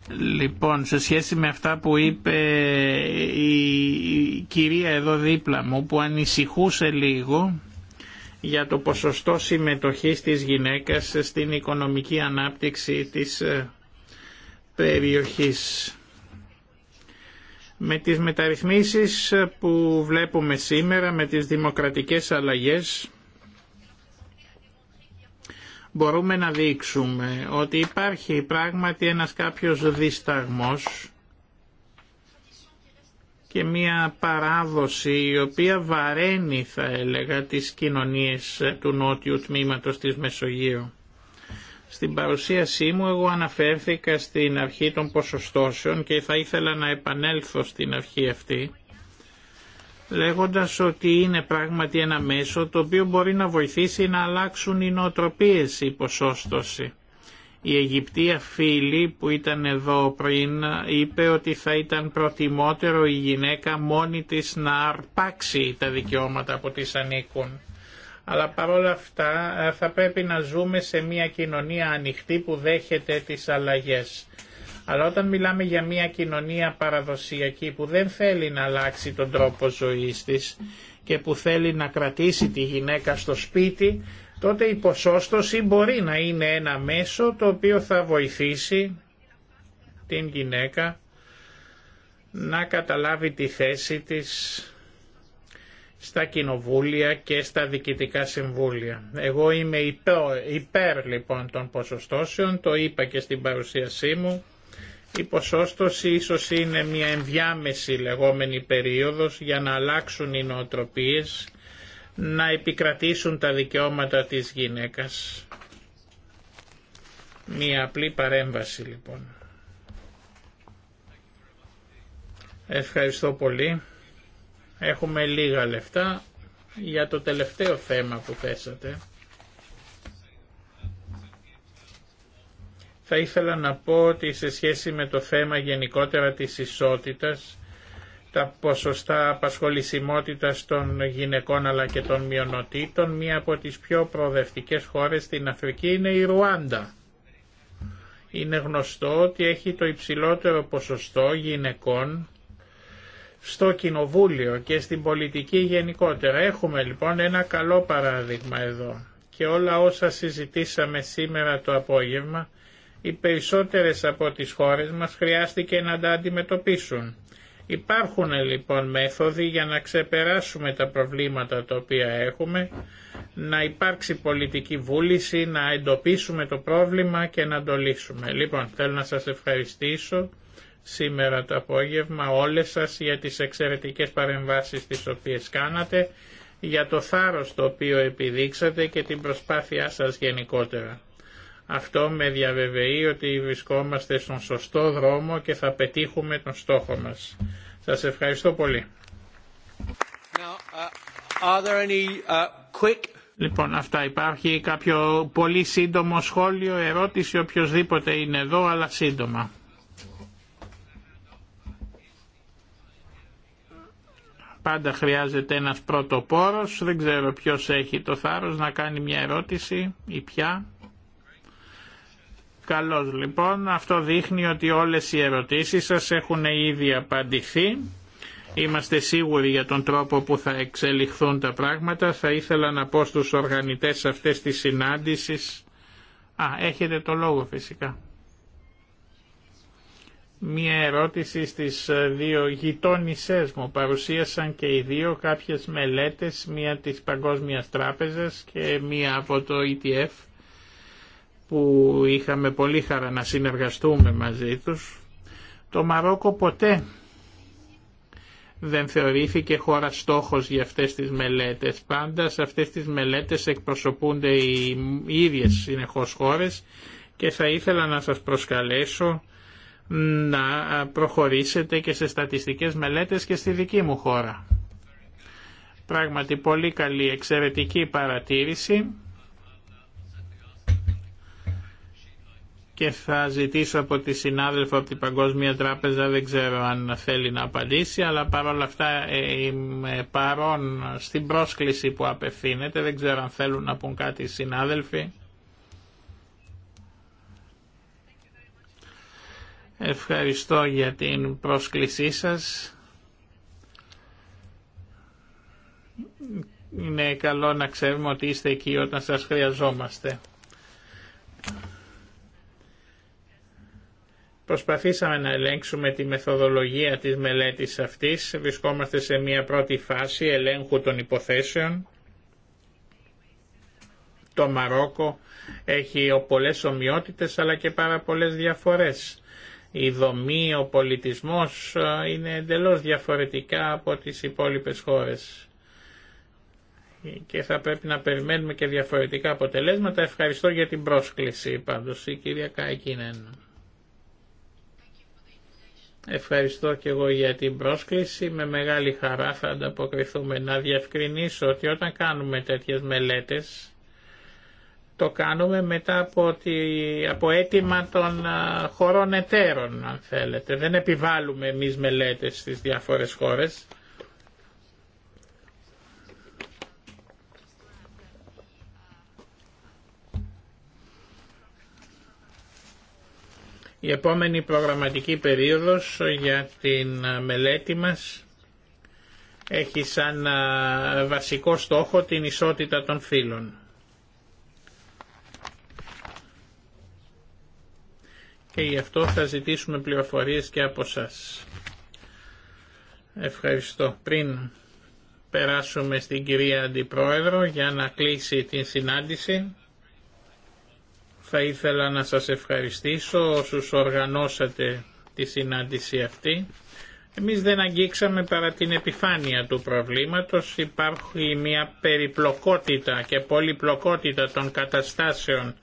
Λοιπόν, σε σχέση με αυτά που είπε η κυρία εδώ δίπλα μου, που ανησυχούσε λίγο για το ποσοστό συμμετοχής της γυναίκας στην οικονομική ανάπτυξη της ε, περιοχής. Με τις μεταρρυθμίσεις που βλέπουμε σήμερα, με τις δημοκρατικές αλλαγές, μπορούμε να δείξουμε ότι υπάρχει πράγματι ένας κάποιος δισταγμός και μια παράδοση η οποία βαραίνει θα έλεγα τις κοινωνίες του νότιου τμήματος της Μεσογείου. Στην παρουσίασή μου εγώ αναφέρθηκα στην αρχή των ποσοστώσεων και θα ήθελα να επανέλθω στην αρχή αυτή λέγοντας ότι είναι πράγματι ένα μέσο το οποίο μπορεί να βοηθήσει να αλλάξουν οι νοοτροπίες η ποσόστοση. Η Αιγυπτία φίλη που ήταν εδώ πριν είπε ότι θα ήταν προτιμότερο η γυναίκα μόνη της να αρπάξει τα δικαιώματα που της ανήκουν. Αλλά παρόλα αυτά ε, θα πρέπει να ζούμε σε μια κοινωνία ανοιχτή που δέχεται τις αλλαγές. Αλλά όταν μιλάμε για μια κοινωνία παραδοσιακή που δεν θέλει να αλλάξει τον τρόπο ζωής της και που θέλει να κρατήσει τη γυναίκα στο σπίτι, τότε η ποσόστοση μπορεί να είναι ένα μέσο το οποίο θα βοηθήσει την γυναίκα να καταλάβει τη θέση της στα κοινοβούλια και στα διοικητικά συμβούλια. Εγώ είμαι υπέρ, υπέρ λοιπόν των ποσοστώσεων, το είπα και στην παρουσίασή μου η ποσόστοση ίσως είναι μια ενδιάμεση λεγόμενη περίοδος για να αλλάξουν οι νοοτροπίες, να επικρατήσουν τα δικαιώματα της γυναίκας. Μια απλή παρέμβαση λοιπόν. Ευχαριστώ πολύ. Έχουμε λίγα λεφτά για το τελευταίο θέμα που θέσατε. θα ήθελα να πω ότι σε σχέση με το θέμα γενικότερα της ισότητας, τα ποσοστά απασχολησιμότητας των γυναικών αλλά και των μειονοτήτων, μία από τις πιο προοδευτικές χώρες στην Αφρική είναι η Ρουάντα. Είναι γνωστό ότι έχει το υψηλότερο ποσοστό γυναικών στο κοινοβούλιο και στην πολιτική γενικότερα. Έχουμε λοιπόν ένα καλό παράδειγμα εδώ και όλα όσα συζητήσαμε σήμερα το απόγευμα οι περισσότερες από τις χώρες μας χρειάστηκε να τα αντιμετωπίσουν. Υπάρχουν λοιπόν μέθοδοι για να ξεπεράσουμε τα προβλήματα τα οποία έχουμε, να υπάρξει πολιτική βούληση, να εντοπίσουμε το πρόβλημα και να το λύσουμε. Λοιπόν, θέλω να σας ευχαριστήσω σήμερα το απόγευμα όλες σας για τις εξαιρετικές παρεμβάσεις τις οποίες κάνατε, για το θάρρος το οποίο επιδείξατε και την προσπάθειά σας γενικότερα. Αυτό με διαβεβαιεί ότι βρισκόμαστε στον σωστό δρόμο και θα πετύχουμε τον στόχο μας. Σας ευχαριστώ πολύ. Now, uh, uh, Λοιπόν, αυτά υπάρχει κάποιο πολύ σύντομο σχόλιο, ερώτηση, οποιοδήποτε είναι εδώ, αλλά σύντομα. Πάντα χρειάζεται ένας πρώτο πόρος, δεν ξέρω ποιος έχει το θάρρος να κάνει μια ερώτηση ή ποια. Καλώς λοιπόν, αυτό δείχνει ότι όλες οι ερωτήσεις σας έχουν ήδη απαντηθεί. Είμαστε σίγουροι για τον τρόπο που θα εξελιχθούν τα πράγματα. Θα ήθελα να πω στους οργανητές αυτές της συνάντησης. Α, έχετε το λόγο φυσικά. Μία ερώτηση στις ε, δύο γειτόνισές μου. Παρουσίασαν και οι δύο κάποιες μελέτες, μία της Παγκόσμιας Τράπεζας και μία από το ETF που είχαμε πολύ χαρά να συνεργαστούμε μαζί τους, το Μαρόκο ποτέ δεν θεωρήθηκε χώρα στόχος για αυτές τις μελέτες. Πάντα σε αυτές τις μελέτες εκπροσωπούνται οι ίδιες συνεχώς χώρες και θα ήθελα να σας προσκαλέσω να προχωρήσετε και σε στατιστικές μελέτες και στη δική μου χώρα. Πράγματι πολύ καλή εξαιρετική παρατήρηση και θα ζητήσω από τη συνάδελφο από την Παγκόσμια Τράπεζα, δεν ξέρω αν θέλει να απαντήσει, αλλά παρόλα αυτά ε, είμαι παρόν στην πρόσκληση που απευθύνεται, δεν ξέρω αν θέλουν να πούν κάτι οι συνάδελφοι. Ευχαριστώ για την πρόσκλησή σας. Είναι καλό να ξέρουμε ότι είστε εκεί όταν σας χρειαζόμαστε. Προσπαθήσαμε να ελέγξουμε τη μεθοδολογία της μελέτης αυτής. Βρισκόμαστε σε μια πρώτη φάση ελέγχου των υποθέσεων. Το Μαρόκο έχει πολλές ομοιότητες αλλά και πάρα πολλές διαφορές. Η δομή, ο πολιτισμός ε, είναι εντελώς διαφορετικά από τις υπόλοιπες χώρες και θα πρέπει να περιμένουμε και διαφορετικά αποτελέσματα. Ευχαριστώ για την πρόσκληση πάντως η κυρία Καϊκίνεν. Ευχαριστώ και εγώ για την πρόσκληση. Με μεγάλη χαρά θα ανταποκριθούμε να διευκρινίσω ότι όταν κάνουμε τέτοιες μελέτες το κάνουμε μετά από, τη, από αίτημα των χωρών εταίρων αν θέλετε. Δεν επιβάλλουμε εμείς μελέτες στις διάφορες χώρες Η επόμενη προγραμματική περίοδος για την μελέτη μας έχει σαν βασικό στόχο την ισότητα των φύλων. Και γι' αυτό θα ζητήσουμε πληροφορίες και από σας. Ευχαριστώ. Πριν περάσουμε στην κυρία Αντιπρόεδρο για να κλείσει την συνάντηση, θα ήθελα να σας ευχαριστήσω όσους οργανώσατε τη συνάντηση αυτή. Εμείς δεν αγγίξαμε παρά την επιφάνεια του προβλήματος. Υπάρχει μια περιπλοκότητα και πολυπλοκότητα των καταστάσεων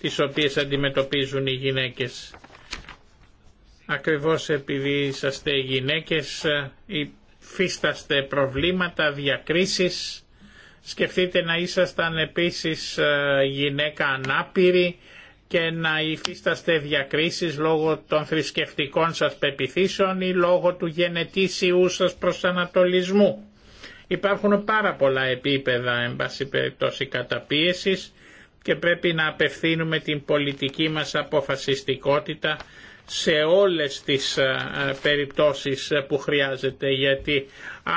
τις οποίες αντιμετωπίζουν οι γυναίκες. Ακριβώς επειδή είσαστε γυναίκες υφίσταστε προβλήματα, διακρίσεις. Σκεφτείτε να ήσασταν επίσης ε, γυναίκα ανάπηρη και να υφίσταστε διακρίσεις λόγω των θρησκευτικών σας πεπιθήσεων ή λόγω του γενετήσιου σας προσανατολισμού. Υπάρχουν πάρα πολλά επίπεδα εν πάση περιπτώσει καταπίεσης και πρέπει να απευθύνουμε την πολιτική μας αποφασιστικότητα σε όλες τις ε, περιπτώσεις που χρειάζεται γιατί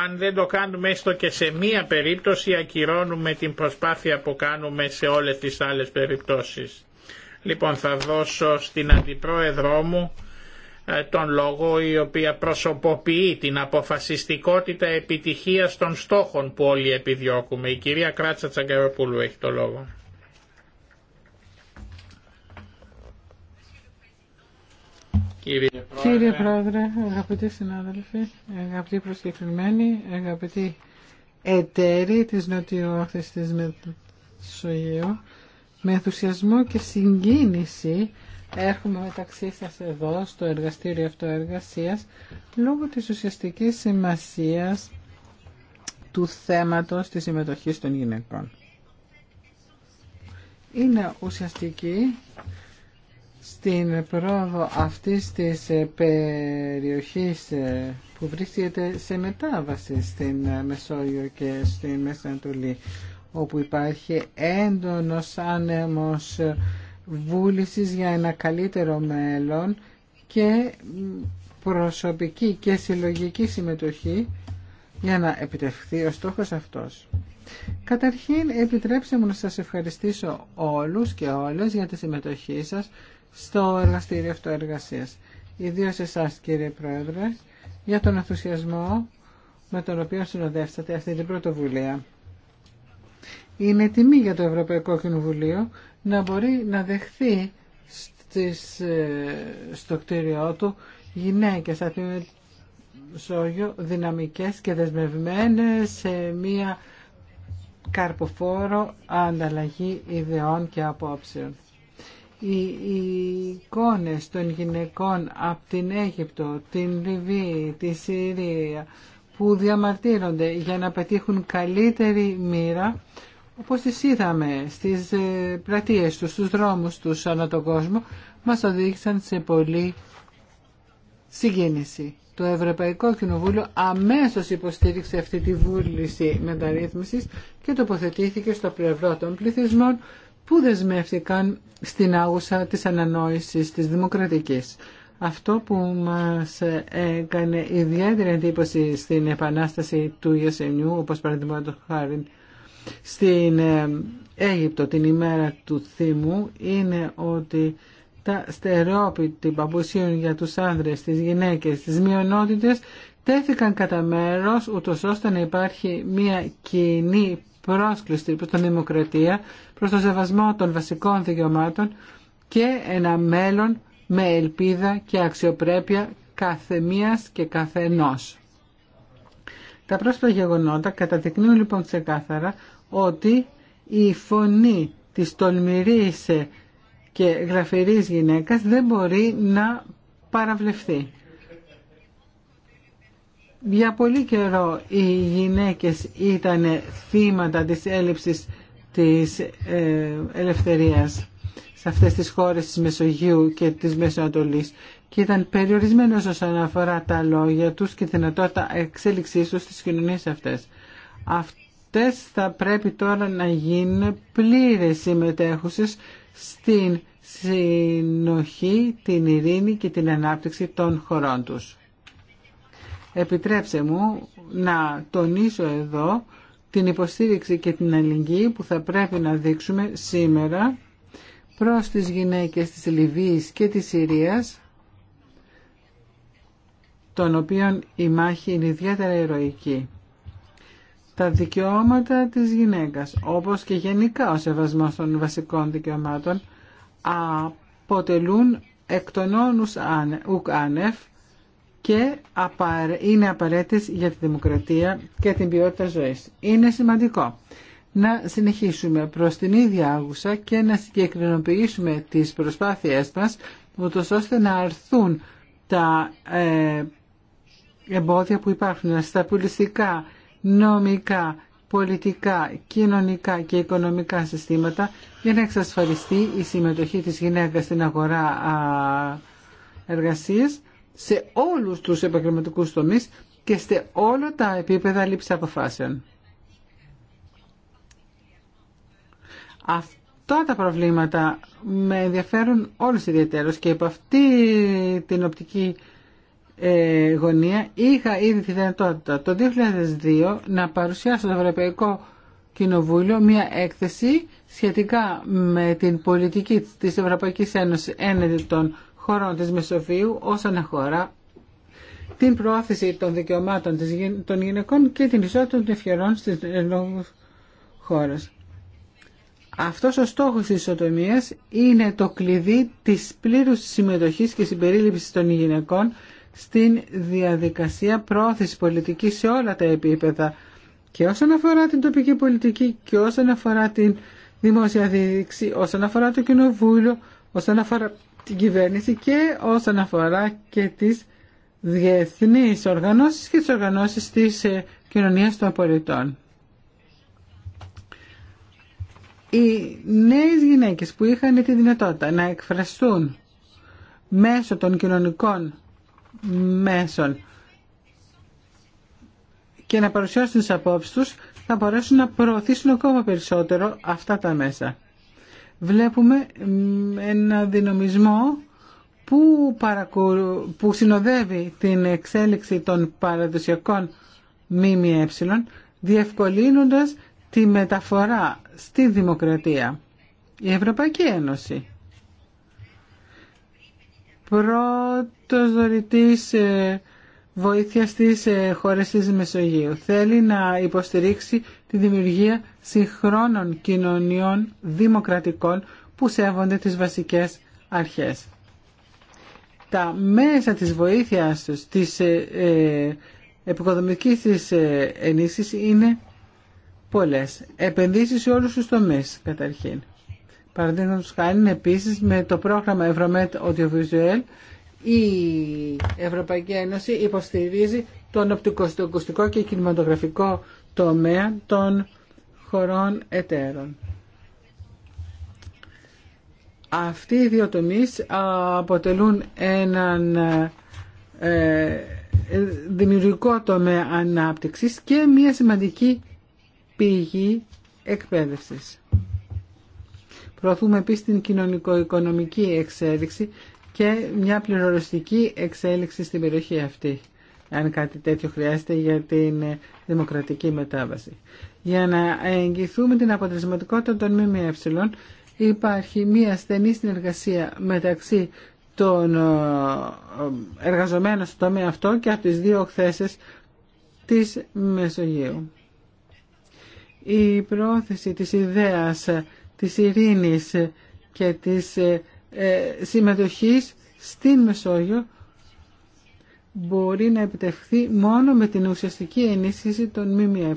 αν δεν το κάνουμε έστω και σε μία περίπτωση ακυρώνουμε την προσπάθεια που κάνουμε σε όλες τις άλλες περιπτώσεις. Λοιπόν, θα δώσω στην Αντιπρόεδρό μου ε, τον λόγο η οποία προσωποποιεί την αποφασιστικότητα επιτυχίας των στόχων που όλοι επιδιώκουμε. Η κυρία Κράτσα Τσαγκαροπούλου έχει το λόγο. Κύριε Πρόεδρε, Κύριε Πρόεδρε αγαπητοί συνάδελφοι, αγαπητοί προσκεκλημένοι, αγαπητοί εταίροι της Νοτιοόχθης της Μεσογείου, με ενθουσιασμό και συγκίνηση έρχομαι μεταξύ σας εδώ στο εργαστήριο αυτό εργασίας λόγω της ουσιαστικής σημασίας του θέματος της συμμετοχή των γυναικών. Είναι ουσιαστική στην πρόοδο αυτής της ε, περιοχής ε, που βρίσκεται σε μετάβαση στην ε, Μεσόγειο και στην Μέση Ανατολή όπου υπάρχει έντονος άνεμος βούλησης για ένα καλύτερο μέλλον και προσωπική και συλλογική συμμετοχή για να επιτευχθεί ο στόχος αυτός. Καταρχήν επιτρέψτε μου να σας ευχαριστήσω όλους και όλες για τη συμμετοχή σας στο εργαστήριο αυτοεργασίας. Ιδίω εσά, εσάς κύριε Πρόεδρε για τον ενθουσιασμό με τον οποίο συνοδεύσατε αυτή την πρωτοβουλία είναι τιμή για το Ευρωπαϊκό Κοινοβουλίο να μπορεί να δεχθεί στις, ε, στο κτίριό του γυναίκες από Σόγιο δυναμικές και δεσμευμένες σε μία καρποφόρο ανταλλαγή ιδεών και απόψεων. Οι, οι εικόνες των γυναικών από την Αίγυπτο, την Λιβύη, τη Συρία που διαμαρτύρονται για να πετύχουν καλύτερη μοίρα όπως τις είδαμε στις ε, πλατείες τους, στους δρόμους τους ανά τον κόσμο, μας οδήγησαν σε πολύ συγκίνηση. Το Ευρωπαϊκό Κοινοβούλιο αμέσως υποστήριξε αυτή τη βούληση μεταρρύθμισης και τοποθετήθηκε στο πλευρό των πληθυσμών που δεσμεύτηκαν στην άγουσα της ανανόησης της δημοκρατικής. Αυτό που μας έκανε ιδιαίτερη εντύπωση στην επανάσταση του Ιωσενιού, όπως παραδείγματο χάρη στην ε, Αίγυπτο την ημέρα του θύμου είναι ότι τα στερεόπιτη παπουσίων για τους άνδρες, τις γυναίκες, τις μειονότητες τέθηκαν κατά μέρο ούτω ώστε να υπάρχει μια κοινή πρόσκληση προς την δημοκρατία, προς το σεβασμό των βασικών δικαιωμάτων και ένα μέλλον με ελπίδα και αξιοπρέπεια μίας και καθενός. Τα πρόσφατα γεγονότα καταδεικνύουν λοιπόν ξεκάθαρα ότι η φωνή της τολμηρής και γραφερής γυναίκας δεν μπορεί να παραβλεφθεί. Για πολύ καιρό οι γυναίκες ήταν θύματα της έλλειψης της ε, ελευθερίας σε αυτές τις χώρες της Μεσογείου και της Μεσοανατολής και ήταν περιορισμένος όσον αφορά τα λόγια τους και τη δυνατότητα εξέλιξής τους στις κοινωνίες αυτές θα πρέπει τώρα να γίνουν πλήρες συμμετέχουσες στην συνοχή, την ειρήνη και την ανάπτυξη των χωρών τους. Επιτρέψε μου να τονίσω εδώ την υποστήριξη και την αλληλεγγύη που θα πρέπει να δείξουμε σήμερα προς τις γυναίκες της Λιβύης και της Συρίας των οποίων η μάχη είναι ιδιαίτερα ηρωική τα δικαιώματα της γυναίκας, όπως και γενικά ο σεβασμός των βασικών δικαιωμάτων, αποτελούν εκ των όνους ουκ άνευ και είναι απαραίτητες για τη δημοκρατία και την ποιότητα ζωής. Είναι σημαντικό να συνεχίσουμε προς την ίδια άγουσα και να συγκεκρινοποιήσουμε τις προσπάθειές μας, ούτως ώστε να αρθούν τα ε, εμπόδια που υπάρχουν στα πολιτιστικά νομικά, πολιτικά, κοινωνικά και οικονομικά συστήματα για να εξασφαλιστεί η συμμετοχή της γυναίκας στην αγορά εργασίας σε όλους τους επαγγελματικούς τομείς και σε όλα τα επίπεδα λήψη αποφάσεων. Αυτά τα προβλήματα με ενδιαφέρουν όλους ιδιαίτερως και από αυτή την οπτική ε, γωνία είχα ήδη τη δυνατότητα το 2002 να παρουσιάσω στο Ευρωπαϊκό Κοινοβούλιο μια έκθεση σχετικά με την πολιτική της Ευρωπαϊκής Ένωσης έναντι των χωρών της Μεσοφίου όσον αφορά την προώθηση των δικαιωμάτων των γυναικών και την ισότητα των ευκαιρών στις λόγους χώρες. Αυτός ο στόχος της ισοτομίας είναι το κλειδί της πλήρους συμμετοχής και συμπερίληψης των γυναικών στην διαδικασία πρόθεση πολιτικής σε όλα τα επίπεδα και όσον αφορά την τοπική πολιτική και όσον αφορά την δημόσια δίδυξη, όσον αφορά το κοινοβούλιο, όσον αφορά την κυβέρνηση και όσον αφορά και τις διεθνείς οργανώσεις και τις οργανώσεις της ε, κοινωνίας των πολιτών. Οι νέες γυναίκες που είχαν τη δυνατότητα να εκφραστούν μέσω των κοινωνικών μέσων και να παρουσιάσουν τις απόψεις τους θα μπορέσουν να προωθήσουν ακόμα περισσότερο αυτά τα μέσα. Βλέπουμε ένα δυνομισμό που, που συνοδεύει την εξέλιξη των παραδοσιακών ΜΜΕ διευκολύνοντας τη μεταφορά στη δημοκρατία. Η Ευρωπαϊκή Ένωση πρώτος δωρητής ε, βοήθεια στις ε, χώρες της Μεσογείου. Θέλει να υποστηρίξει τη δημιουργία συγχρόνων κοινωνιών δημοκρατικών που σέβονται τις βασικές αρχές. Τα μέσα της βοήθειας της ε, ε επικοδομικής της ενίσχυσης είναι πολλές. Επενδύσεις σε όλους τους τομείς καταρχήν. Παραδείγματος χάρη επίσης με το πρόγραμμα Ευρωμέτ Audiovisual η Ευρωπαϊκή Ένωση υποστηρίζει τον οπτικοστοκουστικό και κινηματογραφικό τομέα των χωρών εταίρων. Αυτοί οι δύο τομείς αποτελούν έναν ε, ε, δημιουργικό τομέα ανάπτυξης και μια σημαντική πηγή εκπαίδευσης. Προωθούμε επίση την κοινωνικο-οικονομική εξέλιξη και μια πληροριστική εξέλιξη στην περιοχή αυτή αν κάτι τέτοιο χρειάζεται για την δημοκρατική μετάβαση. Για να εγγυηθούμε την αποτελεσματικότητα των ΜΜΕ υπάρχει μια στενή συνεργασία μεταξύ των ε, εργαζομένων στο τομέα αυτό και από τις δύο χθέσεις της Μεσογείου. Η πρόθεση της ιδέας της ειρήνης και της ε, ε, συμμετοχής στην Μεσόγειο μπορεί να επιτευχθεί μόνο με την ουσιαστική ενίσχυση των ΜΜΕ.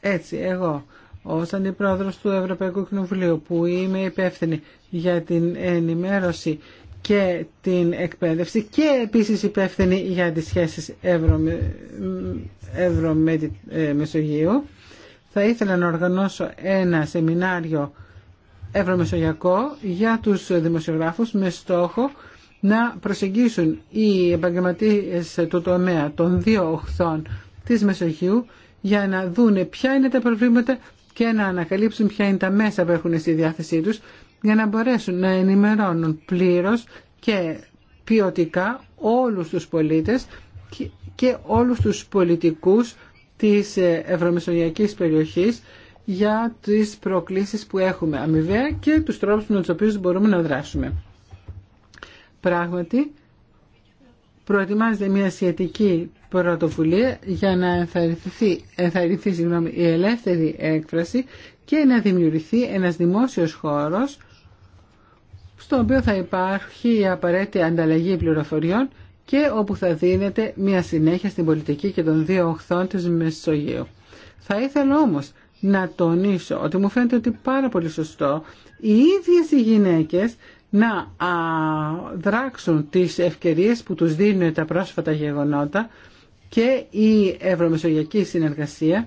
Έτσι, εγώ, ως αντιπρόεδρος του Ευρωπαϊκού Κοινοβουλίου, που είμαι υπεύθυνη για την ενημέρωση και την εκπαίδευση και επίσης υπεύθυνη για τις σχέσεις Ευρωμεσογείου, Ευρω θα ήθελα να οργανώσω ένα σεμινάριο ευρωμεσογειακό για τους δημοσιογράφους με στόχο να προσεγγίσουν οι επαγγελματίες του τομέα των δύο οχθών της Μεσογείου για να δούνε ποια είναι τα προβλήματα και να ανακαλύψουν ποια είναι τα μέσα που έχουν στη διάθεσή τους για να μπορέσουν να ενημερώνουν πλήρως και ποιοτικά όλους τους πολίτες και όλους τους πολιτικούς της ε, ευρωμεσογειακής περιοχής για τις προκλήσεις που έχουμε αμοιβαία και τους τρόπους με τους οποίους μπορούμε να δράσουμε. Πράγματι, προετοιμάζεται μια σχετική πρωτοβουλία για να ενθαρρυνθεί, ενθαρρυνθεί η ελεύθερη έκφραση και να δημιουργηθεί ένας δημόσιος χώρος στο οποίο θα υπάρχει η απαραίτητη ανταλλαγή πληροφοριών και όπου θα δίνεται μια συνέχεια στην πολιτική και των δύο οχθών της Μεσογείου. Θα ήθελα όμως να τονίσω ότι μου φαίνεται ότι πάρα πολύ σωστό οι ίδιες οι γυναίκες να δράξουν τις ευκαιρίες που τους δίνουν τα πρόσφατα γεγονότα και η ευρωμεσογειακή συνεργασία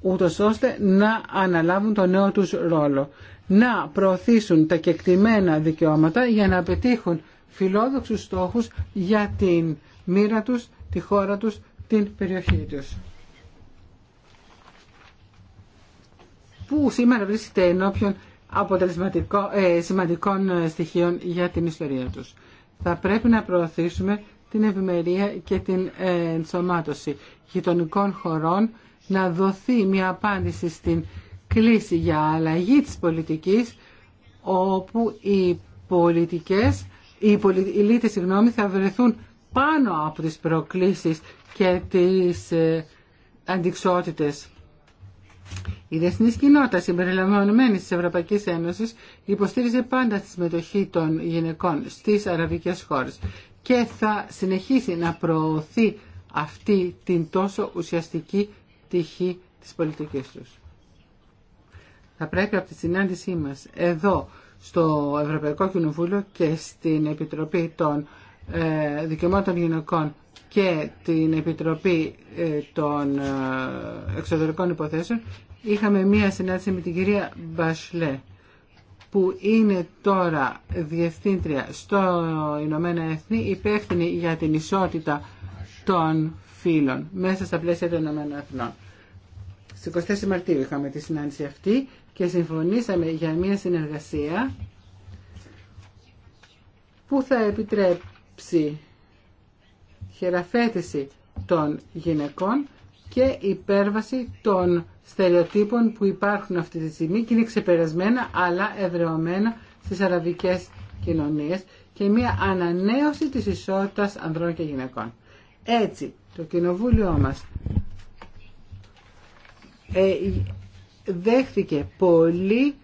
ούτως ώστε να αναλάβουν τον νέο τους ρόλο, να προωθήσουν τα κεκτημένα δικαιώματα για να πετύχουν φιλόδοξους στόχους για την μοίρα τους, τη χώρα τους, την περιοχή τους. Που σήμερα βρίσκεται ενώπιον αποτελεσματικό ε, σημαντικών ε, στοιχείων για την ιστορία τους. Θα πρέπει να προωθήσουμε την ευημερία και την ε, ενσωμάτωση γειτονικών χωρών να δοθεί μια απάντηση στην κλίση για αλλαγή της πολιτικής όπου οι πολιτικές οι πολίτες συγγνώμη, θα βρεθούν πάνω από τις προκλήσεις και τις ε, Η διεθνή κοινότητα συμπεριλαμβανομένη τη Ευρωπαϊκή Ένωση υποστήριζε πάντα τη συμμετοχή των γυναικών στι αραβικέ χώρε και θα συνεχίσει να προωθεί αυτή την τόσο ουσιαστική τυχή της πολιτικής τους. Θα πρέπει από τη συνάντησή μας εδώ στο Ευρωπαϊκό Κοινοβούλιο και στην Επιτροπή των ε, Δικαιωμάτων Γυναικών και την Επιτροπή ε, των ε, Εξωτερικών Υποθέσεων είχαμε μία συνάντηση με την κυρία Μπασλέ που είναι τώρα διευθύντρια στο Ηνωμένα Εθνή υπεύθυνη για την ισότητα των φύλων μέσα στα πλαίσια των Ηνωμένων Εθνών. Στις 24 Μαρτίου είχαμε τη συνάντηση αυτή και συμφωνήσαμε για μια συνεργασία που θα επιτρέψει χεραφέτηση των γυναικών και υπέρβαση των στερεοτύπων που υπάρχουν αυτή τη στιγμή και είναι ξεπερασμένα αλλά ευρεωμένα στις αραβικές κοινωνίες και μια ανανέωση της ισότητας ανδρών και γυναικών. Έτσι, το κοινοβούλιο μας ε, δέχθηκε πολύ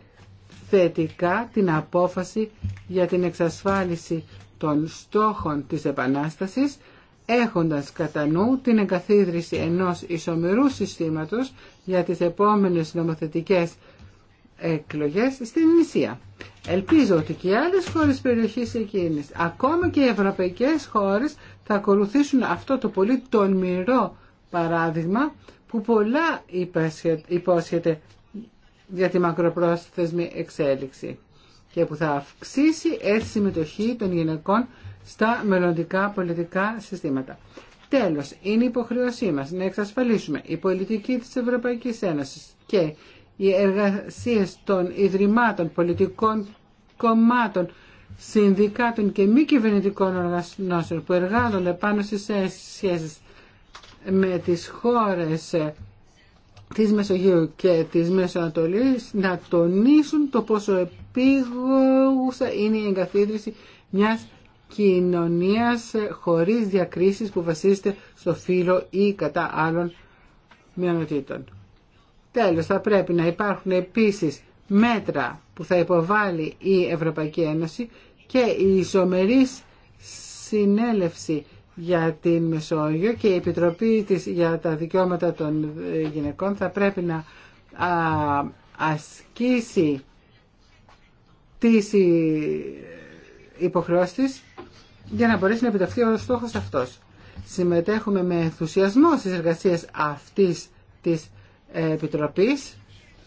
θετικά την απόφαση για την εξασφάλιση των στόχων της Επανάστασης έχοντας κατά νου την εγκαθίδρυση ενός ισομερού συστήματος για τις επόμενες νομοθετικές εκλογές στην νησία. Ελπίζω ότι και οι άλλες χώρες περιοχής εκείνης, ακόμα και οι ευρωπαϊκές χώρες, θα ακολουθήσουν αυτό το πολύ τολμηρό παράδειγμα που πολλά υπόσχεται για τη μακροπρόθεσμη εξέλιξη και που θα αυξήσει έτσι συμμετοχή των γυναικών στα μελλοντικά πολιτικά συστήματα. Τέλος, είναι υποχρεωσή μας να εξασφαλίσουμε η πολιτική της Ευρωπαϊκής Ένωσης και οι εργασίες των ιδρυμάτων, πολιτικών κομμάτων, συνδικάτων και μη κυβερνητικών οργανώσεων που εργάζονται πάνω στις σχέσεις με τις χώρες της Μεσογείου και της Μεσοανατολής να τονίσουν το πόσο επίγουσα είναι η εγκαθίδρυση μιας κοινωνίας χωρίς διακρίσεις που βασίζεται στο φύλλο ή κατά άλλων μειονοτήτων. Τέλος, θα πρέπει να υπάρχουν επίσης μέτρα που θα υποβάλει η Ευρωπαϊκή Ένωση και η ισομερής συνέλευση για την Μεσόγειο και η Επιτροπή της για τα Δικαιώματα των ε, Γυναικών θα πρέπει να ασκήσει τις ε, υποχρεώσεις για να μπορέσει να επιτευχθεί ο στόχος αυτός. Συμμετέχουμε με ενθουσιασμό στις εργασίες αυτής της ε, Επιτροπής,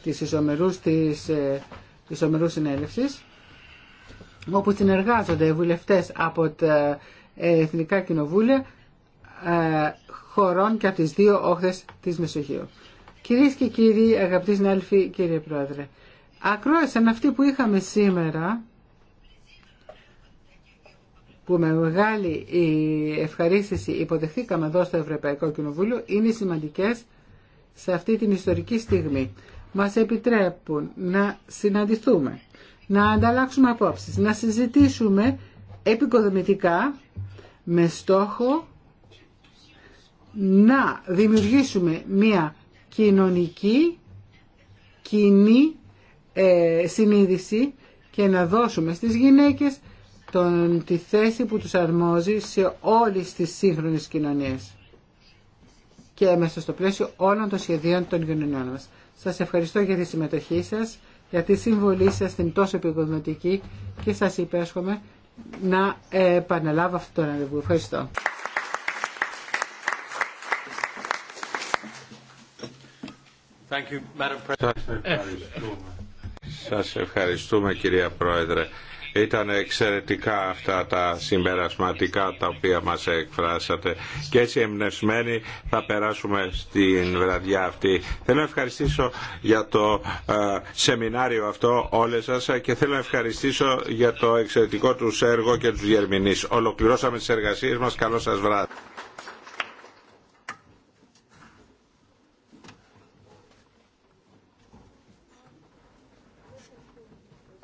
της Ισομερούς, της Ισομερούς Συνέλευσης, όπου συνεργάζονται οι βουλευτές από τα ε, εθνικά κοινοβούλια ε, χωρών και από τις δύο όχθες της Μεσογείου. Κυρίες και κύριοι, αγαπητοί συνάδελφοι, κύριε Πρόεδρε, ακρόασαν αυτοί που είχαμε σήμερα, που με μεγάλη ευχαρίστηση υποδεχθήκαμε εδώ στο Ευρωπαϊκό Κοινοβούλιο, είναι σημαντικές σε αυτή την ιστορική στιγμή. Μας επιτρέπουν να συναντηθούμε, να ανταλλάξουμε απόψεις, να συζητήσουμε επικοδομητικά με στόχο να δημιουργήσουμε μία κοινωνική κοινή ε, συνείδηση και να δώσουμε στις γυναίκες τον, τη θέση που τους αρμόζει σε όλες τις σύγχρονες κοινωνίες και μέσα στο πλαίσιο όλων των σχεδίων των κοινωνιών μας. Σας ευχαριστώ για τη συμμετοχή σας, για τη συμβολή σας στην τόσο επικοδοματική και σας υπέσχομαι να επαναλάβω αυτό το ραντεβού. Ευχαριστώ. Thank you, Σας ευχαριστούμε κυρία Πρόεδρε. Ήταν εξαιρετικά αυτά τα συμπερασματικά τα οποία μας εκφράσατε και έτσι εμπνευσμένοι θα περάσουμε στην βραδιά αυτή. Θέλω να ευχαριστήσω για το ε, σεμινάριο αυτό όλες σας και θέλω να ευχαριστήσω για το εξαιρετικό του έργο και τους διερμηνείς. Ολοκληρώσαμε τις εργασίες μας. Καλό σας βράδυ.